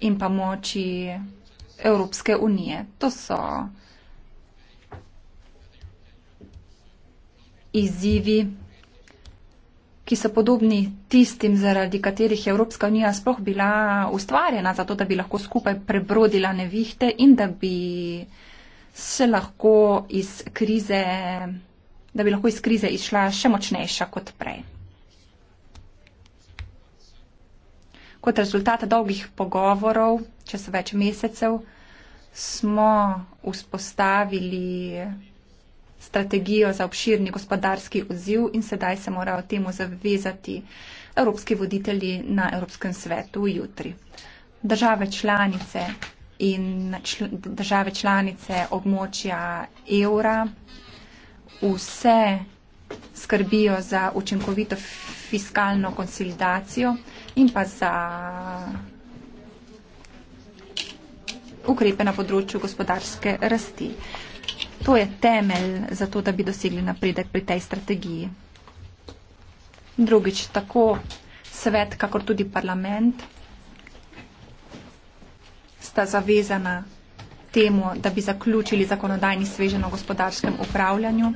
in pa moči Evropske unije. To so izzivi, ki so podobni tistim, zaradi katerih je Evropska unija sploh bila ustvarjena, zato da bi lahko skupaj prebrodila nevihte in da bi se lahko iz krize, da bi lahko iz krize izšla še močnejša kot prej. kot rezultat dolgih pogovorov, če se več mesecev, smo vzpostavili strategijo za obširni gospodarski odziv in sedaj se morajo temu zavezati evropski voditelji na Evropskem svetu jutri. Države članice in čl države članice območja evra vse skrbijo za učinkovito fiskalno konsolidacijo in pa za ukrepe na področju gospodarske rasti. To je temelj za to, da bi dosegli napredek pri tej strategiji. Drugič, tako svet, kakor tudi parlament sta zavezana temu, da bi zaključili zakonodajni sveženo gospodarskem upravljanju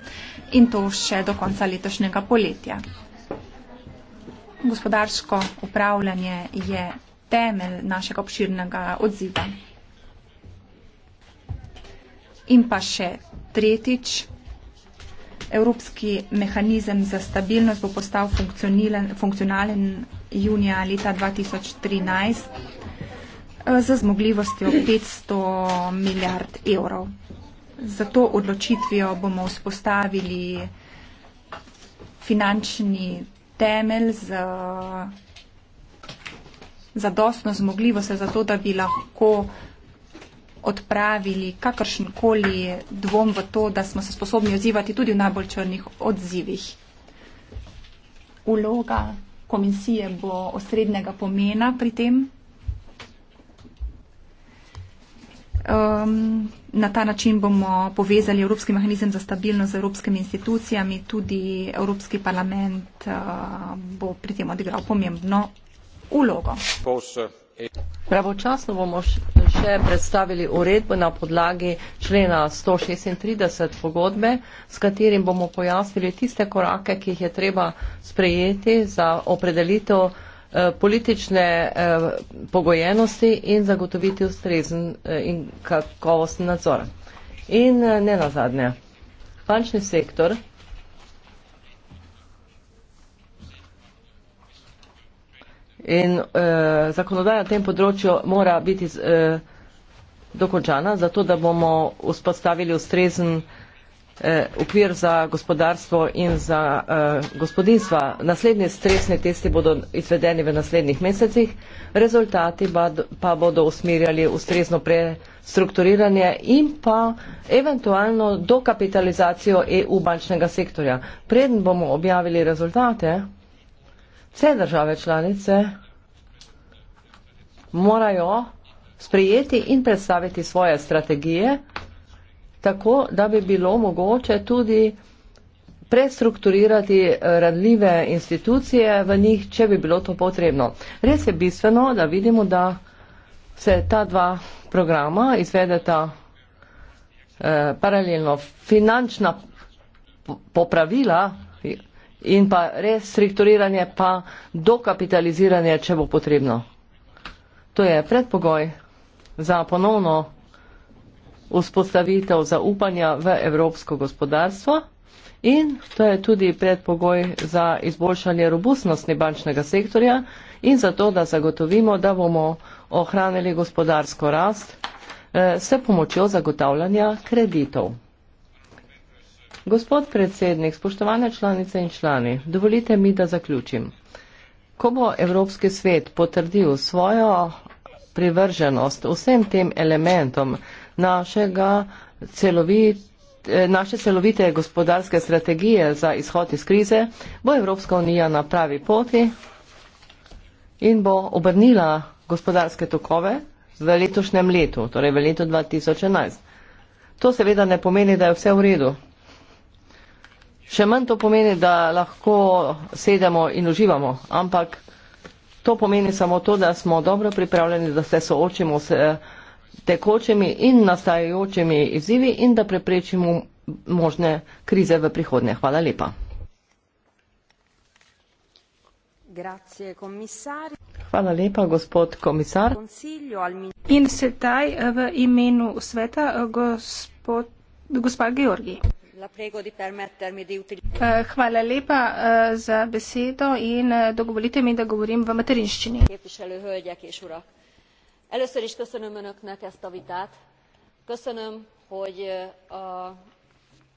in to še do konca letošnjega poletja gospodarsko upravljanje je temelj našega obširnega odziva. In pa še tretjič, Evropski mehanizem za stabilnost bo postal funkcionalen junija leta 2013 eh, za zmogljivostjo 500 milijard evrov. Za to odločitvijo bomo vzpostavili finančni temelj za, za dostno zmogljivost, za to, da bi lahko odpravili kakršenkoli dvom v to, da smo se sposobni odzivati tudi v najbolj črnih odzivih. Uloga komisije bo osrednjega pomena pri tem. Um, na ta način bomo povezali Evropski mehanizem za stabilnost z evropskimi institucijami, tudi Evropski parlament uh, bo pri tem odigral pomembno ulogo. Pravočasno bomo še predstavili uredbo na podlagi člena 136 pogodbe, s katerim bomo pojasnili tiste korake, ki jih je treba sprejeti za opredelitev Eh, politične eh, pogojenosti in zagotoviti ustrezen eh, in kakovosten nadzor. In ne nazadnje, bančni sektor in eh, zakonodaja na tem področju mora biti eh, dokončana, zato da bomo vzpostavili ustrezen eh, Eh, okvir za gospodarstvo in za eh, gospodinstva. Naslednji stresni testi bodo izvedeni v naslednjih mesecih, rezultati pa bodo usmirjali ustrezno prestrukturiranje in pa eventualno dokapitalizacijo EU bančnega sektorja. Preden bomo objavili rezultate, vse države članice morajo sprejeti in predstaviti svoje strategije, tako, da bi bilo mogoče tudi prestrukturirati eh, radljive institucije v njih, če bi bilo to potrebno. Res je bistveno, da vidimo, da se ta dva programa izvedeta eh, paralelno finančna popravila in pa restrukturiranje pa dokapitaliziranje, če bo potrebno. To je predpogoj za ponovno vzpostavitev zaupanja v evropsko gospodarstvo in to je tudi predpogoj za izboljšanje robustnosti bančnega sektorja in za to, da zagotovimo, da bomo ohranili gospodarsko rast eh, s pomočjo zagotavljanja kreditov. Gospod predsednik, spoštovane članice in člani, dovolite mi, da zaključim. Ko bo Evropski svet potrdil svojo privrženost vsem tem elementom, našega celovit eh, naše celovite gospodarske strategije za izhod iz krize, bo Evropska unija na pravi poti in bo obrnila gospodarske tokove v letošnjem letu, torej v letu 2011. To seveda ne pomeni, da je vse v redu. Še manj to pomeni, da lahko sedemo in uživamo, ampak to pomeni samo to, da smo dobro pripravljeni, da se soočimo s eh, tekočimi in nastajajočimi izzivi in da preprečimo možne krize v prihodnje. Hvala lepa. Hvala lepa, gospod komisar. In sedaj v imenu sveta eh, gospod, gospod Georgi. Eh, hvala lepa eh, za besedo in dovolite mi, da govorim v materinščini először is köszönöm önöknek ezt a vitát köszönöm hogy a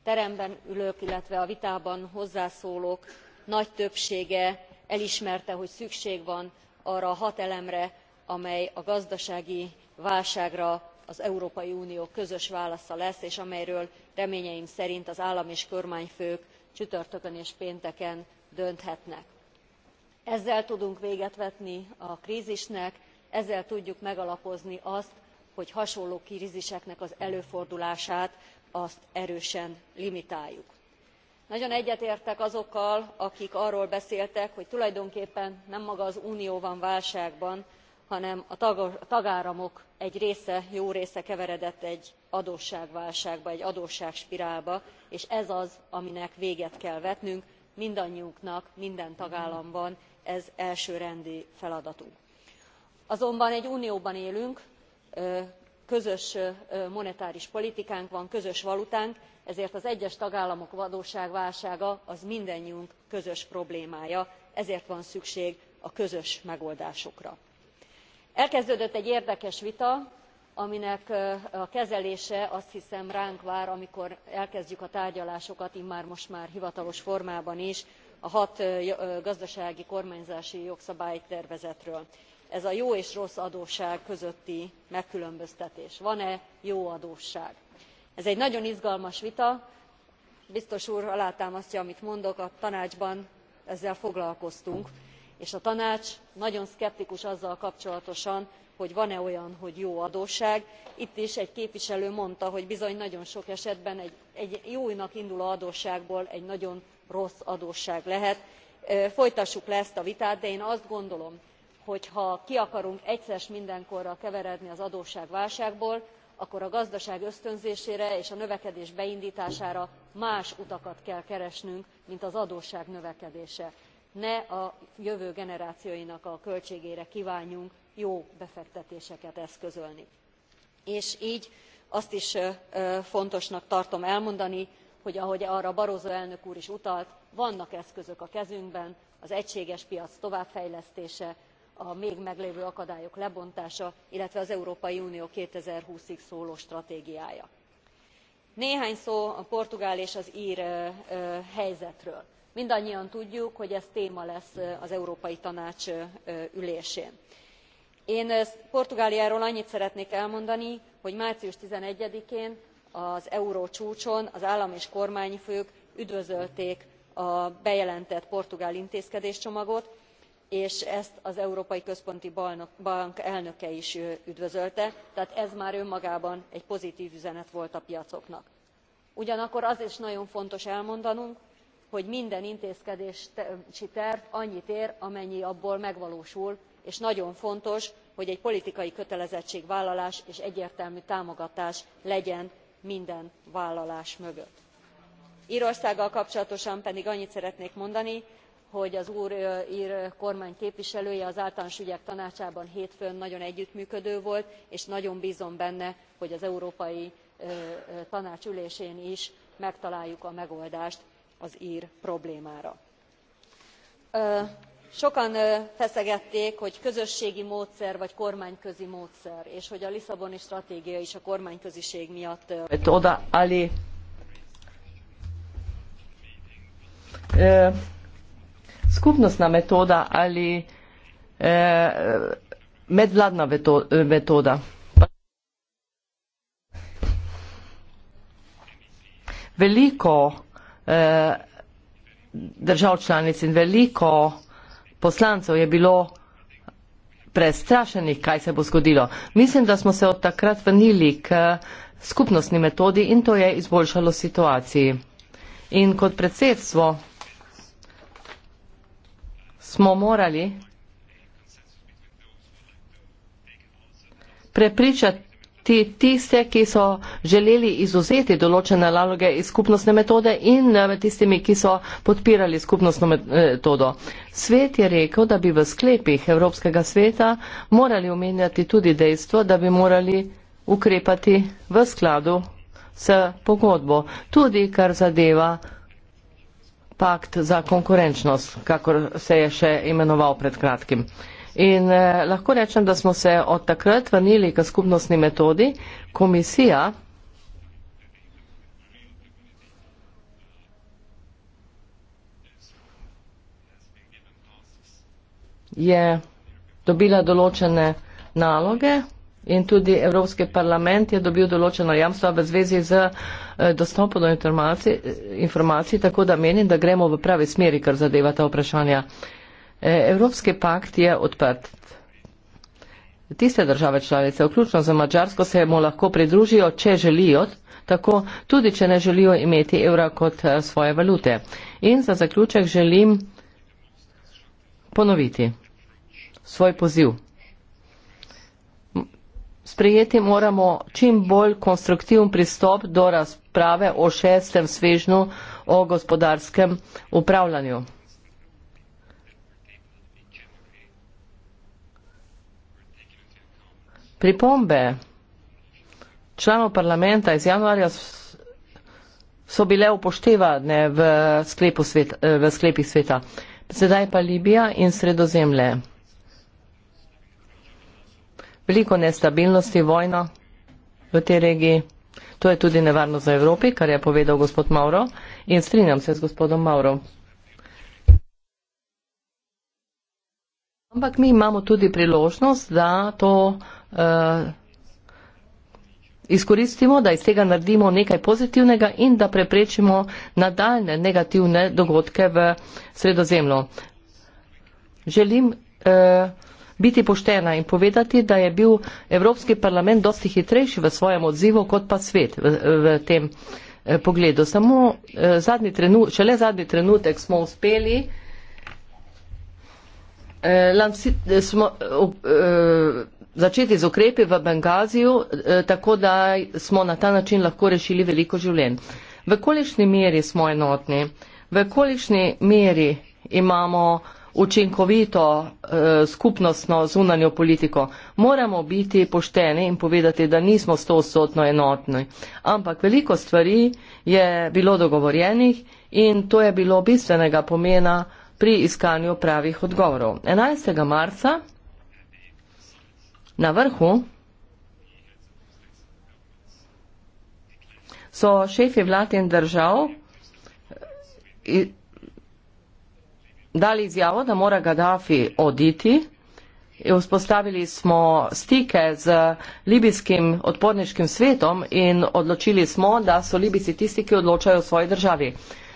teremben ülők illetve a vitában hozzászólók nagy többsége elismerte hogy szükség van arra a hat elemre amely a gazdasági válságra az európai unió közös válasza lesz és amelyről reményeim szerint az állam és kormányfők csütörtökön és pénteken dönthetnek. ezzel tudunk véget vetni a krzisnek ezzel tudjuk megalapozni azt hogy hasonló kriziseknek az előfordulását azt erősen limitáljuk. nagyon egyetértek azokkal akik arról beszéltek hogy tulajdonképpen nem maga az unió van válságban hanem a tagállamok egy része jó része keveredett egy adósságválságba egy adósságspirálba és ez az aminek véget kell vetnünk mindannyiunknak minden tagállamban ez elsőrendű feladatunk azonban egy unióban élünk közös monetáris politikánk van közös valutánk ezért az egyes tagállamok adósságválsága az mindannyiunk közös problémája ezért van szükség a közös megoldásokra. elkezdődött egy érdekes vita aminek a kezelése azt hiszem ránk vár amikor elkezdjük a tárgyalásokat immár most már hivatalos formában is a hat gazdasági kormányzási jogszabálytervezetről ez a jó és rossz adósság közötti megkülönböztetés van e jó adósság? ez egy nagyon izgalmas vita biztos úr alátámasztja amit mondok a tanácsban ezzel foglalkoztunk és a tanács nagyon szkeptikus azzal kapcsolatosan hogy van e olyan hogy jó adósság itt is egy képviselő mondta hogy bizony nagyon sok esetben egy jónak induló adósságból egy nagyon rossz adósság lehet. folytassuk le ezt a vitát de én azt gondolom hogyha ki akarunk egyszer s mindenkorra keveredni az adósságválságból akkor a gazdaság ösztönzésére és a növekedés beindtására más utakat kell keresnünk mint az adósság növekedése. ne a jövő generációinak a költségére kvánjunk jó befektetéseket eszközölni. és gy azt is fontosnak tartom elmondani hogy ahogy arra barroso elnök úr is utalt vannak eszközök a kezünkben az egységes piac továbbfejlesztése a még meglévő akadályok lebontása illetve az európai unió two thousand and twenty ig szóló stratégiája. néhány szó a portugál és az r helyzetről. mindannyian tudjuk hogy ez téma lesz az európai tanács ülésén. én portugáliáról annyit szeretnék elmondani hogy március eleven én az eurócsúcson az állam és kormányfők üdvözölték a bejelentett portugál intézkedéscsomagot és ezt az európai központi bank elnöke is üdvözölte tehát ez már önmagában egy pozitv üzenet volt a piacoknak. ugyanakkor az is nagyon fontos elmondanunk hogy minden intézkedési terv annyit ér amennyi abból megvalósul és nagyon fontos hogy egy politikai kötelezettségvállalás és egyértelmű támogatás legyen minden vállalás mögött. rországgal kapcsolatosan pedig annyit szeretnék mondani hogy az úr r kormány képviselője az általános ügyek tanácsában hétfőn nagyon együttműködő volt és nagyon bzom benne hogy az európai tanács ülésén is megtaláljuk a megoldást az r problémára. sokan feszegették hogy közösségi módszer vagy kormányközi módszer és hogy a lisszaboni stratégia is a kormányköziség miatt skupnostna metoda ali eh, medvladna eh, metoda. Veliko eh, držav članic in veliko poslancev je bilo prestrašenih, kaj se bo zgodilo. Mislim, da smo se od takrat vrnili k skupnostni metodi in to je izboljšalo situaciji. In kot predsedstvo smo morali prepričati tiste, ki so želeli izuzeti določene naloge iz skupnostne metode in eh, tistimi, ki so podpirali skupnostno eh, metodo. Svet je rekel, da bi v sklepih Evropskega sveta morali omenjati tudi dejstvo, da bi morali ukrepati v skladu s pogodbo. Tudi, kar zadeva pakt za konkurenčnost, kakor se je še imenoval pred kratkim. In eh, lahko rečem, da smo se od takrat vrnili k skupnostni metodi. Komisija. je dobila določene naloge in tudi Evropski parlament je dobil določeno jamstvo v zvezi z eh, dostopom do informacij, eh, informacij, tako da menim, da gremo v pravi smeri, kar zadeva ta vprašanja. Eh, Evropski pakt je odprt. Tiste države članice, vključno za Mačarsko, se mu lahko pridružijo, če želijo, tako tudi, če ne želijo imeti evra kot svoje valute. In za zaključek želim ponoviti svoj poziv sprejeti moramo čim bolj konstruktiven pristop do razprave o šestem svežnju o gospodarskem upravljanju. Pripombe članov parlamenta iz januarja so bile upoštevane v, sklepu sveta, eh, v sklepih sveta. Sedaj pa Libija in sredozemlje veliko nestabilnosti, vojno v tej regiji. To je tudi nevarno za Evropi, kar je povedal gospod Mauro in strinjam se z gospodom Mauro. Ampak mi imamo tudi priložnost, da to uh, izkoristimo, da iz tega naredimo nekaj pozitivnega in da preprečimo nadaljne negativne dogodke v sredozemlju. Želim uh, biti poštena in povedati, da je bil Evropski parlament dosti hitrejši v svojem odzivu kot pa svet v, v tem eh, pogledu. Samo eh, zadnji trenutek, šele zadnji trenutek smo uspeli. Eh, Lansi, smo, začeti z ukrepi v Bengaziju, tako da smo na ta način lahko rešili veliko življenj. V kolišni meri smo enotni, v kolišni meri imamo uh, učinkovito eh, skupnostno zunanjo politiko. Moramo biti pošteni in povedati, da nismo stoodstotno enotni. Ampak veliko stvari je bilo dogovorjenih in to je bilo bistvenega pomena pri iskanju pravih odgovorov. 11. marca na vrhu so šefi vlad in držav eh, dali izjavo, da mora Gaddafi oditi. Vzpostavili smo stike z libijskim odporniškim svetom in odločili smo, da so libijci tisti, ki odločajo o svoji državi.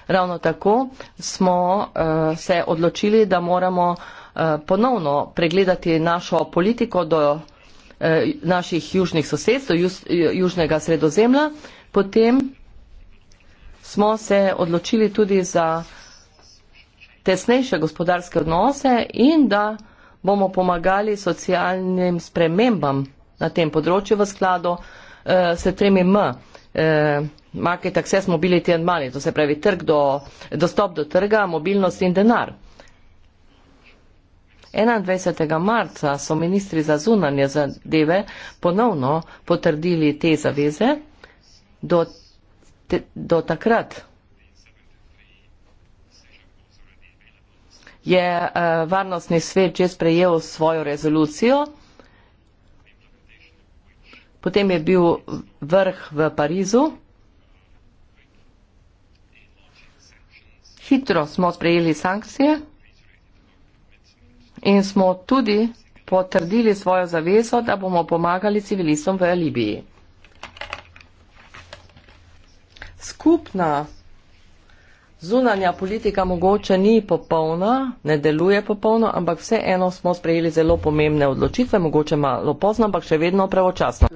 Ravno tako smo uh, se odločili, da moramo uh, ponovno pregledati našo politiko do uh, naših južnih sosedstv, do juz, južnega sredozemlja. Potem smo se odločili tudi za tesnejše gospodarske odnose in da bomo pomagali socialnim spremembam na tem področju v skladu eh, s tremi M. Eh, market access, mobility and money, to se pravi trg do, dostop do trga, mobilnost in denar. 21. marca so ministri za zunanje zadeve ponovno potrdili te zaveze. Do, te, do takrat je eh, varnostni svet že sprejel svojo rezolucijo, potem je bil vrh v Parizu, hitro smo sprejeli sankcije in smo tudi potrdili svojo zavezo, da bomo pomagali civilistom v Libiji. Skupna Zunanja politika mogoče ni popolna, ne deluje popolno, ampak vseeno smo sprejeli zelo pomembne odločitve, mogoče malo pozno, ampak še vedno pravočasno.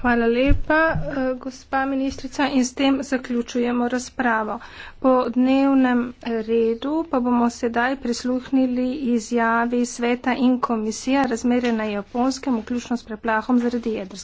Hvala lepa, eh, gospa ministrica, in s tem zaključujemo razpravo. Po dnevnem redu pa bomo sedaj prisluhnili izjavi sveta in komisija razmere na japonskem, vključno s preplahom zaradi jedrske.